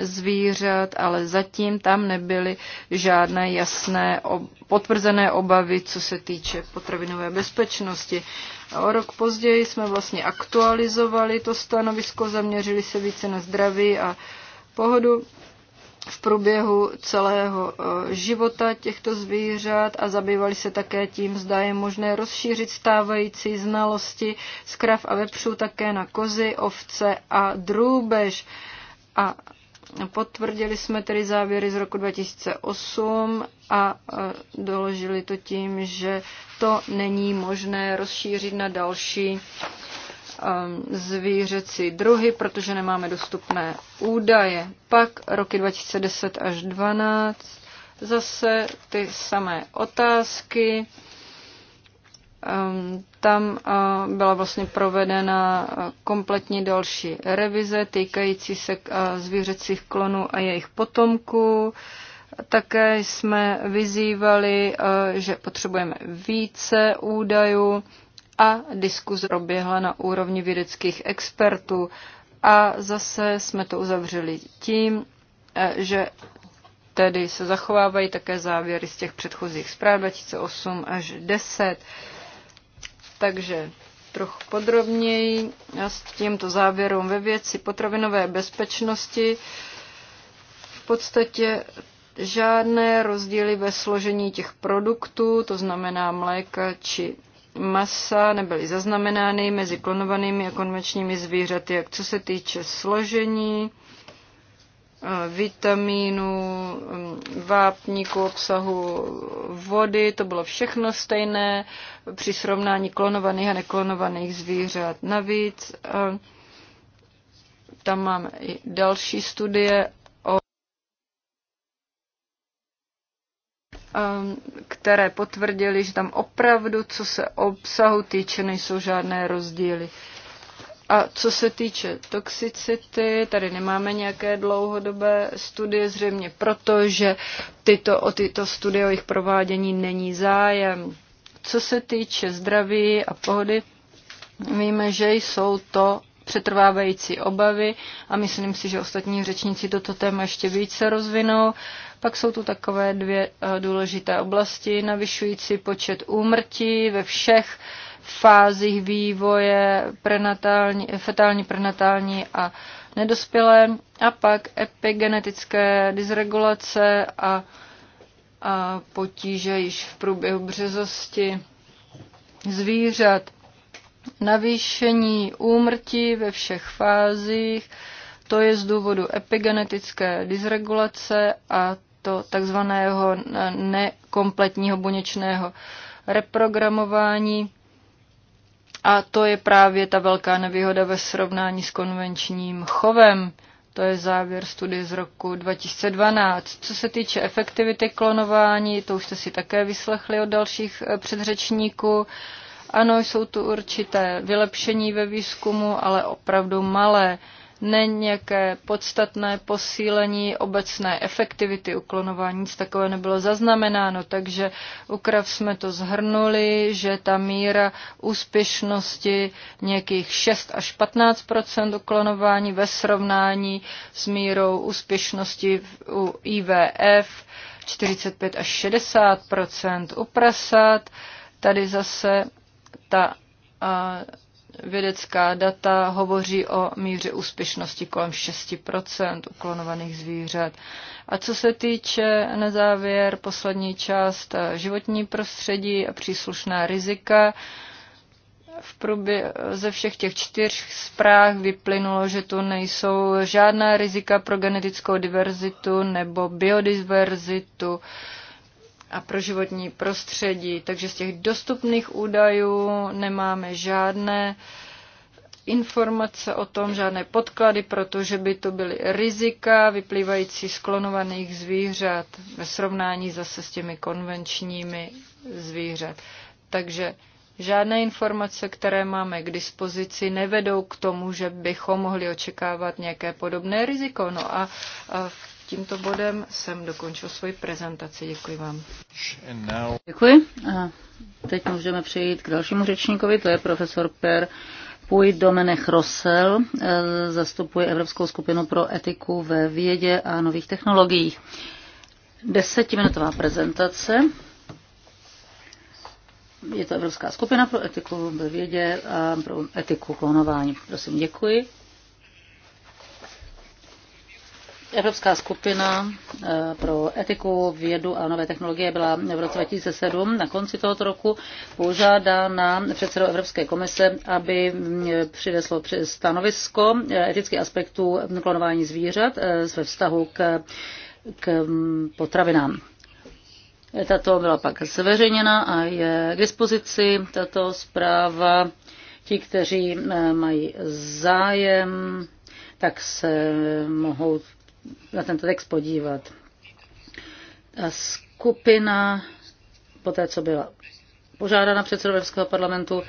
zvířat, ale zatím tam nebyly žádné jasné potvrzené obavy, co se týče potravinové bezpečnosti. O rok později jsme vlastně aktualizovali to stanovisko, zaměřili se více na zdraví a pohodu v průběhu celého eh, života těchto zvířat a zabývali se také tím, zda je možné rozšířit stávající znalosti z krav a vepřů také na kozy, ovce a drůbež. A Potvrdili jsme tedy závěry z roku 2008 a e, doložili to tím, že to není možné rozšířit na další e, zvířecí druhy, protože nemáme dostupné údaje. Pak roky 2010 až 2012 zase ty samé otázky Ehm, tam eh, byla vlastně provedena eh, kompletní další revize týkající se eh, zvířecích klonů a jejich potomků. Také jsme vyzývali, že potřebujeme více údajů a diskuze proběhla na úrovni vědeckých expertů. A zase jsme to uzavřeli tím, že tedy se zachovávají také závěry z těch předchozích zpráv 2008 až 10. Takže trochu podrobněji s tímto závěrem ve věci potravinové bezpečnosti. V podstatě žádné rozdíly ve složení těch produktů, to znamená mléka či masa, nebyly zaznamenány mezi klonovanými a konvenčními zvířaty, jak co se týče složení, vitamínů, mm, vápníku, obsahu vody, to bylo všechno stejné při srovnání klonovaných a neklonovaných zvířat. Navíc tam máme i další studie o které potvrdili, že tam opravdu, co se obsahu týče, nejsou žádné rozdíly. A co se týče toxicity, tady nemáme nějaké dlouhodobé studie, zřejmě proto, že tyto, o tyto studie o jejich provádění není zájem. Co se týče zdraví a pohody, víme, že jsou to přetrvávající obavy a myslím si, že ostatní řečníci toto téma ještě více rozvinou. Pak jsou tu takové dvě eh, důležité oblasti, navyšující počet úmrtí ve všech uh, fázích vývoje, prenatální, fetální, prenatální a nedospělé, a pak epigenetické dysregulace a, a potíže již v průběhu březosti zvířat, navýšení úmrtí ve všech fázích, to je z důvodu epigenetické dysregulace a to takzvaného nekompletního buněčného reprogramování a to je právě ta velká nevýhoda ve srovnání s konvenčním chovem. To je závěr studie z roku 2012. Co se týče efektivity klonování, to už jste si také vyslechli od dalších eh, předřečníků. Ano, jsou tu určité vylepšení ve výzkumu, ale opravdu malé ne nějaké podstatné posílení obecné efektivity uklonování, nic takového nebylo zaznamenáno, takže u krav jsme to zhrnuli, že ta míra úspěšnosti nějakých 6 až 15 uklonování ve srovnání s mírou úspěšnosti u IVF 45 až 60 u prasat. Tady zase ta Vědecká data hovoří o míře úspěšnosti kolem 6% u klonovaných zvířat. A co se týče na závěr poslední část eh, životní prostředí a příslušná rizika, v průbě, eh, ze všech těch čtyř zpráv vyplynulo, že tu nejsou žádná rizika pro genetickou diverzitu nebo biodiverzitu. Uh, a pro životní prostředí. Takže z těch dostupných údajů nemáme žádné informace o tom, žádné podklady, protože by to byly rizika vyplývající z klonovaných zvířat ve srovnání zase s těmi konvenčními zvířat. Takže žádné informace, které máme k dispozici, nevedou k tomu, že bychom mohli očekávat nějaké podobné riziko. No a v tímto bodem jsem dokončil svoji prezentaci. Děkuji vám. Děkuji. A teď můžeme přejít k dalšímu řečníkovi, to je profesor Per Puj Domenech Rosel, e, zastupuje Evropskou skupinu pro etiku ve vědě a nových technologiích. Desetiminutová prezentace. Je to Evropská skupina pro etiku ve vědě a pro etiku klonování. Prosím, děkuji. Evropská skupina eh, pro etiku, vědu a nové technologie byla v roce 2007 na konci tohoto roku požádána předsedou Evropské komise, aby mm, přineslo stanovisko eh, etických aspektů klonování zvířat eh, ve vztahu k, k mm, potravinám. Tato byla pak zveřejněna a je k dispozici tato zpráva. Ti, kteří mají zájem, tak se mohou na tento text podívat. A skupina, po té, co byla požádána předsedou Evropského parlamentu,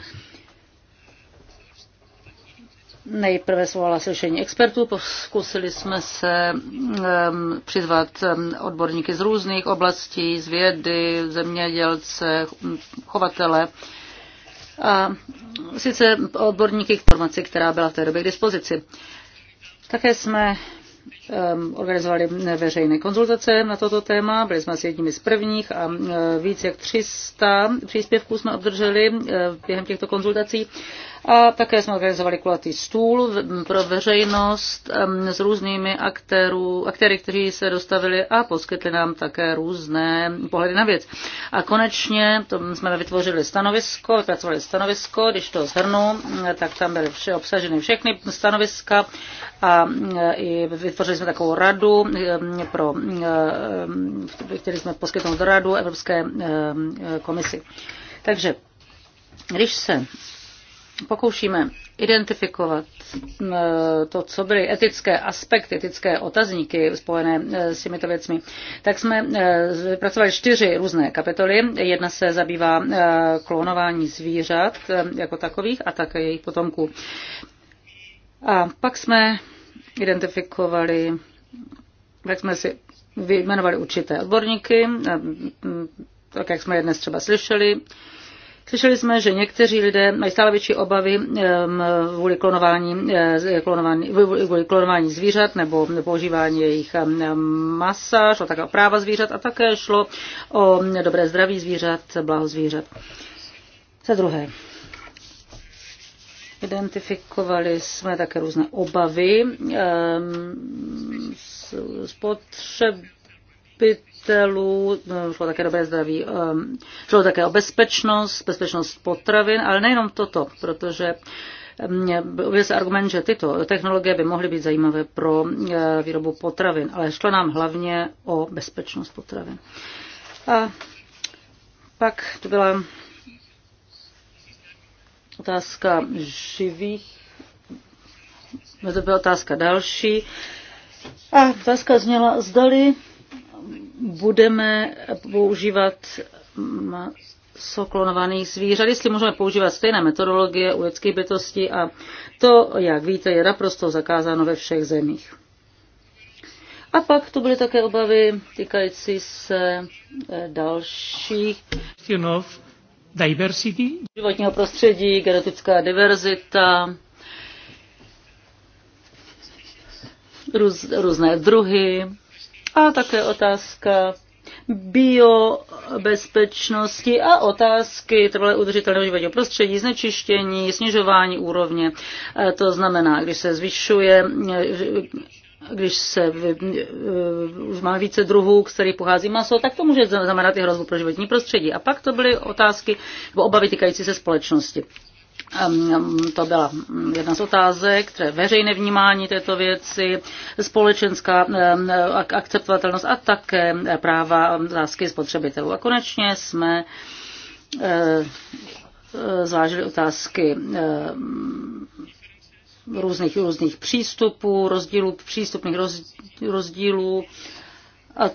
Nejprve svolala slyšení expertů, poskusili jsme se um, přizvat um, odborníky z různých oblastí, z vědy, zemědělce, chovatele. A sice odborníky k informaci, která byla v té době k dispozici. Také jsme Ehm, organizovali veřejné konzultace na toto téma, byli jsme asi jedními z prvních a e, více jak 300 příspěvků jsme obdrželi e, během těchto konzultací a také jsme organizovali kulatý stůl pro veřejnost s různými aktérů, aktéry, kteří se dostavili a poskytli nám také různé pohledy na věc. A konečně to jsme vytvořili stanovisko, vypracovali stanovisko, když to zhrnu, tak tam byly vše, obsaženy všechny stanoviska a e, i vytvořili jsme takovou radu, pro, e, chtěli jsme poskytnout radu Evropské e, komisi. Takže když se pokoušíme identifikovat eh, to, co byly etické aspekty, etické otazníky spojené eh, s těmito věcmi, tak jsme eh, vypracovali čtyři různé kapitoly. Jedna se zabývá klonování zvířat jako takových a také jejich potomků. A pak jsme identifikovali, jak jsme si vyjmenovali určité odborníky, tak jak jsme je dnes třeba slyšeli, Slyšeli jsme, že někteří lidé mají stále větší obavy kvůli klonování, eh, klonování, kvůli klonování zvířat nebo používání jejich masa, šlo také o práva zvířat a také šlo o dobré zdraví zvířat, blaho zvířat. Za druhé, Identifikovali jsme také různé obavy spotřeby spotřebitelů, no, šlo také dobré zdraví, um, šlo také o bezpečnost, bezpečnost potravin, ale nejenom toto, protože um, objevil se argument, že tyto technologie by mohly být zajímavé pro uh, výrobu potravin, ale šlo nám hlavně o bezpečnost potravin. A pak to byla otázka živých, no, to byla otázka další. A otázka zněla, zdali budeme používat soklonovaných zvířat, jestli můžeme používat stejné metodologie u lidských bytostí a to, jak víte, je naprosto zakázáno ve všech zemích. A pak tu byly také obavy týkající se eh, dalších diversity. životního prostředí, genetická diverzita, růz, různé druhy, a také otázka biobezpečnosti a otázky trvalé udržitelného životního prostředí, znečištění, snižování úrovně. E, to znamená, když se zvyšuje e, když se e, už máme více druhů, z kterých pochází maso, tak to může znamenat i hrozbu pro životní prostředí. A pak to byly otázky nebo obavy týkající se společnosti. To byla jedna z otázek, které veřejné vnímání této věci, společenská akceptovatelnost a také práva zásky spotřebitelů. A konečně jsme eh, eh, zvážili otázky různých, různých přístupů, rozdílů, přístupných rozdílů a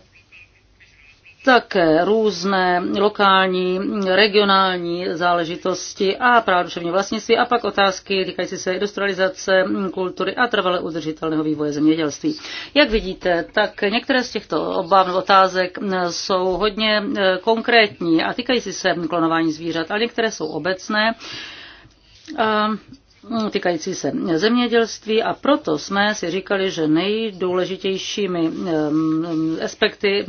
také různé lokální, regionální záležitosti a právě duševní vlastnictví a pak otázky týkající se industrializace, kultury a trvale udržitelného vývoje zemědělství. Jak vidíte, tak některé z těchto obav otázek jsou hodně eh, konkrétní a týkají se klonování zvířat, ale některé jsou obecné. Eh, Mm, týkající se zemědělství a proto jsme si říkali, že nejdůležitějšími aspekty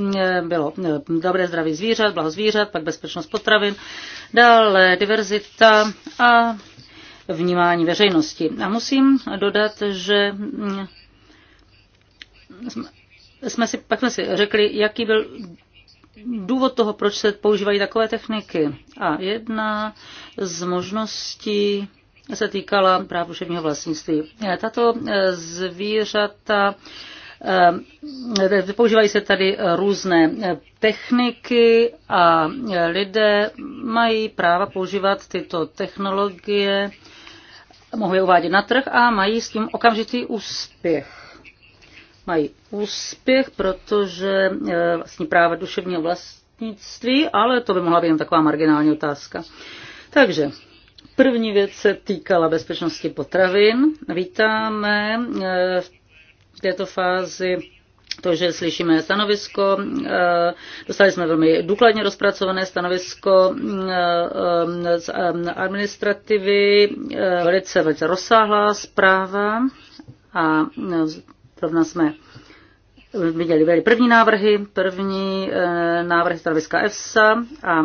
bylo dobré zdraví zvířat, blaho zvířat, pak bezpečnost potravin, dále diverzita a vnímání veřejnosti. A musím dodat, že mm, jsme si, pak jsme si řekli, jaký byl důvod toho, proč se používají takové techniky. A jedna z možností se týkala práv duševního vlastnictví. Tato eh, zvířata eh, Používají se tady různé eh, techniky a lidé mají práva používat tyto technologie, mohou je uvádět na trh a mají s tím okamžitý úspěch mají úspěch, protože vlastní práva duševního vlastnictví, ale to by mohla být jen taková marginální otázka. Takže První věc se týkala bezpečnosti potravin. Vítáme eh, v této fázi to, že slyšíme stanovisko, eh, dostali jsme velmi důkladně rozpracované stanovisko eh, z administrativy, velice, velice rozsáhlá zpráva a zrovna jsme viděli byly první návrhy, první návrhy stanoviska EFSA a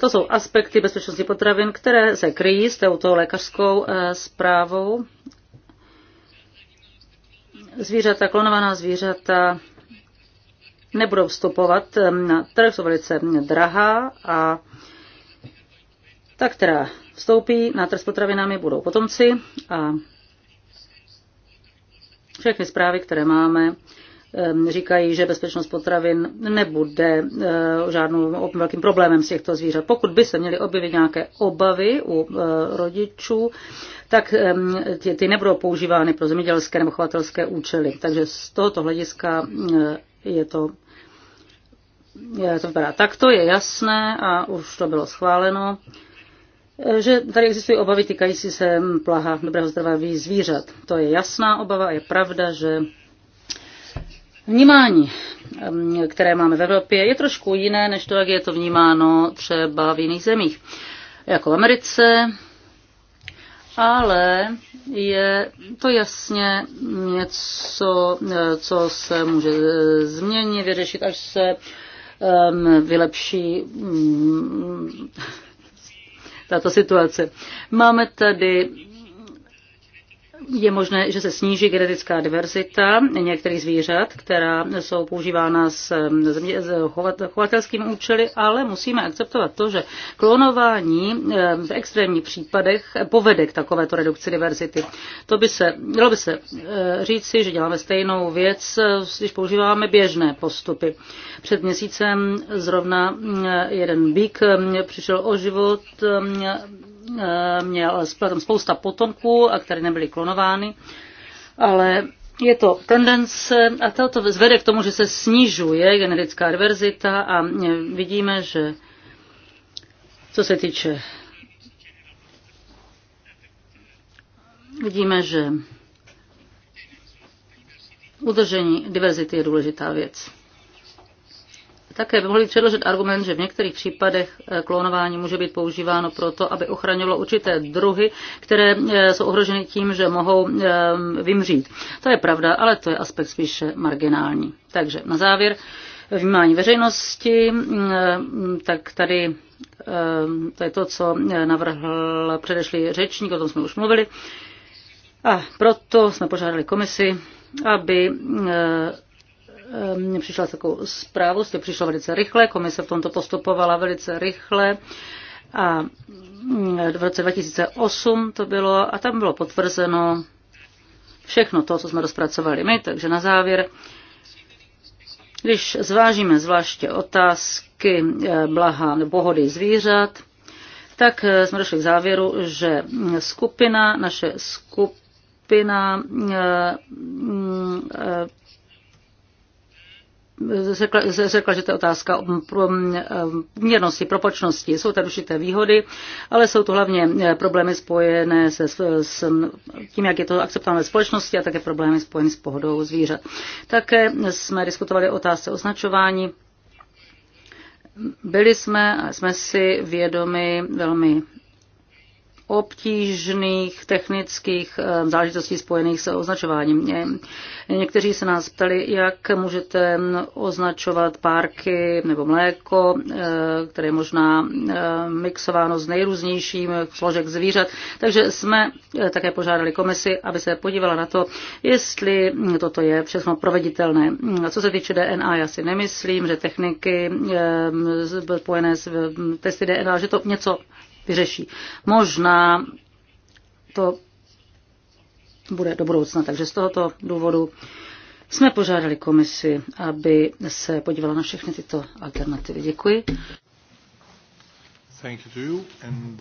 to jsou aspekty bezpečnosti potravin, které se kryjí s touto lékařskou eh, zprávou. Zvířata, klonovaná zvířata nebudou vstupovat na trh, jsou velice drahá a ta, která vstoupí na trh s potravinami, budou potomci a všechny zprávy, které máme, Ehm, říkají, že bezpečnost potravin nebude eh, žádnou velkým problémem z těchto zvířat. Pokud by se měly objevit nějaké obavy u eh, rodičů, tak ehm, ty, ty nebudou používány pro zemědělské nebo chovatelské účely. Takže z tohoto hlediska eh, je to je to vypadá to je jasné a už to bylo schváleno, že tady existují obavy týkající se hm, plaha dobrého zdraví zvířat. To je jasná obava a je pravda, že Vnímání, které máme v Evropě, je trošku jiné, než to, jak je to vnímáno třeba v jiných zemích, jako v Americe, ale je to jasně něco, e, co se může e, změnit, vyřešit, až se um, vylepší um, tato situace. Máme tady je možné, že se sníží genetická diverzita některých zvířat, která jsou používána s, země, s chovatelským účely, ale musíme akceptovat to, že klonování eh, v extrémních případech povede k takovéto redukci diverzity. To by se, dalo by se eh, říci, že děláme stejnou věc, eh, když používáme běžné postupy. Před měsícem zrovna mm, jeden bík mm, přišel o život mm, Eh, měl spousta potomků, a eh, které nebyly klonovány, ale je to tendence a to zvede k tomu, že se snižuje genetická diverzita a eh, vidíme, že co se týče vidíme, že udržení diverzity je důležitá věc. Také by mohli předložit argument, že v některých případech eh, klonování může být používáno proto, aby ochranilo určité druhy, které eh, jsou ohroženy tím, že mohou eh, vymřít. To je pravda, ale to je aspekt spíše marginální. Takže na závěr vnímání veřejnosti, mm, tak tady to je to, co navrhl předešlý řečník, o tom jsme už mluvili. A proto jsme požádali komisi, aby Ehm, přišla s takovou zprávu, jste přišla velice rychle, komise v tomto postupovala velice rychle a mm, v roce 2008 to bylo a tam bylo potvrzeno všechno to, co jsme rozpracovali my, takže na závěr když zvážíme zvláště otázky eh, blaha nebo pohody zvířat, tak eh, jsme došli k závěru, že mm, skupina, naše skupina eh, mm, řekla, řekla že to je otázka uměrnosti, propočnosti. Jsou tady určité výhody, ale jsou tu hlavně e, problémy spojené se, s tím, jak je to akceptováno společnosti a také problémy spojené s pohodou zvířat. Také jsme diskutovali o otázce označování byli jsme, jsme si vědomi velmi obtížných technických eh, záležitostí spojených s označováním. Někteří se nás ptali, jak můžete hm, označovat párky nebo mléko, eh, které je možná eh, mixováno s nejrůznějším složek zvířat. Takže jsme také požádali komisi, aby se podívala na to, jestli hm, toto je všechno proveditelné. Co se týče DNA, já si nemyslím, že techniky hm, spojené s testy DNA, že to něco vyřeší. Možná to bude do budoucna. Takže z tohoto důvodu jsme požádali komisi, aby se podívala na všechny tyto alternativy. Děkuji. Uh,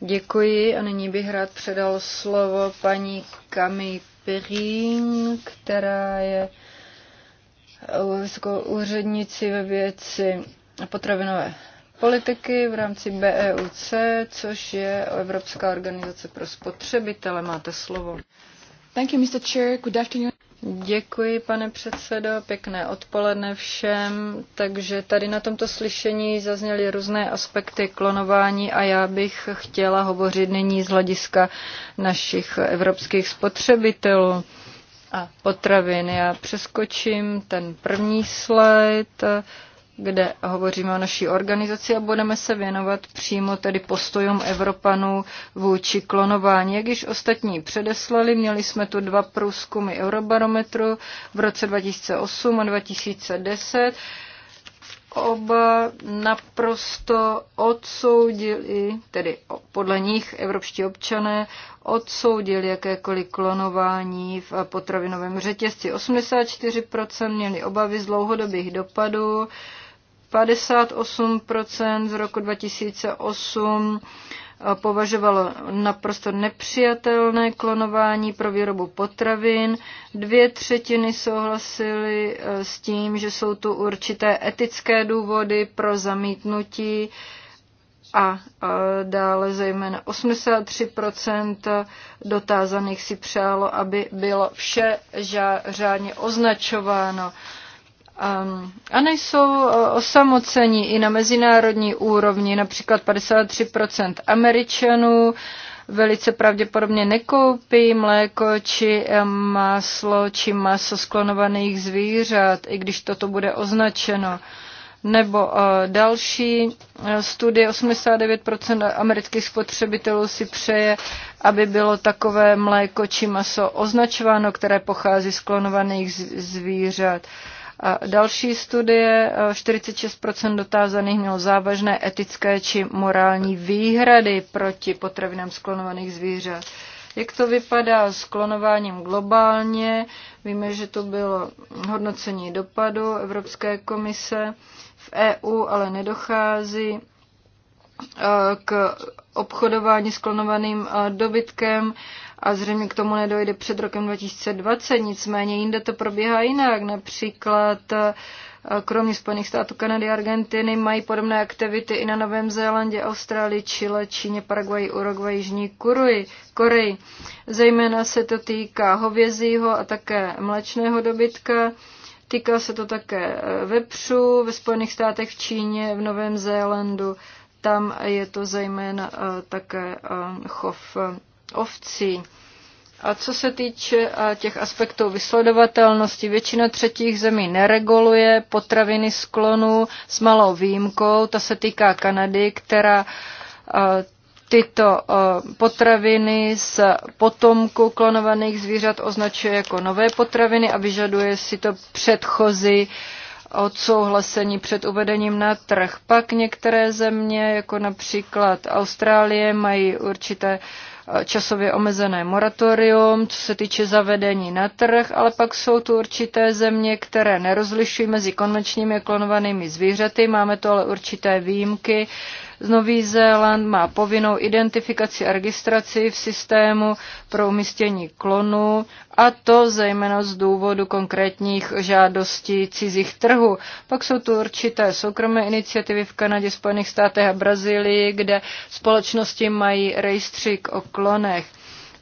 Děkuji a nyní bych rád předal slovo paní Kami Pirín, která je vysokou úřednici ve věci potravinové politiky v rámci BEUC, což je Evropská organizace pro spotřebitele. Máte slovo. Thank you, Mr. Chair. Good afternoon. Děkuji, pane předsedo, pěkné odpoledne všem. Takže tady na tomto slyšení zazněly různé aspekty klonování a já bych chtěla hovořit nyní z hlediska našich evropských spotřebitelů a potravin. Já přeskočím ten první slide kde hovoříme o naší organizaci a budeme se věnovat přímo tedy postojům Evropanů vůči klonování. Jak již ostatní předeslali, měli jsme tu dva průzkumy Eurobarometru v roce 2008 a 2010. Oba naprosto odsoudili, tedy podle nich evropští občané, odsoudili jakékoliv klonování v potravinovém řetězci. 84% měli obavy z dlouhodobých dopadů, 58% z roku 2008 považovalo naprosto nepřijatelné klonování pro výrobu potravin. Dvě třetiny souhlasily eh, s tím, že jsou tu určité etické důvody pro zamítnutí a dále zejména 83% dotázaných si přálo, aby bylo vše řádně označováno. Ehm, a nejsou e, osamocení i na mezinárodní úrovni, například 53% Američanů velice pravděpodobně nekoupí mléko či e, máslo či maso sklonovaných zvířat, i když toto bude označeno. Nebo e, další studie, 89% amerických spotřebitelů si přeje, aby bylo takové mléko či maso označováno, které pochází z klonovaných zvířat. Uh, další studie, eh, 46% dotázaných mělo závažné etické či morální výhrady proti potravinám sklonovaných zvířat. Jak to vypadá s klonováním globálně? Víme, že to bylo hodnocení dopadu Evropské komise. V EU ale nedochází eh, k obchodování s klonovaným eh, dobytkem a zřejmě k tomu nedojde před rokem 2020, nicméně jinde to probíhá jinak. Například eh, kromě Spojených států, Kanady a Argentiny mají podobné aktivity i na Novém Zélandě, Austrálii, Chile, Číně, Paraguay, Uruguay, Jižní Koreji. Koreji. Zejména se to týká hovězího a také mlečného dobytka. Týká se to také eh, vepřů ve Spojených státech, v Číně, v Novém Zélandu. Tam je to zejména eh, také chov ovcí. A co se týče těch aspektů vysledovatelnosti, většina třetích zemí nereguluje potraviny sklonů s malou výjimkou. Ta se týká Kanady, která tyto potraviny z potomku klonovaných zvířat označuje jako nové potraviny a vyžaduje si to předchozí odsouhlasení před uvedením na trh. Pak některé země, jako například Austrálie, mají určité uh, časově omezené moratorium, co se týče zavedení na trh, ale pak jsou tu určité země, které nerozlišují mezi konvenčními a klonovanými zvířaty. Máme tu ale určité výjimky, Nový Zéland má povinnou identifikaci a registraci v systému pro umístění klonů a to zejména z důvodu konkrétních žádostí cizích trhů. Pak jsou tu určité soukromé iniciativy v Kanadě, Spojených státech a Brazílii, kde společnosti mají rejstřík o klonech.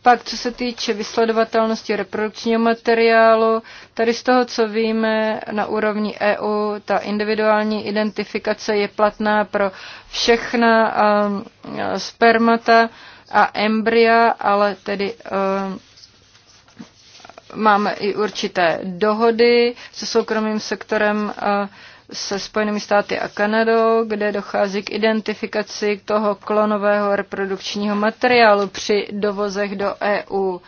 Pak, co se týče vysledovatelnosti reprodukčního materiálu, tady z toho, co víme, na úrovni EU ta individuální identifikace je platná pro všechna um, spermata a embrya, ale tedy um, máme i určité dohody se soukromým sektorem. Uh, se Spojenými státy a Kanadou, kde dochází k identifikaci toho klonového reprodukčního materiálu při dovozech do EU.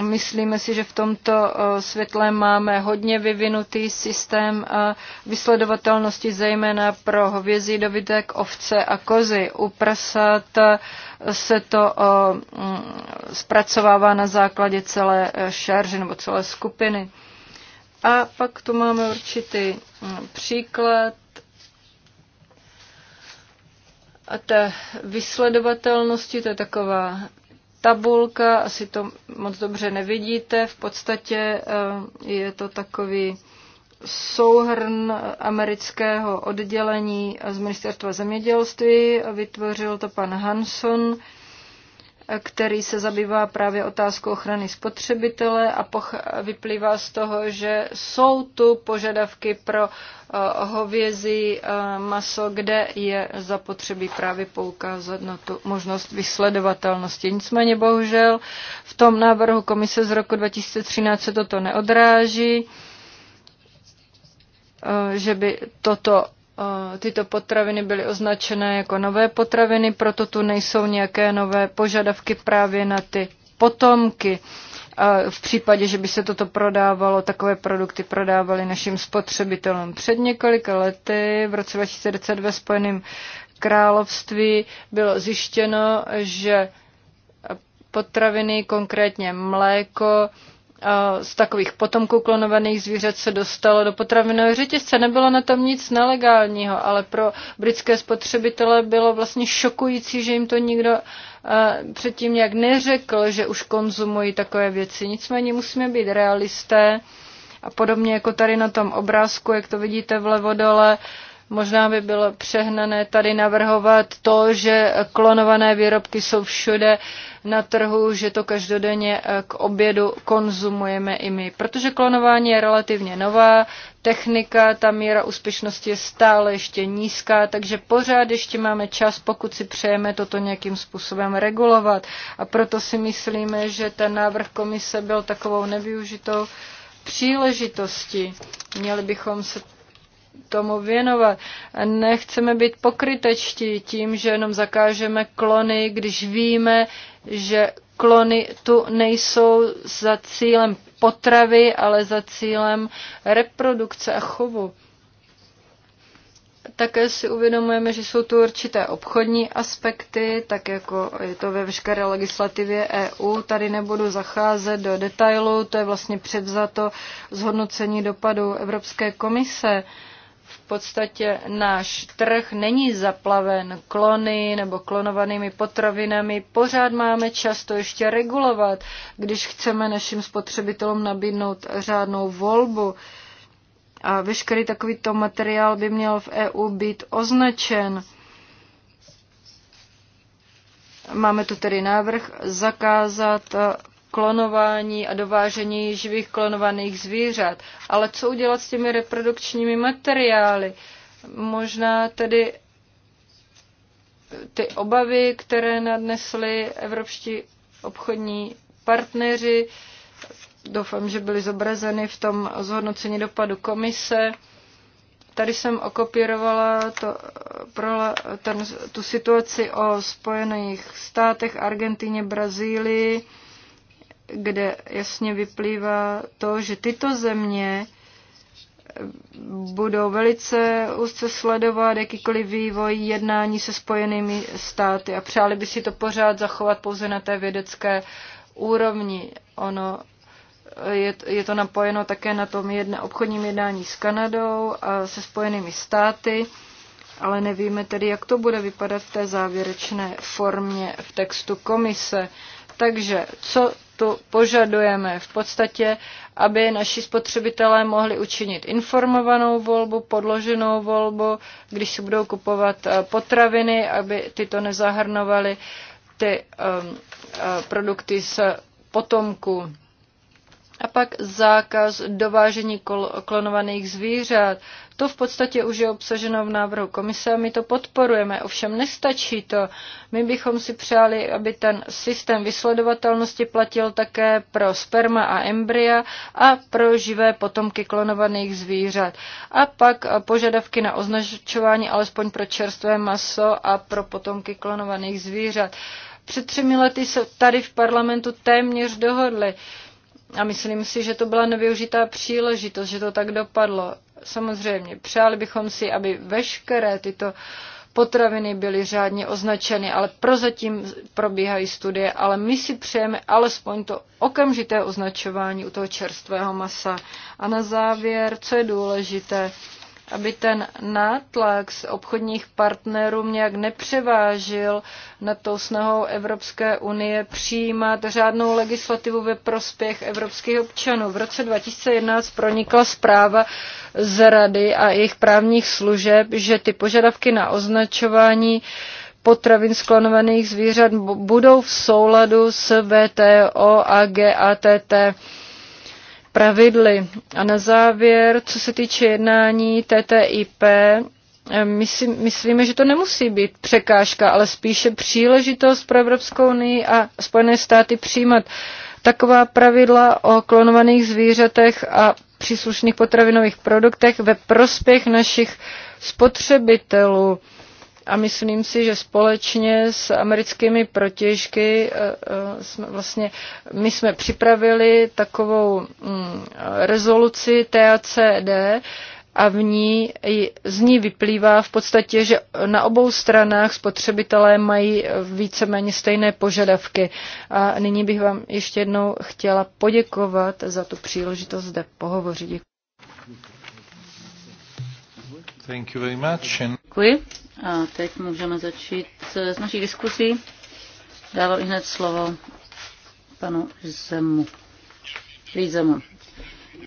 Myslíme si, že v tomto světle máme hodně vyvinutý systém vysledovatelnosti, zejména pro hovězí dobytek, ovce a kozy. U prasat se to zpracovává na základě celé e, šarže nebo celé skupiny. A pak tu máme určitý hm, příklad a té vysledovatelnosti, to je taková tabulka, asi to moc dobře nevidíte, v podstatě hm, je to takový souhrn amerického oddělení z ministerstva zemědělství, vytvořil to pan Hanson který se zabývá právě otázkou ochrany spotřebitele a vyplývá z toho, že jsou tu požadavky pro eh, hovězí eh, maso, kde je zapotřebí právě poukázat na tu možnost vysledovatelnosti. Nicméně bohužel v tom návrhu komise z roku 2013 se toto neodráží eh, že by toto Eh, tyto potraviny byly označené jako nové potraviny, proto tu nejsou nějaké nové požadavky právě na ty potomky. Eh, v případě, že by se toto prodávalo, takové produkty prodávaly našim spotřebitelům. Před několika lety, v roce 2010 ve Spojeném království, bylo zjištěno, že potraviny, konkrétně mléko, z takových potomků klonovaných zvířat se dostalo do potravinové řetězce. Nebylo na tom nic nelegálního, ale pro britské spotřebitele bylo vlastně šokující, že jim to nikdo předtím nějak neřekl, že už konzumují takové věci. Nicméně musíme být realisté a podobně jako tady na tom obrázku, jak to vidíte vlevo dole, Možná by bylo přehnané tady navrhovat to, že klonované výrobky jsou všude na trhu, že to každodenně eh, k obědu konzumujeme i my. Protože klonování je relativně nová technika, ta míra úspěšnosti je stále ještě nízká, takže pořád ještě máme čas, pokud si přejeme toto nějakým způsobem regulovat. A proto si myslíme, že ten návrh komise byl takovou nevyužitou příležitostí. Měli bychom se tomu věnovat. Nechceme být pokrytečtí tím, že jenom zakážeme klony, když víme, že klony tu nejsou za cílem potravy, ale za cílem reprodukce a chovu. Také si uvědomujeme, že jsou tu určité obchodní aspekty, tak jako je to ve veškeré legislativě EU. Tady nebudu zacházet do detailu, to je vlastně převzato zhodnocení dopadu Evropské komise. Uh, podstatě náš trh není zaplaven klony nebo klonovanými potravinami. Pořád máme často ještě regulovat, když chceme našim spotřebitelům nabídnout řádnou volbu. A veškerý takovýto materiál by měl v EU být označen. Máme tu tedy návrh zakázat klonování a dovážení živých klonovaných zvířat. Ale co udělat s těmi reprodukčními materiály? Možná tedy ty obavy, které nadnesly evropští obchodní partneři, doufám, že byly zobrazeny v tom zhodnocení dopadu komise. Tady jsem okopírovala to, pro, ten, tu situaci o Spojených státech, Argentině, Brazílii kde jasně vyplývá to, že tyto země budou velice úzce sledovat jakýkoliv vývoj jednání se spojenými státy a přáli by si to pořád zachovat pouze na té vědecké úrovni. Ono je, je to napojeno také na tom jedna, obchodním jednání s Kanadou a se spojenými státy, ale nevíme tedy, jak to bude vypadat v té závěrečné formě v textu komise. Takže co tu požadujeme v podstatě, aby naši spotřebitelé mohli učinit informovanou volbu, podloženou volbu, když si budou kupovat eh, potraviny, aby tyto nezahrnovaly ty um, produkty z potomku. A pak zákaz dovážení klonovaných zvířat. To v podstatě už je obsaženo v návrhu komise a my to podporujeme. Ovšem nestačí to. My bychom si přáli, aby ten systém vysledovatelnosti platil také pro sperma a embrya a pro živé potomky klonovaných zvířat. A pak požadavky na označování alespoň pro čerstvé maso a pro potomky klonovaných zvířat. Před třemi lety se tady v parlamentu téměř dohodli. A myslím si, že to byla nevyužitá příležitost, že to tak dopadlo. Samozřejmě, přáli bychom si, aby veškeré tyto potraviny byly řádně označeny, ale prozatím probíhají studie, ale my si přejeme alespoň to okamžité označování u toho čerstvého masa. A na závěr, co je důležité, aby ten nátlak z obchodních partnerů nějak nepřevážil na tou snahou Evropské unie přijímat řádnou legislativu ve prospěch evropských občanů. V roce 2011 pronikla zpráva z Rady a jejich právních služeb, že ty požadavky na označování potravin sklonovaných zvířat budou v souladu s VTO a GATT pravidly. A na závěr, co se týče jednání TTIP, Myslím, myslíme, že to nemusí být překážka, ale spíše příležitost pro Evropskou unii a Spojené státy přijímat taková pravidla o klonovaných zvířatech a příslušných potravinových produktech ve prospěch našich spotřebitelů a myslím si, že společně s americkými protěžky eh, eh, jsme vlastně, my jsme připravili takovou mm, rezoluci TACD, a v ní, z ní vyplývá v podstatě, že na obou stranách spotřebitelé mají víceméně stejné požadavky. A nyní bych vám ještě jednou chtěla poděkovat za tu příležitost zde pohovořit. Thank you very much. Děkuji. A teď můžeme začít s naší diskusí. Dávám hned slovo panu Zemu. Lízemu.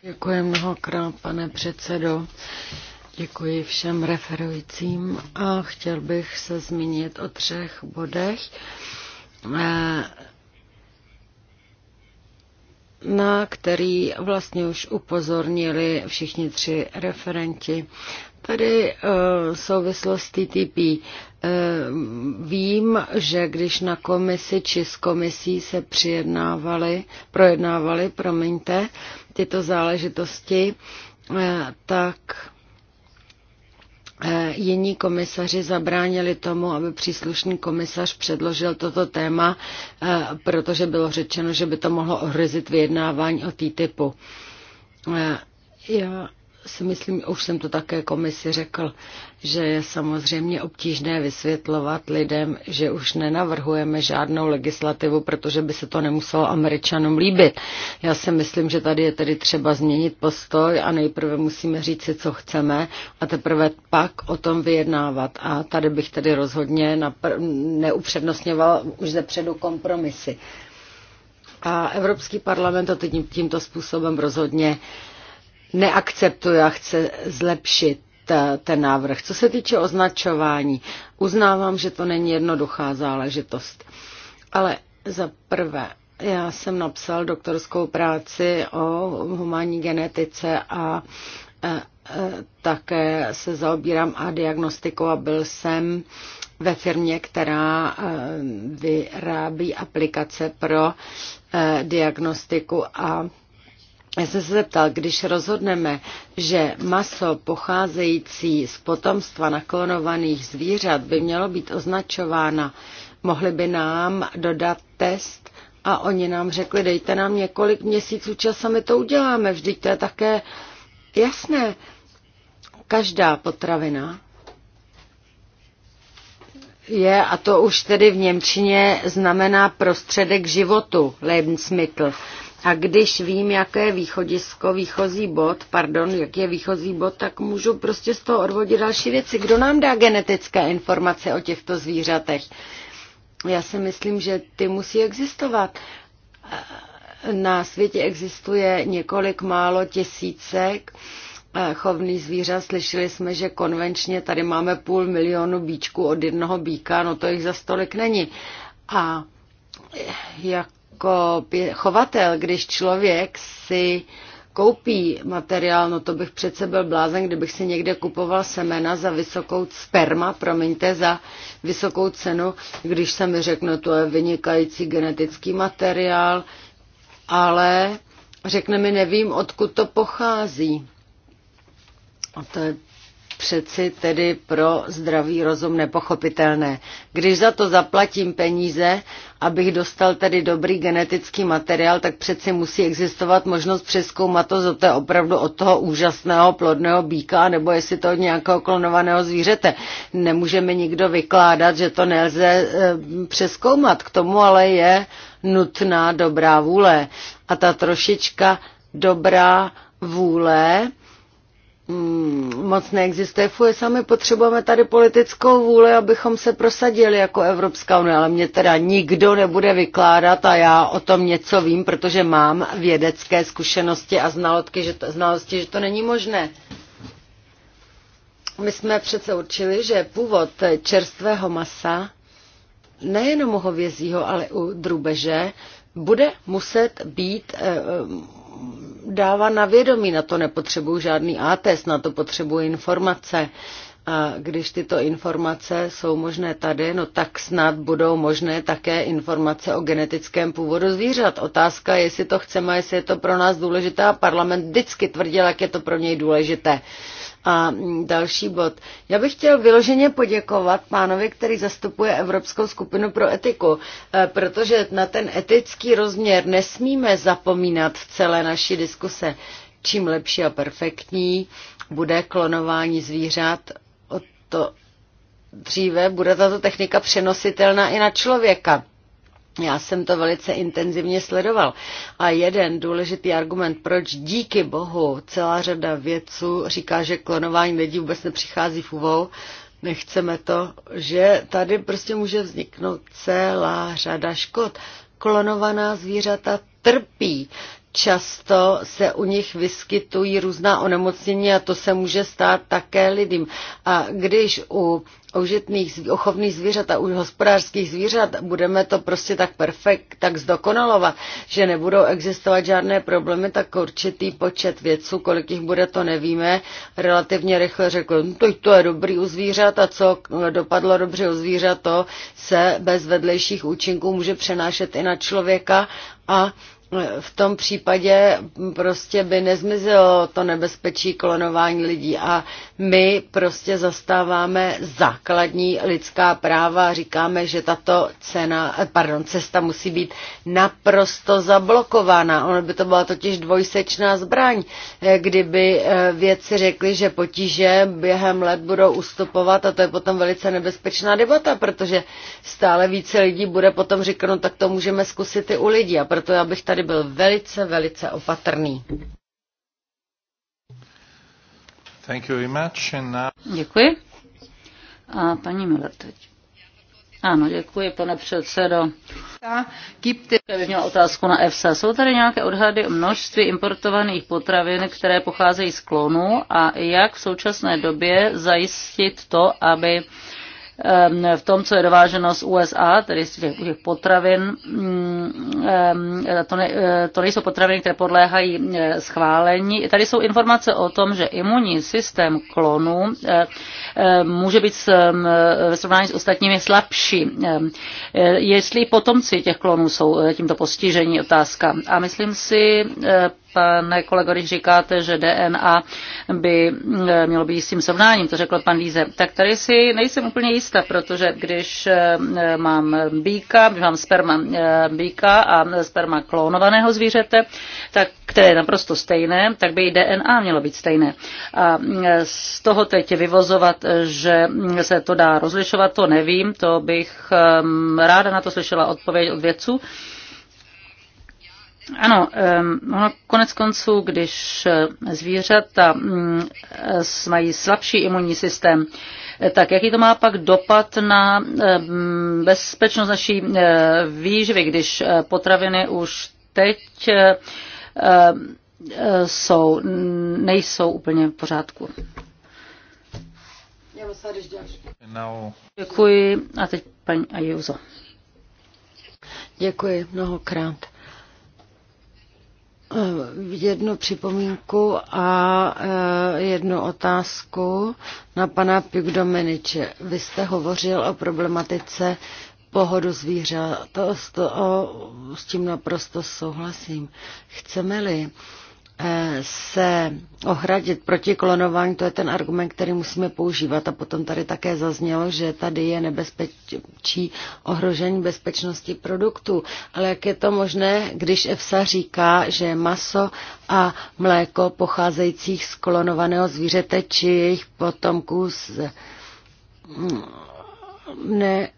Děkuji mnohokrát, pane předsedo. Děkuji všem referujícím a chtěl bych se zmínit o třech bodech. Eh, na který vlastně už upozornili všichni tři referenti. Tady uh, souvislost TTP. Eh, vím, že když na komisi či s komisí se přijednávali, projednávali, promiňte, tyto záležitosti, eh, tak jiní komisaři zabránili tomu, aby příslušný komisař předložil toto téma, protože bylo řečeno, že by to mohlo ohrozit vyjednávání o TTIPu. Já si myslím, už jsem to také komisi řekl, že je samozřejmě obtížné vysvětlovat lidem, že už nenavrhujeme žádnou legislativu, protože by se to nemuselo američanům líbit. Já si myslím, že tady je tedy třeba změnit postoj a nejprve musíme říct si, co chceme a teprve pak o tom vyjednávat. A tady bych tedy rozhodně neupřednostňoval už ze předu kompromisy. A Evropský parlament to tímto způsobem rozhodně neakceptuje a chce zlepšit eh, ten návrh. Co se týče označování, uznávám, že to není jednoduchá záležitost. Ale za prvé, já jsem napsal doktorskou práci o humánní genetice a eh, eh, také se zaobírám a diagnostikou a byl jsem ve firmě, která vyrábí aplikace pro diagnostiku a já jsem se zeptal, když rozhodneme, že maso pocházející z potomstva naklonovaných zvířat by mělo být označována, mohli by nám dodat test a oni nám řekli, dejte nám několik měsíců čas a my to uděláme. Vždyť to je také jasné. Každá potravina je, a to už tedy v Němčině znamená prostředek životu, Lebensmittel. A když vím, jaké východisko, výchozí bod, pardon, jak je výchozí bod, tak můžu prostě z toho odvodit další věci. Kdo nám dá genetické informace o těchto zvířatech? Já si myslím, že ty musí existovat. Na světě existuje několik málo tisícek eh, chovných zvířat. Slyšeli jsme, že konvenčně tady máme půl milionu bíčků od jednoho býka, no to jich za stolik není. A jak jako chovatel, když člověk si koupí materiál, no to bych přece byl blázen, kdybych si někde kupoval semena za vysokou sperma, promiňte, za vysokou cenu, když se mi řekne, to je vynikající genetický materiál, ale řekne mi, nevím, odkud to pochází. A to je přeci tedy pro zdravý rozum nepochopitelné. Když za to zaplatím peníze, abych dostal tedy dobrý genetický materiál, tak přeci musí existovat možnost přeskoumat to, co to je opravdu od toho úžasného plodného býka, nebo jestli to od nějakého klonovaného zvířete. Nemůžeme nikdo vykládat, že to nelze e, přeskoumat. K tomu ale je nutná dobrá vůle. A ta trošička dobrá vůle, Mm, moc neexistuje v sami potřebujeme tady politickou vůli, abychom se prosadili jako Evropská unie, ale mě teda nikdo nebude vykládat a já o tom něco vím, protože mám vědecké zkušenosti a znalotky, že to, znalosti, že to není možné. My jsme přece určili, že původ čerstvého masa, nejenom u hovězího, ale u drubeže, bude muset být eh, dává na vědomí, na to nepotřebuju žádný ATES, na to potřebuji informace. A když tyto informace jsou možné tady, no tak snad budou možné také informace o genetickém původu zvířat. Otázka je, jestli to chceme, jestli je to pro nás důležité a parlament vždycky tvrdil, jak je to pro něj důležité. A další bod. Já bych chtěl vyloženě poděkovat pánovi, který zastupuje Evropskou skupinu pro etiku, eh, protože na ten etický rozměr nesmíme zapomínat v celé naší diskuse. Čím lepší a perfektní bude klonování zvířat, o to dříve bude tato technika přenositelná i na člověka. Já jsem to velice intenzivně sledoval. A jeden důležitý argument, proč díky bohu celá řada vědců říká, že klonování lidí vůbec nepřichází v úvahu, nechceme to, že tady prostě může vzniknout celá řada škod. Klonovaná zvířata trpí často se u nich vyskytují různá onemocnění a to se může stát také lidem. A když u užitných ochovných zvířat a u hospodářských zvířat budeme to prostě tak perfekt, tak zdokonalovat, že nebudou existovat žádné problémy, tak určitý počet věců, kolik jich bude, to nevíme, relativně rychle řekl, no to je dobrý u zvířat a co dopadlo dobře u zvířat, to se bez vedlejších účinků může přenášet i na člověka a v tom případě prostě by nezmizelo to nebezpečí klonování lidí a my prostě zastáváme základní lidská práva a říkáme, že tato cena, pardon, cesta musí být naprosto zablokována. Ono by to byla totiž dvojsečná zbraň, kdyby eh, vědci řekli, že potíže během let budou ustupovat a to je potom velice nebezpečná debata, protože stále více lidí bude potom říkat, no tak to můžeme zkusit i u lidí a proto já bych tady tedy byl velice, velice opatrný. Thank you very much. And now... Děkuji. A paní Miller teď. Ano, děkuji, pane předsedo. Já bych měla otázku na EFSA. Jsou tady nějaké odhady o množství importovaných potravin, které pocházejí z Klonu, a jak v současné době zajistit to, aby v tom, co je dováženo z USA, tedy z těch, těch potravin. Mm, to, ne, e, to nejsou potraviny, které podléhají e, schválení. Tady jsou informace o tom, že imunní systém klonů e, může být ve srovnání s ostatními slabší. Jestli potomci těch klonů jsou tímto postižení, otázka. A myslím si, pane kolego, když říkáte, že DNA by e, mělo být s tím srovnáním, to řekl pan Líze, tak tady si nejsem úplně jistá, protože když e, mám býka, když mám sperma e, býka a sperma klonovaného zvířete, tak které je naprosto stejné, tak by i DNA mělo být stejné. A z toho teď vyvozovat, že se to dá rozlišovat, to nevím, to bych ráda na to slyšela odpověď od vědců. Ano, ono konec konců, když eh, zvířata mm, mají slabší imunní systém, eh, tak jaký to má pak dopad na bezpečnost naší eh, výživy, když potraviny už teď jsou, nejsou úplně v pořádku. Děkuji a teď paní Ajuzo. Děkuji mnohokrát. Eh, jednu připomínku a eh, jednu otázku na pana Pugdomeniče. Vy jste hovořil o problematice pohodu zvířat. To, to, o, s tím naprosto souhlasím. Chceme-li Eh, se ohradit proti klonování, to je ten argument, který musíme používat. A potom tady také zaznělo, že tady je nebezpečí ohrožení bezpečnosti produktů. Ale jak je to možné, když EFSA říká, že maso a mléko pocházejících z klonovaného zvířete či jejich potomků z... Mm, ne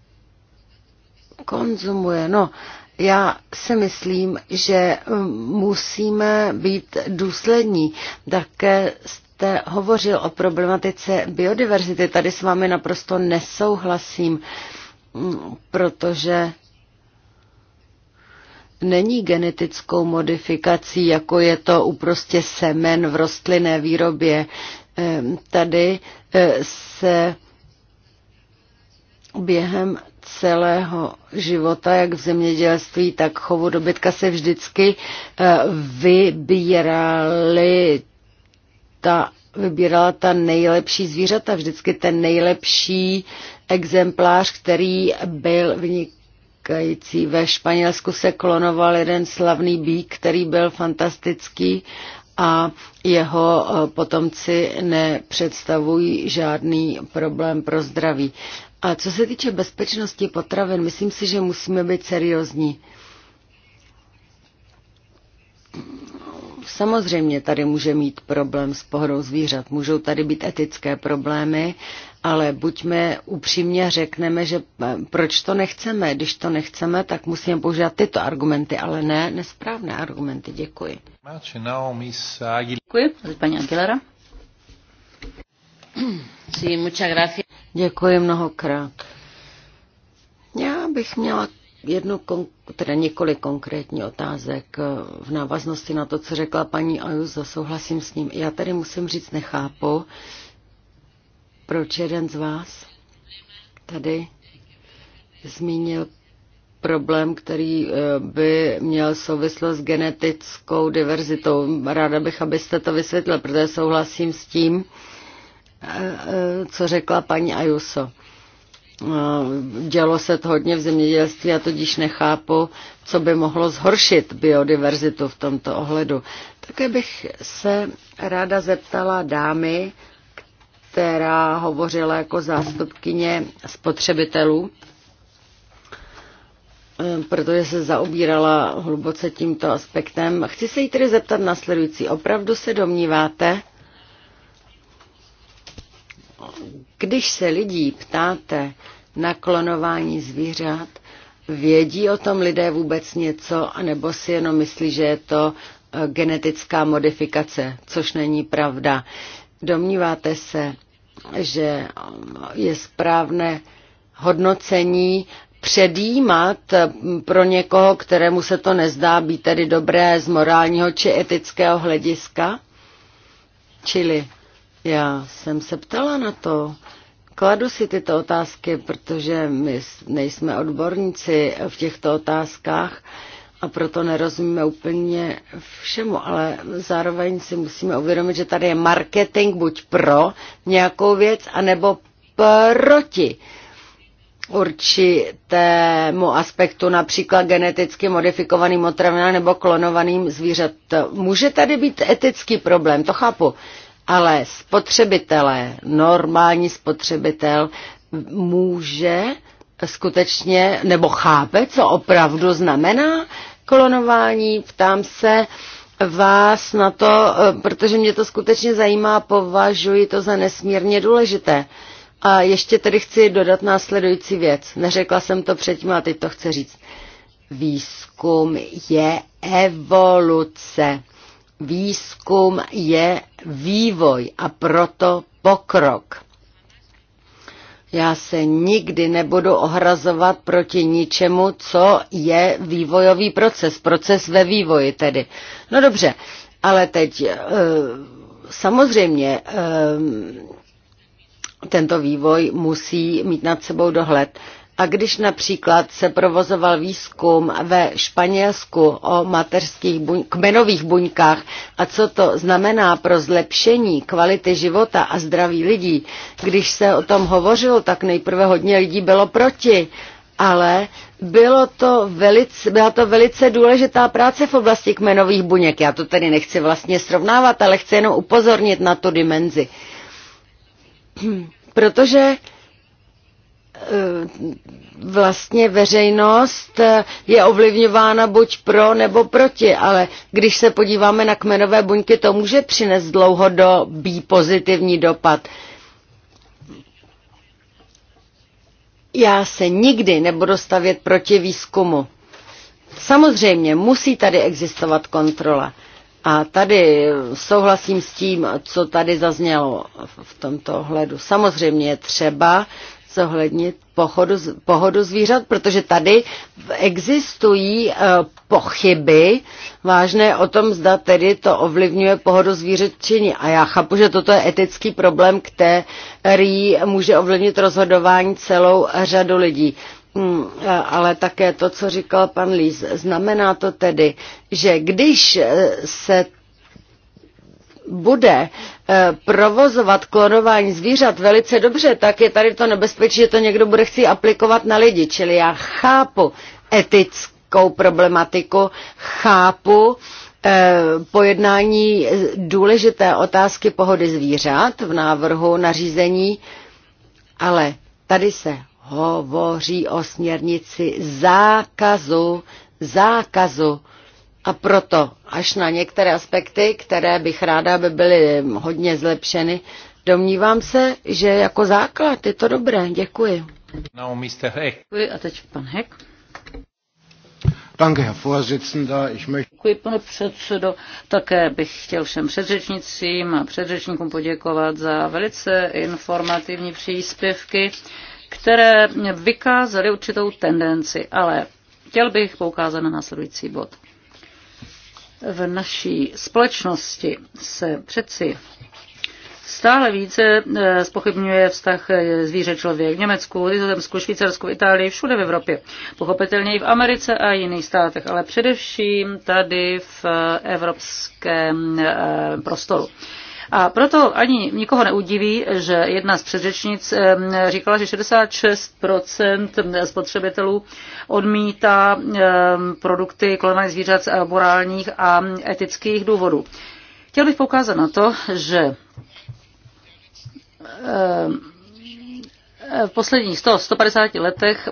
konzumuje. No, já si myslím, že um, musíme být důslední. Také jste hovořil o problematice biodiverzity. Tady s vámi naprosto nesouhlasím, mm, protože není genetickou modifikací, jako je to u prostě semen v rostlinné výrobě. Ehm, tady eh, se během celého života, jak v zemědělství, tak chovu dobytka se vždycky eh, vybírali ta, vybírala ta nejlepší zvířata, vždycky ten nejlepší exemplář, který byl vynikající. Ve Španělsku se klonoval jeden slavný bík, který byl fantastický a jeho eh, potomci nepředstavují žádný problém pro zdraví. A co se týče bezpečnosti potravin, myslím si, že musíme být seriózní. Samozřejmě tady může mít problém s pohodou zvířat, můžou tady být etické problémy, ale buďme upřímně řekneme, že eh, proč to nechceme. Když to nechceme, tak musíme používat tyto argumenty, ale ne nesprávné argumenty. Děkuji. Děkuji. Paní Aguilera. Sí, muchas gracias. Děkuji mnohokrát. Já bych měla jednu, teda několik konkrétních otázek eh, v návaznosti na to, co řekla paní Ajuza, souhlasím s ním. Já tady musím říct, nechápu, proč jeden z vás tady zmínil problém, který eh, by měl souvislost s genetickou diverzitou. Ráda bych, abyste to vysvětlil, protože souhlasím s tím, co řekla paní Ajuso. No, dělo se to hodně v zemědělství a tudíž nechápu, co by mohlo zhoršit biodiverzitu v tomto ohledu. Také bych se ráda zeptala dámy, která hovořila jako zástupkyně spotřebitelů, eh, protože se zaobírala hluboce tímto aspektem. Chci se jí tedy zeptat následující: Opravdu se domníváte, když se lidí ptáte na klonování zvířat, vědí o tom lidé vůbec něco, anebo si jenom myslí, že je to e, genetická modifikace, což není pravda. Domníváte se, že e, je správné hodnocení předjímat e, pro někoho, kterému se to nezdá být tedy dobré z morálního či etického hlediska? Čili já jsem se ptala na to. Kladu si tyto otázky, protože my nejsme odborníci v těchto otázkách a proto nerozumíme úplně všemu, ale zároveň si musíme uvědomit, že tady je marketing buď pro nějakou věc, anebo proti určitému aspektu, například geneticky modifikovaným potravinám nebo klonovaným zvířat. Může tady být etický problém, to chápu, ale spotřebitelé, normální spotřebitel může skutečně nebo chápe, co opravdu znamená klonování. Ptám se vás na to, protože mě to skutečně zajímá, považuji to za nesmírně důležité. A ještě tedy chci dodat následující věc. Neřekla jsem to předtím, a teď to chci říct. Výzkum je evoluce výzkum je vývoj a proto pokrok. Já se nikdy nebudu ohrazovat proti ničemu, co je vývojový proces, proces ve vývoji tedy. No dobře, ale teď eh, samozřejmě eh, tento vývoj musí mít nad sebou dohled. A když například se provozoval výzkum ve Španělsku o mateřských buň, kmenových buňkách a co to znamená pro zlepšení kvality života a zdraví lidí, když se o tom hovořilo, tak nejprve hodně lidí bylo proti, ale bylo to velice, byla to velice důležitá práce v oblasti kmenových buněk. Já to tedy nechci vlastně srovnávat, ale chci jenom upozornit na tu dimenzi. Protože Eh, vlastně veřejnost eh, je ovlivňována buď pro nebo proti, ale když se podíváme na kmenové buňky, to může přinést dlouhodobý pozitivní dopad. Já se nikdy nebudu stavět proti výzkumu. Samozřejmě musí tady existovat kontrola. A tady souhlasím s tím, co tady zaznělo v tomto ohledu. Samozřejmě je třeba zohlednit pochodu, pohodu zvířat, protože tady existují e, pochyby vážné o tom, zda tedy to ovlivňuje pohodu zvířat činí. A já chápu, že toto je etický problém, který může ovlivnit rozhodování celou řadu lidí. Hmm, e, ale také to, co říkal pan Líz, znamená to tedy, že když e, se bude Eh, provozovat klonování zvířat velice dobře, tak je tady to nebezpečí, že to někdo bude chci aplikovat na lidi. Čili já chápu etickou problematiku, chápu eh, pojednání důležité otázky pohody zvířat v návrhu nařízení, ale tady se hovoří o směrnici zákazu, zákazu a proto, až na některé aspekty, které bych ráda, aby byly hodně zlepšeny, domnívám se, že jako základ je to dobré. Děkuji. No, Mr. Heck. Děkuji a teď pan Heck. Danke, Herr Vorsitzender. Ich möchte... Děkuji, pane předsedo. Také bych chtěl všem předřečnicím a předřečníkům poděkovat za velice informativní příspěvky, které vykázaly určitou tendenci, ale chtěl bych poukázat na následující bod v naší společnosti se přeci Stále více eh, spochybňuje vztah eh, zvíře člověk v Německu, Nizozemsku, Švýcarsku, Itálii, všude v Evropě. Pochopitelně i v Americe a jiných státech, ale především tady v eh, evropském prostoru. A proto ani nikoho neudiví, že jedna z předřečnic říkala, že 66% spotřebitelů odmítá produkty klonovaných zvířat z morálních a etických důvodů. Chtěl bych poukázat na to, že v posledních 100, 150 letech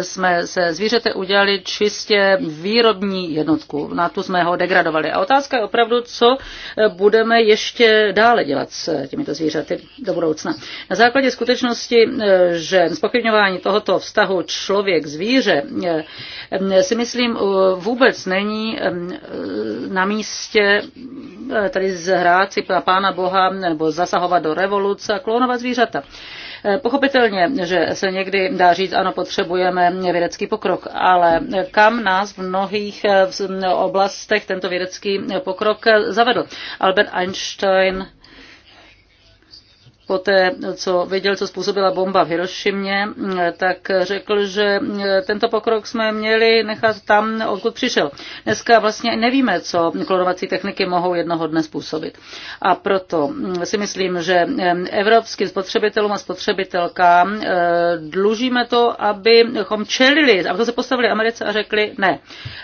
jsme se zvířete udělali čistě výrobní jednotku. Na tu jsme ho degradovali. A otázka je opravdu, co e, budeme ještě dále dělat s těmito zvířaty do budoucna. Na základě skutečnosti, že zpochybňování tohoto vztahu člověk-zvíře e, si myslím vůbec není e, na místě tady zhrát si na pána Boha nebo zasahovat do revoluce a klonovat zvířata. Eh, pochopitelně, že se někdy dá říct, ano, potřebujeme vědecký pokrok, ale kam nás v mnohých eh, oblastech tento vědecký pokrok eh, zavedl? Albert Einstein poté, co věděl, co způsobila bomba v Hirošimě, tak řekl, že tento pokrok jsme měli nechat tam, odkud přišel. Dneska vlastně nevíme, co klonovací techniky mohou jednoho dne způsobit. A proto si myslím, že evropským spotřebitelům a spotřebitelkám eh, dlužíme to, abychom čelili, aby se postavili Americe a řekli ne.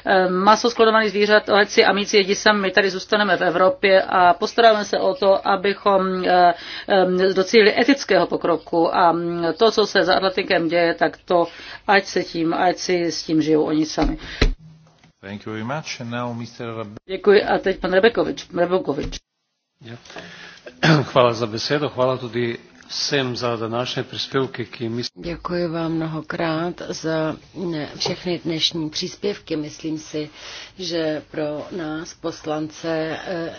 Eh, maso sklonovaných zvířat, leci a míci jedí sami, my tady zůstaneme v Evropě a postaráme se o to, abychom eh, docíli etického pokroku a to, co se za Atlantikem děje, tak to ať se tím, ať si s tím žijou oni sami. Thank you very much. And now Mr. Děkuji a teď pan Rebekovič. Rebekovič. Yeah. Hvala za besedo, hvala tudi všem za današné příspěvky, myslím... Děkuji vám mnohokrát za všechny dnešní příspěvky. Myslím si, že pro nás poslance eh,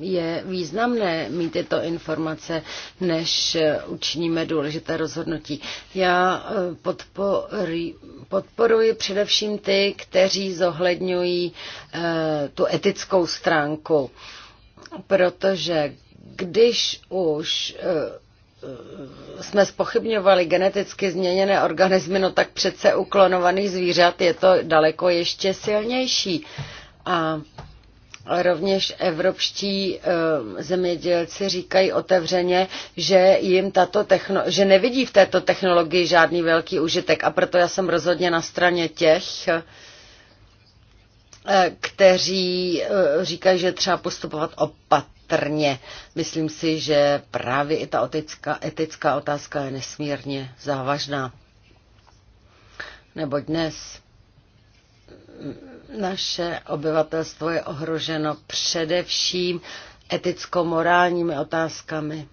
je významné mít tyto informace, než eh, učiníme důležité rozhodnutí. Já eh, podporuji, podporuji především ty, kteří zohledňují tu etickou stránku, protože když už jsme spochybňovali geneticky změněné organismy, no tak přece u klonovaných zvířat je to daleko ještě silnější. A rovněž evropští eh, zemědělci říkají otevřeně, že, jim tato techno- že nevidí v této technologii žádný velký užitek a proto já jsem rozhodně na straně těch, eh, kteří eh, říkají, že třeba postupovat opat trně. Myslím si, že právě i ta etická, etická otázka je nesmírně závažná. Nebo dnes naše obyvatelstvo je ohroženo především eticko-morálními otázkami,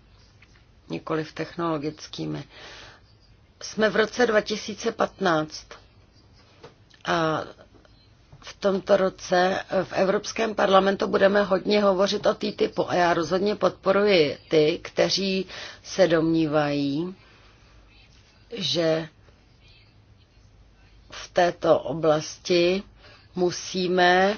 nikoliv technologickými. Jsme v roce 2015 a v tomto roce v Evropském parlamentu budeme hodně hovořit o TTIPu a já rozhodně podporuji ty, kteří se domnívají, že v této oblasti musíme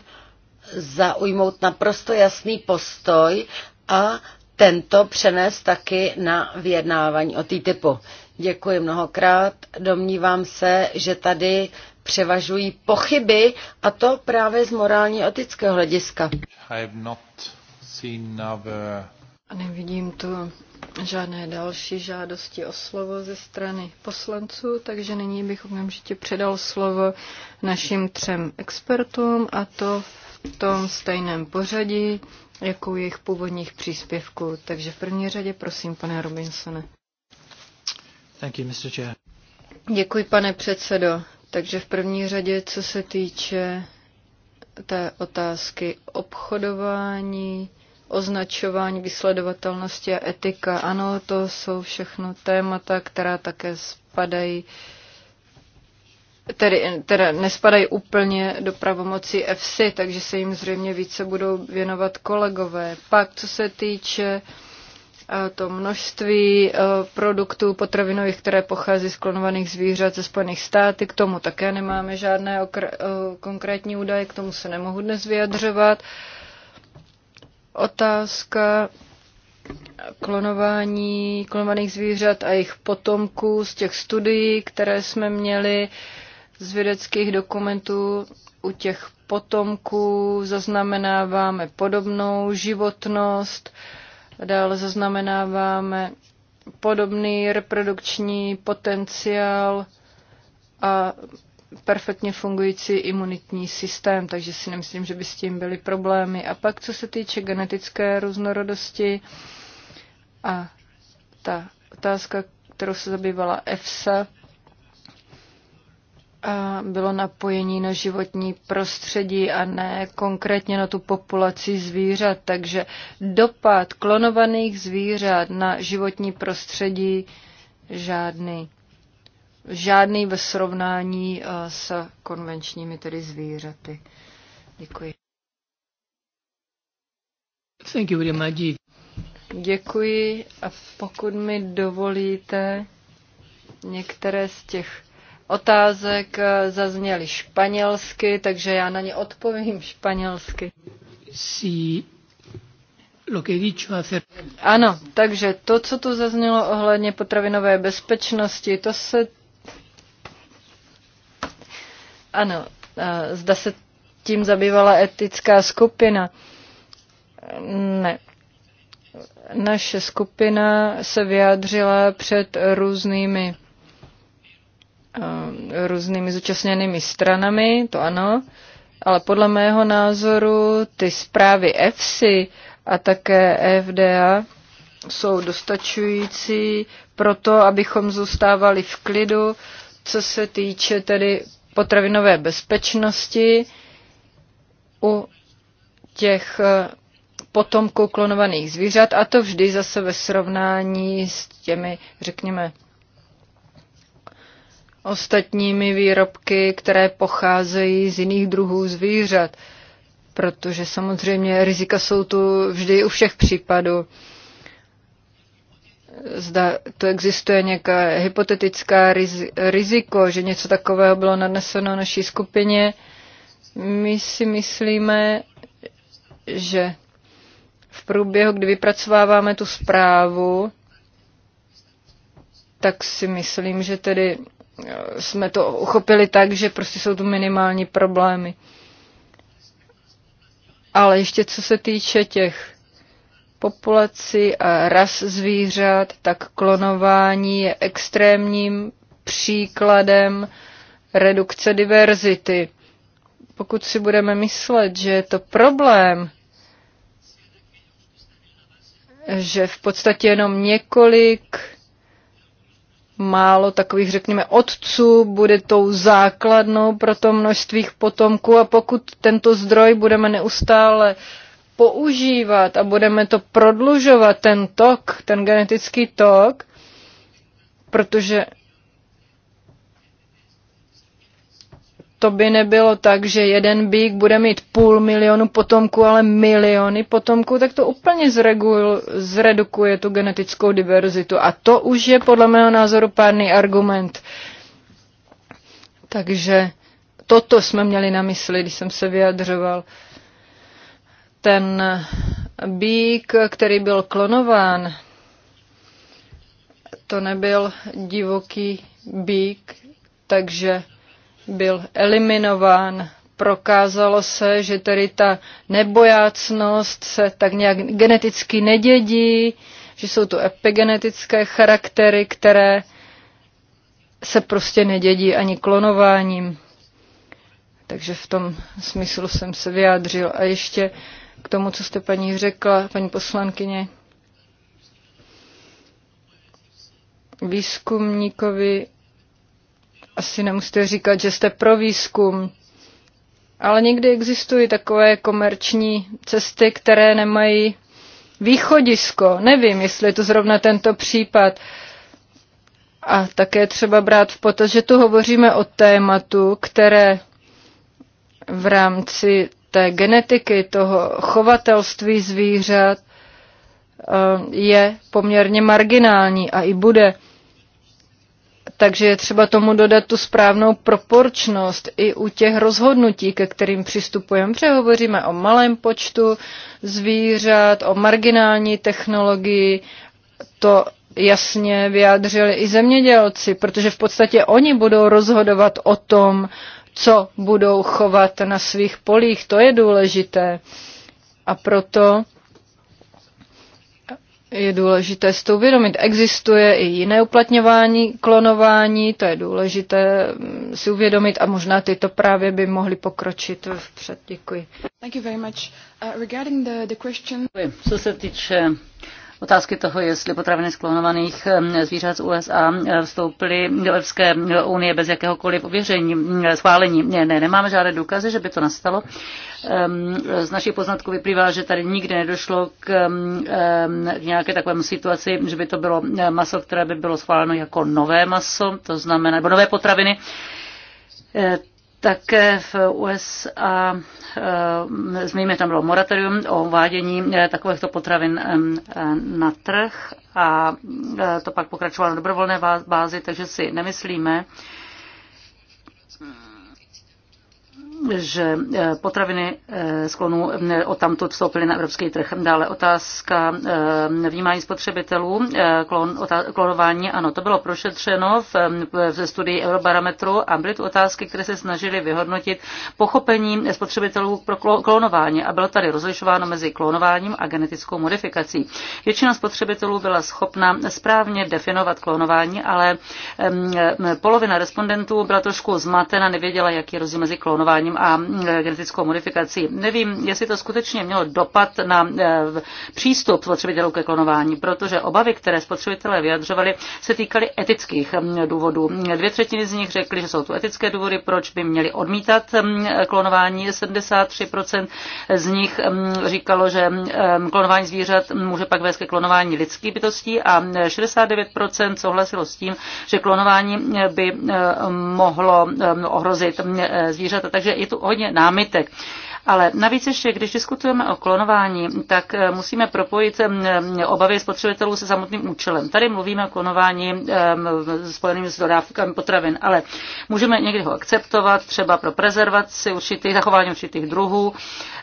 zaujmout naprosto jasný postoj a tento přenést taky na vyjednávání o TTIPu. Děkuji mnohokrát. Domnívám se, že tady převažují pochyby a to právě z morální etického hlediska. A nevidím tu žádné další žádosti o slovo ze strany poslanců, takže nyní bych okamžitě předal slovo našim třem expertům a to v tom stejném pořadí, jako u jejich původních příspěvků. Takže v první řadě prosím, pane Robinsone. Thank you, Mr. Chair. Děkuji, pane předsedo. Takže v první řadě, co se týče té otázky obchodování, označování, vysledovatelnosti a etika. Ano, to jsou všechno témata, která také spadají tedy, teda nespadají úplně do pravomocí FC. takže se jim zřejmě více budou věnovat kolegové. Pak, co se týče uh, to množství e, produktů potravinových, které pochází z klonovaných zvířat ze Spojených států. K tomu také nemáme žádné e, konkrétní údaje, k tomu se nemohu dnes vyjadřovat. Otázka klonování klonovaných zvířat a jejich potomků z těch studií, které jsme měli z vědeckých dokumentů u těch potomků zaznamenáváme podobnou životnost, uh, Dále zaznamenáváme podobný reprodukční potenciál a perfektně fungující imunitní systém, takže si nemyslím, že by s tím byly problémy. A pak, co se týče genetické různorodosti a ta otázka, kterou se zabývala EFSA, bylo napojení na životní prostředí a ne konkrétně na tu populaci zvířat. Takže dopad klonovaných zvířat na životní prostředí žádný. Žádný ve srovnání e, s konvenčními tedy zvířaty. Děkuji. Thank you very much. Děkuji a pokud mi dovolíte některé z těch otázek eh, zazněly španělsky, takže já na ně odpovím španělsky. Si lo que he dicho hace... Ano, takže to, co tu zaznělo ohledně potravinové bezpečnosti, to se... Ano, eh, zda se tím zabývala etická skupina. Ne. Naše skupina se vyjádřila před různými Eh, různými zúčastněnými stranami, to ano, ale podle mého názoru ty zprávy EFSI a také FDA jsou dostačující pro to, abychom zůstávali v klidu, co se týče tedy potravinové bezpečnosti u těch eh, potomků klonovaných zvířat a to vždy zase ve srovnání s těmi, řekněme, ostatními výrobky, které pocházejí z jiných druhů zvířat, protože samozřejmě rizika jsou tu vždy u všech případů. Zda tu existuje nějaká hypotetická riziko, že něco takového bylo naneseno naší skupině. My si myslíme, že v průběhu, kdy vypracováváme tu zprávu, tak si myslím, že tedy jsme to uchopili tak, že prostě jsou tu minimální problémy. Ale ještě co se týče těch populací a ras zvířat, tak klonování je extrémním příkladem redukce diverzity. Pokud si budeme myslet, že je to problém, že v podstatě jenom několik málo takových, řekněme, otců bude tou základnou pro to množství potomků a pokud tento zdroj budeme neustále používat a budeme to prodlužovat, ten tok, ten genetický tok, protože to by nebylo tak, že jeden bík bude mít půl milionu potomků, ale miliony potomků, tak to úplně zregul, zredukuje tu genetickou diverzitu. A to už je podle mého názoru pádný argument. Takže toto jsme měli na mysli, když jsem se vyjadřoval. Ten bík, který byl klonován, to nebyl divoký bík, takže byl eliminován. Prokázalo se, že tedy ta nebojácnost se tak nějak geneticky nedědí, že jsou to epigenetické charaktery, které se prostě nedědí ani klonováním. Takže v tom smyslu jsem se vyjádřil. A ještě k tomu, co jste paní řekla, paní poslankyně, výzkumníkovi asi nemusíte říkat, že jste pro výzkum, ale někdy existují takové komerční cesty, které nemají východisko. Nevím, jestli je to zrovna tento případ. A také třeba brát v potaz, že tu hovoříme o tématu, které v rámci té genetiky, toho chovatelství zvířat eh, je poměrně marginální a i bude. Takže je třeba tomu dodat tu správnou proporčnost i u těch rozhodnutí, ke kterým přistupujeme. Přehovoříme o malém počtu zvířat, o marginální technologii. To jasně vyjádřili i zemědělci, protože v podstatě oni budou rozhodovat o tom, co budou chovat na svých polích. To je důležité. A proto je důležité si to uvědomit. Existuje i jiné uplatňování, klonování, to je důležité mm, si uvědomit a možná tyto právě by mohly pokročit vpřed. Děkuji. Thank you very much. Uh, the, the question... Co se týče otázky toho, jestli potraviny z klonovaných mm, zvířat z USA mm, vstoupily do Evropské unie bez jakéhokoliv ověření, schválení. Ne, ne, nemáme žádné důkazy, že by to nastalo. Uh, Ehm, z našich poznatků vyplývá, že tady nikdy nedošlo k, ehm, ehm, k nějaké takové situaci, že by to bylo eh, maso, které by bylo schváleno jako nové maso, to znamená, nebo nové potraviny. Eh, také v USA, zmíníme, tam bylo moratorium o uvádění eh, takovýchto potravin na trh a to pak pokračovalo na dobrovolné bázi, takže si nemyslíme, že eh, potraviny eh, sklonu o eh, odtamtud vstoupily na evropský trh. Dále otázka vnímání spotřebitelů, klon, klonování, ano, to bylo prošetřeno v, v studii Eurobarometru a byly tu otázky, které se snažily vyhodnotit pochopení spotřebitelů pro klonování a bylo tady rozlišováno mezi klonováním a genetickou modifikací. Většina spotřebitelů byla schopna správně definovat klonování, ale polovina respondentů byla trošku zmatena, nevěděla, jaký je rozdíl mezi klonováním klonováním a mm, genetickou modifikací. Nevím, jestli to skutečně mělo dopad na e, přístup spotřebitelů ke klonování, protože obavy, které spotřebitelé vyjadřovali, se týkaly etických mm, důvodů. Dvě třetiny z nich řekly, že jsou tu etické důvody, proč by měli odmítat mm, klonování. 73% z nich říkalo, že klonování zvířat může pak vést ke klonování lidských bytostí a 69% souhlasilo s tím, že klonování by e, mohlo ohrozit zvířata. Takže je tu hodně námitek. Ale navíc ještě, když diskutujeme o klonování, tak eh, musíme propojit eh, obavy spotřebitelů se samotným účelem. Tady mluvíme o klonování eh, spojeným s dodávkami potravin, ale můžeme někdy ho akceptovat, třeba pro prezervaci určitých, zachování určitých druhů.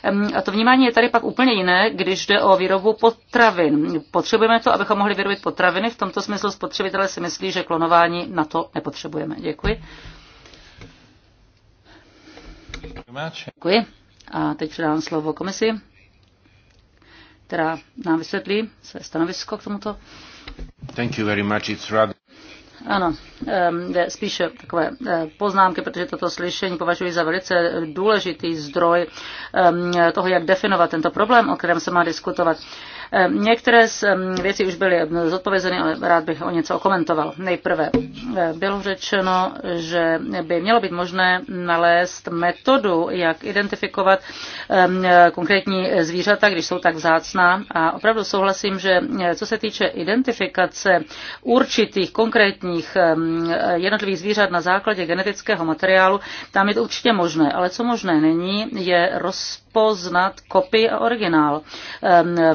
Ehm, a to vnímání je tady pak úplně jiné, když jde o výrobu potravin. Potřebujeme to, abychom mohli vyrobit potraviny. V tomto smyslu spotřebitelé si myslí, že klonování na to nepotřebujeme. Děkuji. Děkuji. A teď předávám slovo komisi, která nám vysvětlí své stanovisko k tomuto. Thank you very much. It's rather... Ano, jde spíše takové eh, poznámky, protože toto slyšení považuji za velice důležitý zdroj toho, jak definovat tento problém, o kterém se má diskutovat. Eh, některé z věcí už byly zodpovězeny, ale rád bych o něco komentoval. Nejprve eh, bylo řečeno, že by mělo být možné nalézt metodu, jak identifikovat eh, konkrétní zvířata, když jsou tak vzácná. A opravdu souhlasím, že co se týče identifikace určitých konkrétních jednotlivých zvířat na základě genetického materiálu, tam je to určitě možné. Ale co možné není, je roz poznat kopii a originál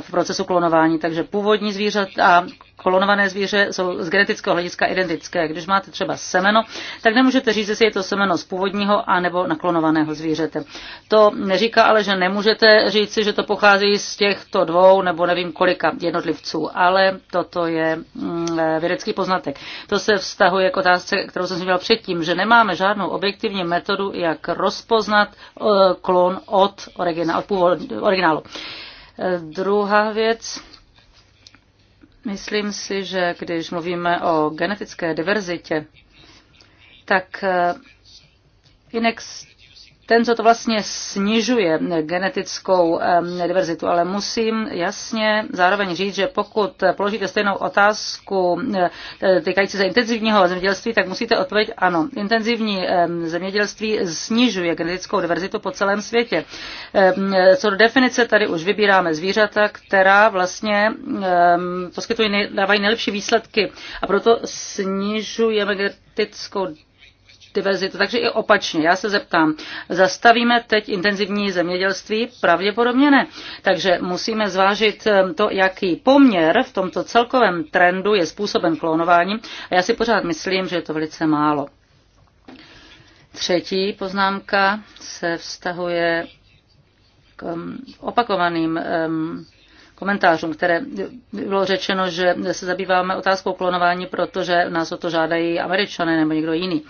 v procesu klonování. Takže původní zvířata a klonované zvíře jsou z genetického hlediska identické. Když máte třeba semeno, tak nemůžete říct, jestli je to semeno z původního a nebo naklonovaného zvířete. To neříká ale, že nemůžete říci, že to pochází z těchto dvou nebo nevím kolika jednotlivců, ale toto je mm, eh, vědecký poznatek. To se vztahuje k otázce, kterou jsem měl předtím, že nemáme žádnou objektivní metodu, jak rozpoznat eh, klon od, origina, od původ, originálu. Eh, druhá věc, Myslím si, že když mluvíme o genetické diverzitě, tak eh, Inex ten, co to vlastně snižuje genetickou diverzitu. Ale musím jasně zároveň říct, že pokud položíte stejnou otázku e, e, týkající se intenzivního zemědělství, tak musíte odpovědět ano. Intenzivní zemědělství snižuje genetickou diverzitu po celém světě. E, co do definice, tady už vybíráme zvířata, která vlastně poskytují, dávají nejlepší výsledky a proto snižujeme genetickou diverzita. takže i opačně. Já se zeptám, zastavíme teď intenzivní zemědělství? Pravděpodobně ne. Takže musíme zvážit eh, to, jaký poměr v tomto celkovém trendu je způsoben klonováním. A já si pořád myslím, že je to velice málo. Třetí poznámka se vztahuje k mm, opakovaným mm, komentářům, které bylo řečeno, že se zabýváme otázkou klonování, protože nás o to žádají američané nebo někdo jiný.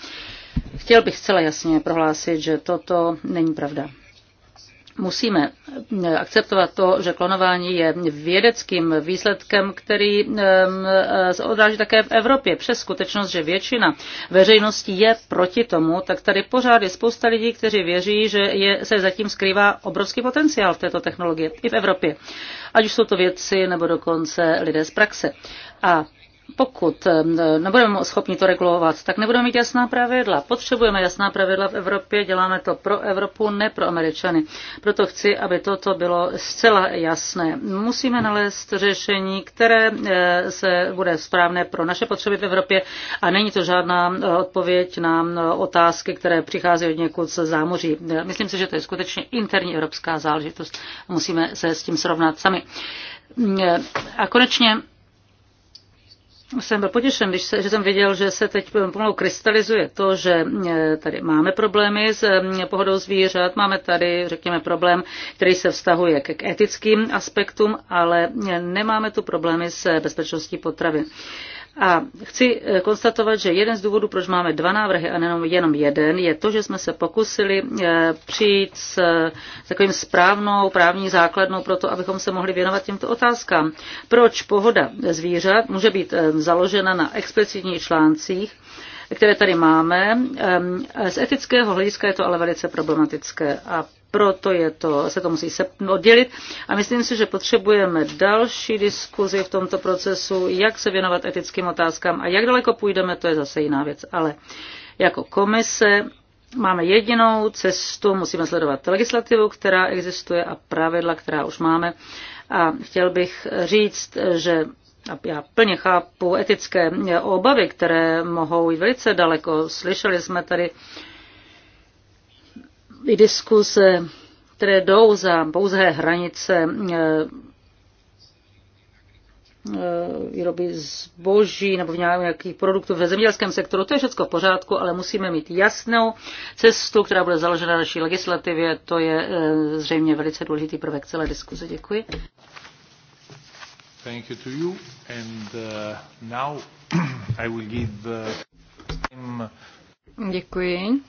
Chtěl bych zcela jasně prohlásit, že toto není pravda musíme eh, akceptovat to, že klonování je vědeckým výsledkem, který eh, eh, se odráží také v Evropě. Přes skutečnost, že většina veřejnosti je proti tomu, tak tady pořád je spousta lidí, kteří věří, že je, se zatím skrývá obrovský potenciál v této technologii i v Evropě. Ať už jsou to vědci nebo dokonce lidé z praxe. A pokud nebudeme schopni to regulovat, tak nebudeme mít jasná pravidla. Potřebujeme jasná pravidla v Evropě, děláme to pro Evropu, ne pro Američany. Proto chci, aby toto bylo zcela jasné. Musíme nalézt řešení, které eh, se bude správné pro naše potřeby v Evropě a není to žádná eh, odpověď na eh, otázky, které přichází od někud z zámoří. Myslím si, že to je skutečně interní evropská záležitost. Musíme se s tím srovnat sami. Mm, a konečně jsem byl potěšen, když se, že jsem viděl, že se teď pomalu krystalizuje to, že eh, tady máme problémy s eh, pohodou zvířat, máme tady, řekněme, problém, který se vztahuje k etickým aspektům, ale eh, nemáme tu problémy s bezpečností potravin. A chci eh, konstatovat, že jeden z důvodů, proč máme dva návrhy a nejenom jenom jeden, je to, že jsme se pokusili eh, přijít eh, s takovým správnou právní základnou pro to, abychom se mohli věnovat těmto otázkám. Proč pohoda zvířat může být založena na explicitních článcích, které tady máme. Ehm, z etického hlediska je to ale velice problematické a proto je to, se to musí oddělit. A myslím si, že potřebujeme další diskuzi v tomto procesu, jak se věnovat etickým otázkám a jak daleko půjdeme, to je zase jiná věc. Ale jako komise máme jedinou cestu, musíme sledovat legislativu, která existuje a pravidla, která už máme. A chtěl bych říct, že já plně chápu etické obavy, které mohou jít velice daleko. Slyšeli jsme tady i diskuse, které jdou za pouze hranice e, e, výroby zboží nebo nějakých produktů ve zemědělském sektoru, to je všechno v pořádku, ale musíme mít jasnou cestu, která bude založena na naší legislativě. To je e, zřejmě velice důležitý prvek celé diskuze. Děkuji. Thank you to you. And uh, now I will give uh, Děkuji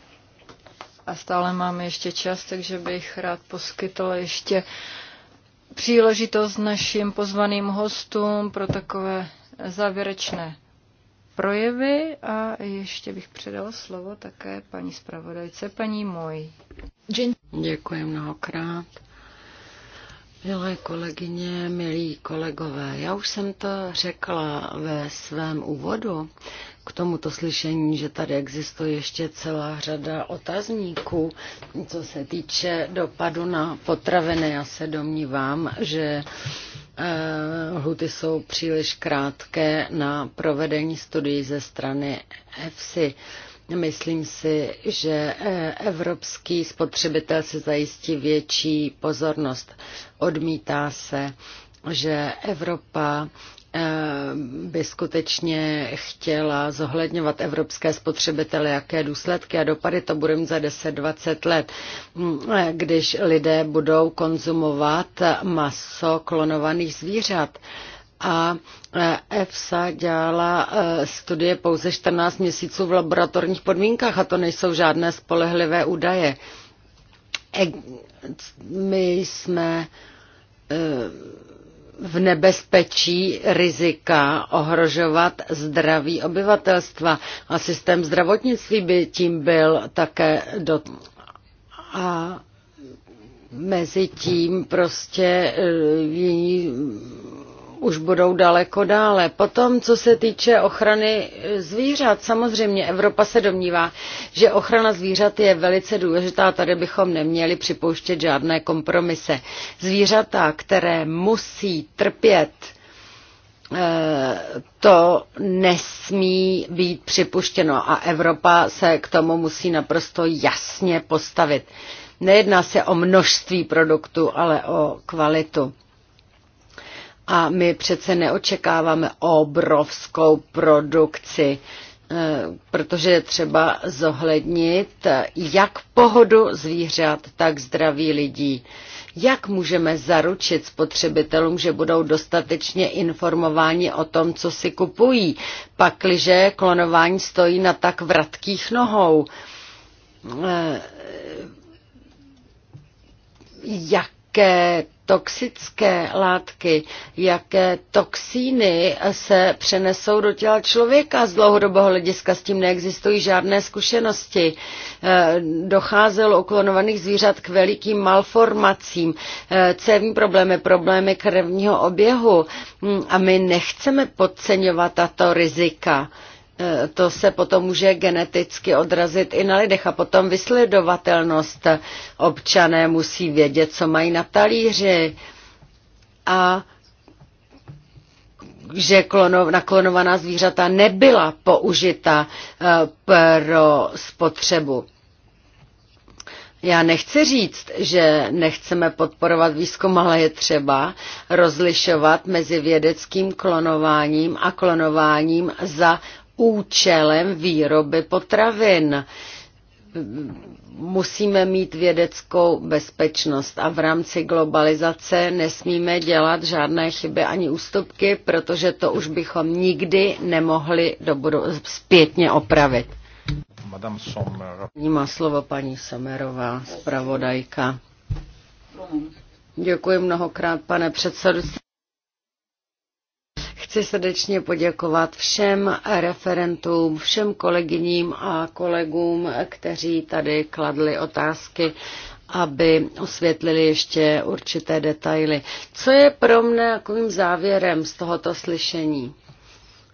a stále máme ještě čas, takže bych rád poskytl ještě příležitost našim pozvaným hostům pro takové závěrečné projevy a ještě bych předal slovo také paní zpravodajce, paní Moj. Děkuji mnohokrát. Milé kolegyně, milí kolegové, já už jsem to řekla ve svém úvodu, k tomuto slyšení, že tady existuje ještě celá řada otazníků, co se týče dopadu na potraviny. Já se domnívám, že eh, lhuty jsou příliš krátké na provedení studií ze strany EFSI. Myslím si, že eh, evropský spotřebitel si zajistí větší pozornost. Odmítá se, že Evropa by skutečně chtěla zohledňovat evropské spotřebitele, jaké důsledky a dopady to bude mít za 10-20 let, když lidé budou konzumovat maso klonovaných zvířat a EFSA dělala eh, studie pouze 14 měsíců v laboratorních podmínkách a to nejsou žádné spolehlivé údaje. E- my jsme eh, v nebezpečí rizika ohrožovat zdraví obyvatelstva a systém zdravotnictví by tím byl také do... A mezi tím prostě eh, už budou daleko dále. Potom, co se týče ochrany zvířat, samozřejmě Evropa se domnívá, že ochrana zvířat je velice důležitá, tady bychom neměli připouštět žádné kompromise. Zvířata, které musí trpět, eh, to nesmí být připuštěno a Evropa se k tomu musí naprosto jasně postavit. Nejedná se o množství produktů, ale o kvalitu. A my přece neočekáváme obrovskou produkci, eh, protože je třeba zohlednit jak pohodu zvířat, tak zdraví lidí. Jak můžeme zaručit spotřebitelům, že budou dostatečně informováni o tom, co si kupují, pakliže klonování stojí na tak vratkých nohou? Jak eh, jaké toxické látky, jaké toxíny se přenesou do těla člověka. Z dlouhodobého hlediska s tím neexistují žádné zkušenosti. E, docházelo u klonovaných zvířat k velikým malformacím, e, cévní problémy, problémy krevního oběhu mm, a my nechceme podceňovat tato rizika Eh, to se potom může geneticky odrazit i na lidech. A potom vysledovatelnost. Občané musí vědět, co mají na talíři. A že klono, naklonovaná zvířata nebyla použita eh, pro spotřebu. Já nechci říct, že nechceme podporovat výzkum, ale je třeba rozlišovat mezi vědeckým klonováním a klonováním za účelem výroby potravin musíme mít vědeckou bezpečnost a v rámci globalizace nesmíme dělat žádné chyby ani ústupky, protože to už bychom nikdy nemohli do budu- zpětně opravit. Má slovo paní Somerová, zpravodajka. Děkuji mnohokrát, pane předsedu. Chci srdečně poděkovat všem referentům, všem kolegyním a kolegům, kteří tady kladli otázky aby osvětlili ještě určité detaily. Co je pro mne takovým závěrem z tohoto slyšení?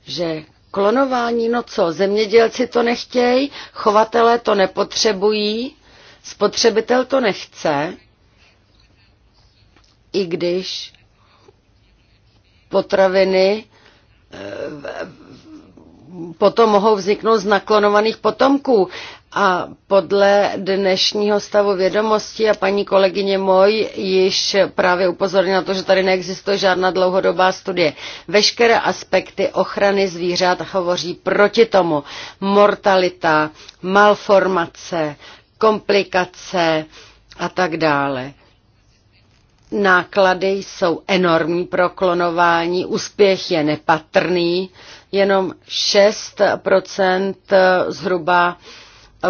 Že klonování, no co, zemědělci to nechtějí, chovatelé to nepotřebují, spotřebitel to nechce, i když potraviny eh, potom mohou vzniknout z naklonovaných potomků. A podle dnešního stavu vědomosti a paní kolegyně Moj již právě upozornila na to, že tady neexistuje žádná dlouhodobá studie, veškeré aspekty ochrany zvířat hovoří proti tomu. Mortalita, malformace, komplikace a tak dále. Náklady jsou enormní pro klonování, úspěch je nepatrný, jenom 6% eh, zhruba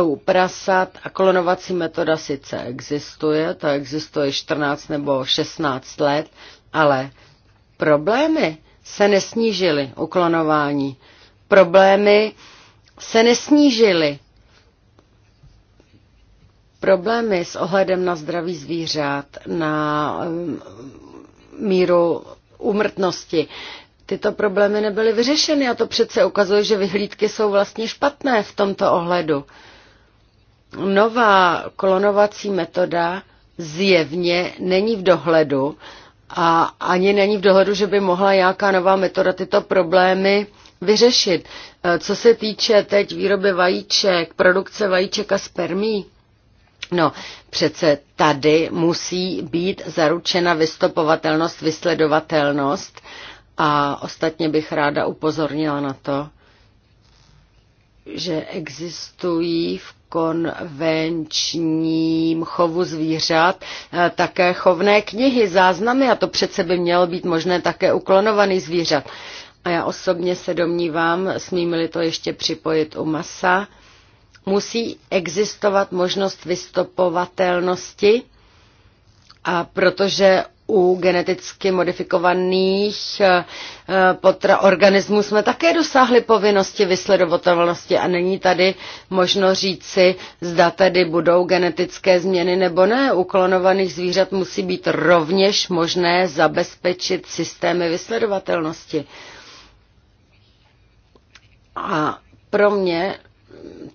u prasat a klonovací metoda sice existuje, to existuje 14 nebo 16 let, ale problémy se nesnížily u klonování. Problémy se nesnížily Problémy s ohledem na zdraví zvířat, na um, míru úmrtnosti, tyto problémy nebyly vyřešeny a to přece ukazuje, že vyhlídky jsou vlastně špatné v tomto ohledu. Nová klonovací metoda zjevně není v dohledu a ani není v dohledu, že by mohla nějaká nová metoda tyto problémy vyřešit. E, co se týče teď výroby vajíček, produkce vajíček a spermí, No, přece tady musí být zaručena vystopovatelnost, vysledovatelnost a ostatně bych ráda upozornila na to, že existují v konvenčním chovu zvířat eh, také chovné knihy, záznamy a to přece by mělo být možné také uklonovaný zvířat. A já osobně se domnívám, smím-li to ještě připojit u masa, musí existovat možnost vystopovatelnosti, a protože u geneticky modifikovaných eh, eh, potra organismů jsme také dosáhli povinnosti vysledovatelnosti a není tady možno říci, zda tedy budou genetické změny nebo ne. U klonovaných zvířat musí být rovněž možné zabezpečit systémy vysledovatelnosti. A pro mě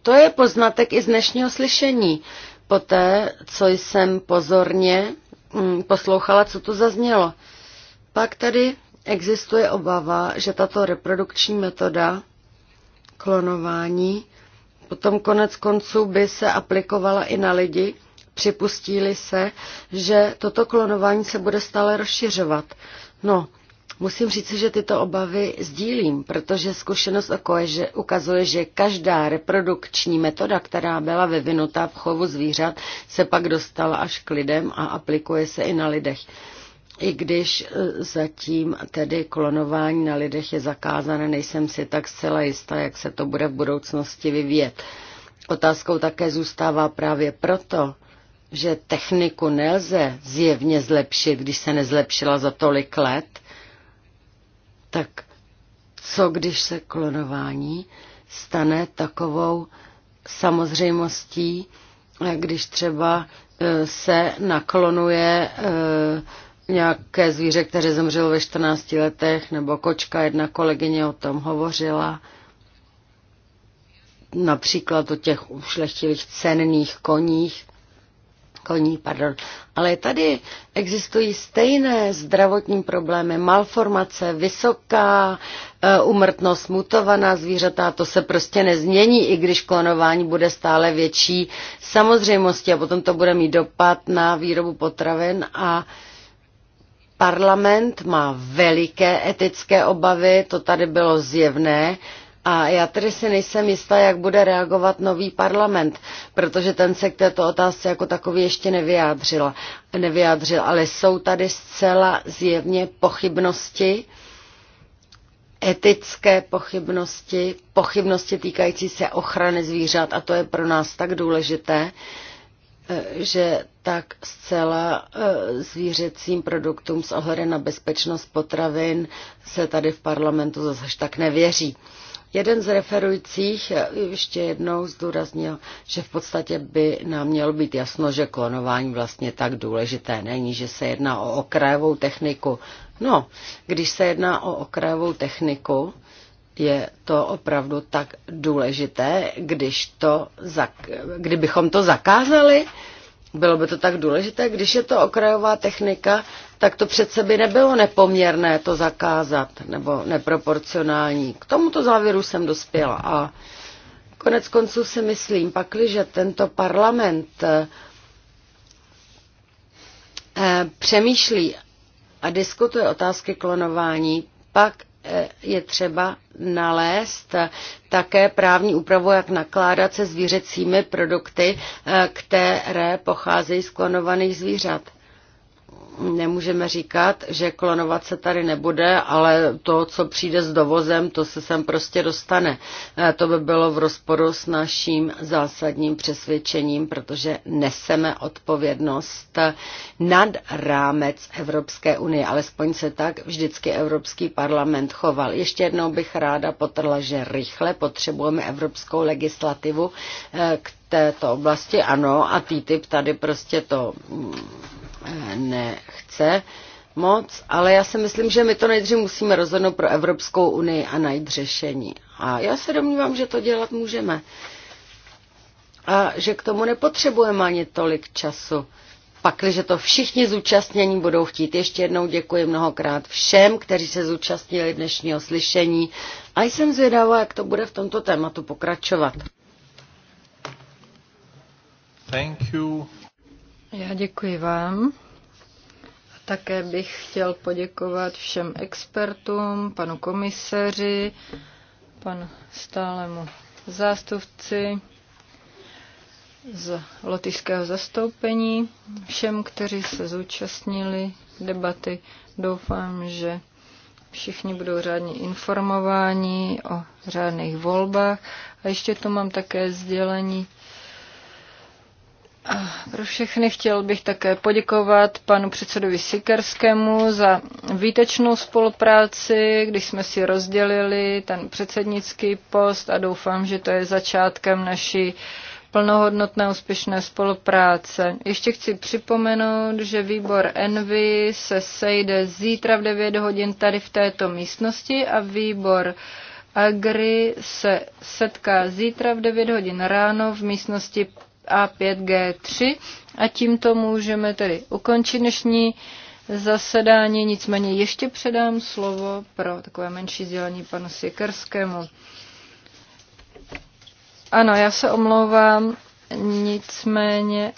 to je poznatek i z dnešního slyšení. Poté, co jsem pozorně mm, poslouchala, co tu zaznělo. Pak tady existuje obava, že tato reprodukční metoda klonování potom konec konců by se aplikovala i na lidi, připustili se, že toto klonování se bude stále rozšiřovat. No, Musím říci, že tyto obavy sdílím, protože zkušenost že ukazuje, že každá reprodukční metoda, která byla vyvinuta v chovu zvířat, se pak dostala až k lidem a aplikuje se i na lidech. I když eh, zatím tedy klonování na lidech je zakázané, nejsem si tak zcela jistá, jak se to bude v budoucnosti vyvíjet. Otázkou také zůstává právě proto, že techniku nelze zjevně zlepšit, když se nezlepšila za tolik let, tak co když se klonování stane takovou samozřejmostí, eh, když třeba eh, se naklonuje eh, nějaké zvíře, které zemřelo ve 14 letech, nebo kočka, jedna kolegyně o tom hovořila, například o těch ušlechtilých cenných koních, koní, pardon. Ale tady existují stejné zdravotní problémy, malformace, vysoká umrtnost, e, mutovaná zvířata, to se prostě nezmění, i když klonování bude stále větší samozřejmostí a potom to bude mít dopad na výrobu potravin a Parlament má veliké etické obavy, to tady bylo zjevné, a já tedy si nejsem jistá, jak bude reagovat nový parlament, protože ten se k této otázce jako takový ještě nevyjádřil, nevyjádřil ale jsou tady zcela zjevně pochybnosti, etické pochybnosti, pochybnosti týkající se ochrany zvířat a to je pro nás tak důležité, eh, že tak zcela eh, zvířecím produktům s ohledem na bezpečnost potravin se tady v parlamentu zase tak nevěří. Jeden z referujících eh, ještě jednou zdůraznil, že v podstatě by nám mělo být jasno, že klonování vlastně tak důležité není, že se jedná o okrajovou techniku. No, když se jedná o okrajovou techniku, je to opravdu tak důležité, když to, kdybychom to zakázali, bylo by to tak důležité, když je to okrajová technika, tak to přece by nebylo nepoměrné to zakázat nebo neproporcionální. K tomuto závěru jsem dospěla a konec konců si myslím, pakliže tento parlament eh, přemýšlí a diskutuje otázky klonování, pak eh, je třeba nalézt eh, také právní úpravu, jak nakládat se zvířecími produkty, které pocházejí z klonovaných zvířat nemůžeme říkat, že klonovat se tady nebude, ale to, co přijde s dovozem, to se sem prostě dostane. E, to by bylo v rozporu s naším zásadním přesvědčením, protože neseme odpovědnost nad rámec Evropské unie. Alespoň se tak vždycky Evropský parlament choval. Ještě jednou bych ráda potrla, že rychle potřebujeme evropskou legislativu, e, k této oblasti, ano, a TTIP tady prostě to mm, nechce moc, ale já si myslím, že my to nejdřív musíme rozhodnout pro Evropskou unii a najít řešení. A já se domnívám, že to dělat můžeme. A že k tomu nepotřebujeme ani tolik času. Pakliže to všichni zúčastnění budou chtít. Ještě jednou děkuji mnohokrát všem, kteří se zúčastnili dnešního slyšení a jsem zvědavá, jak to bude v tomto tématu pokračovat. Thank you. Já děkuji vám. A také bych chtěl poděkovat všem expertům, panu komiseři, panu stálemu zástupci z lotyšského zastoupení, všem, kteří se zúčastnili debaty. Doufám, že všichni budou řádně informováni o řádných volbách. A ještě tu mám také sdělení pro všechny chtěl bych také poděkovat panu předsedovi Sikerskému za výtečnou spolupráci, když jsme si rozdělili ten předsednický post a doufám, že to je začátkem naší plnohodnotné úspěšné spolupráce. Ještě chci připomenout, že výbor Envy se sejde zítra v 9 hodin tady v této místnosti a výbor Agri se setká zítra v 9 hodin ráno v místnosti a 5G3 a tímto můžeme tedy ukončit dnešní zasedání, nicméně ještě předám slovo pro takové menší sdělení panu Sikerskému. Ano, já se omlouvám, nicméně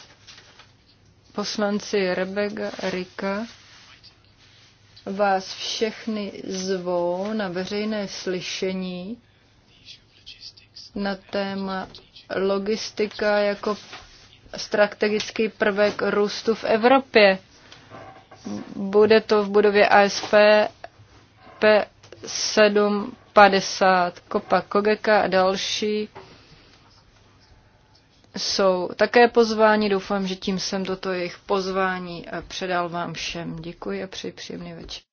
poslanci Rebega Rika vás všechny zvou na veřejné slyšení na téma logistika jako strategický prvek růstu v Evropě. Bude to v budově ASP P750, Kopa Kogeka a další jsou také pozváni. Doufám, že tím jsem toto jejich pozvání předal vám všem. Děkuji a přeji příjemný večer.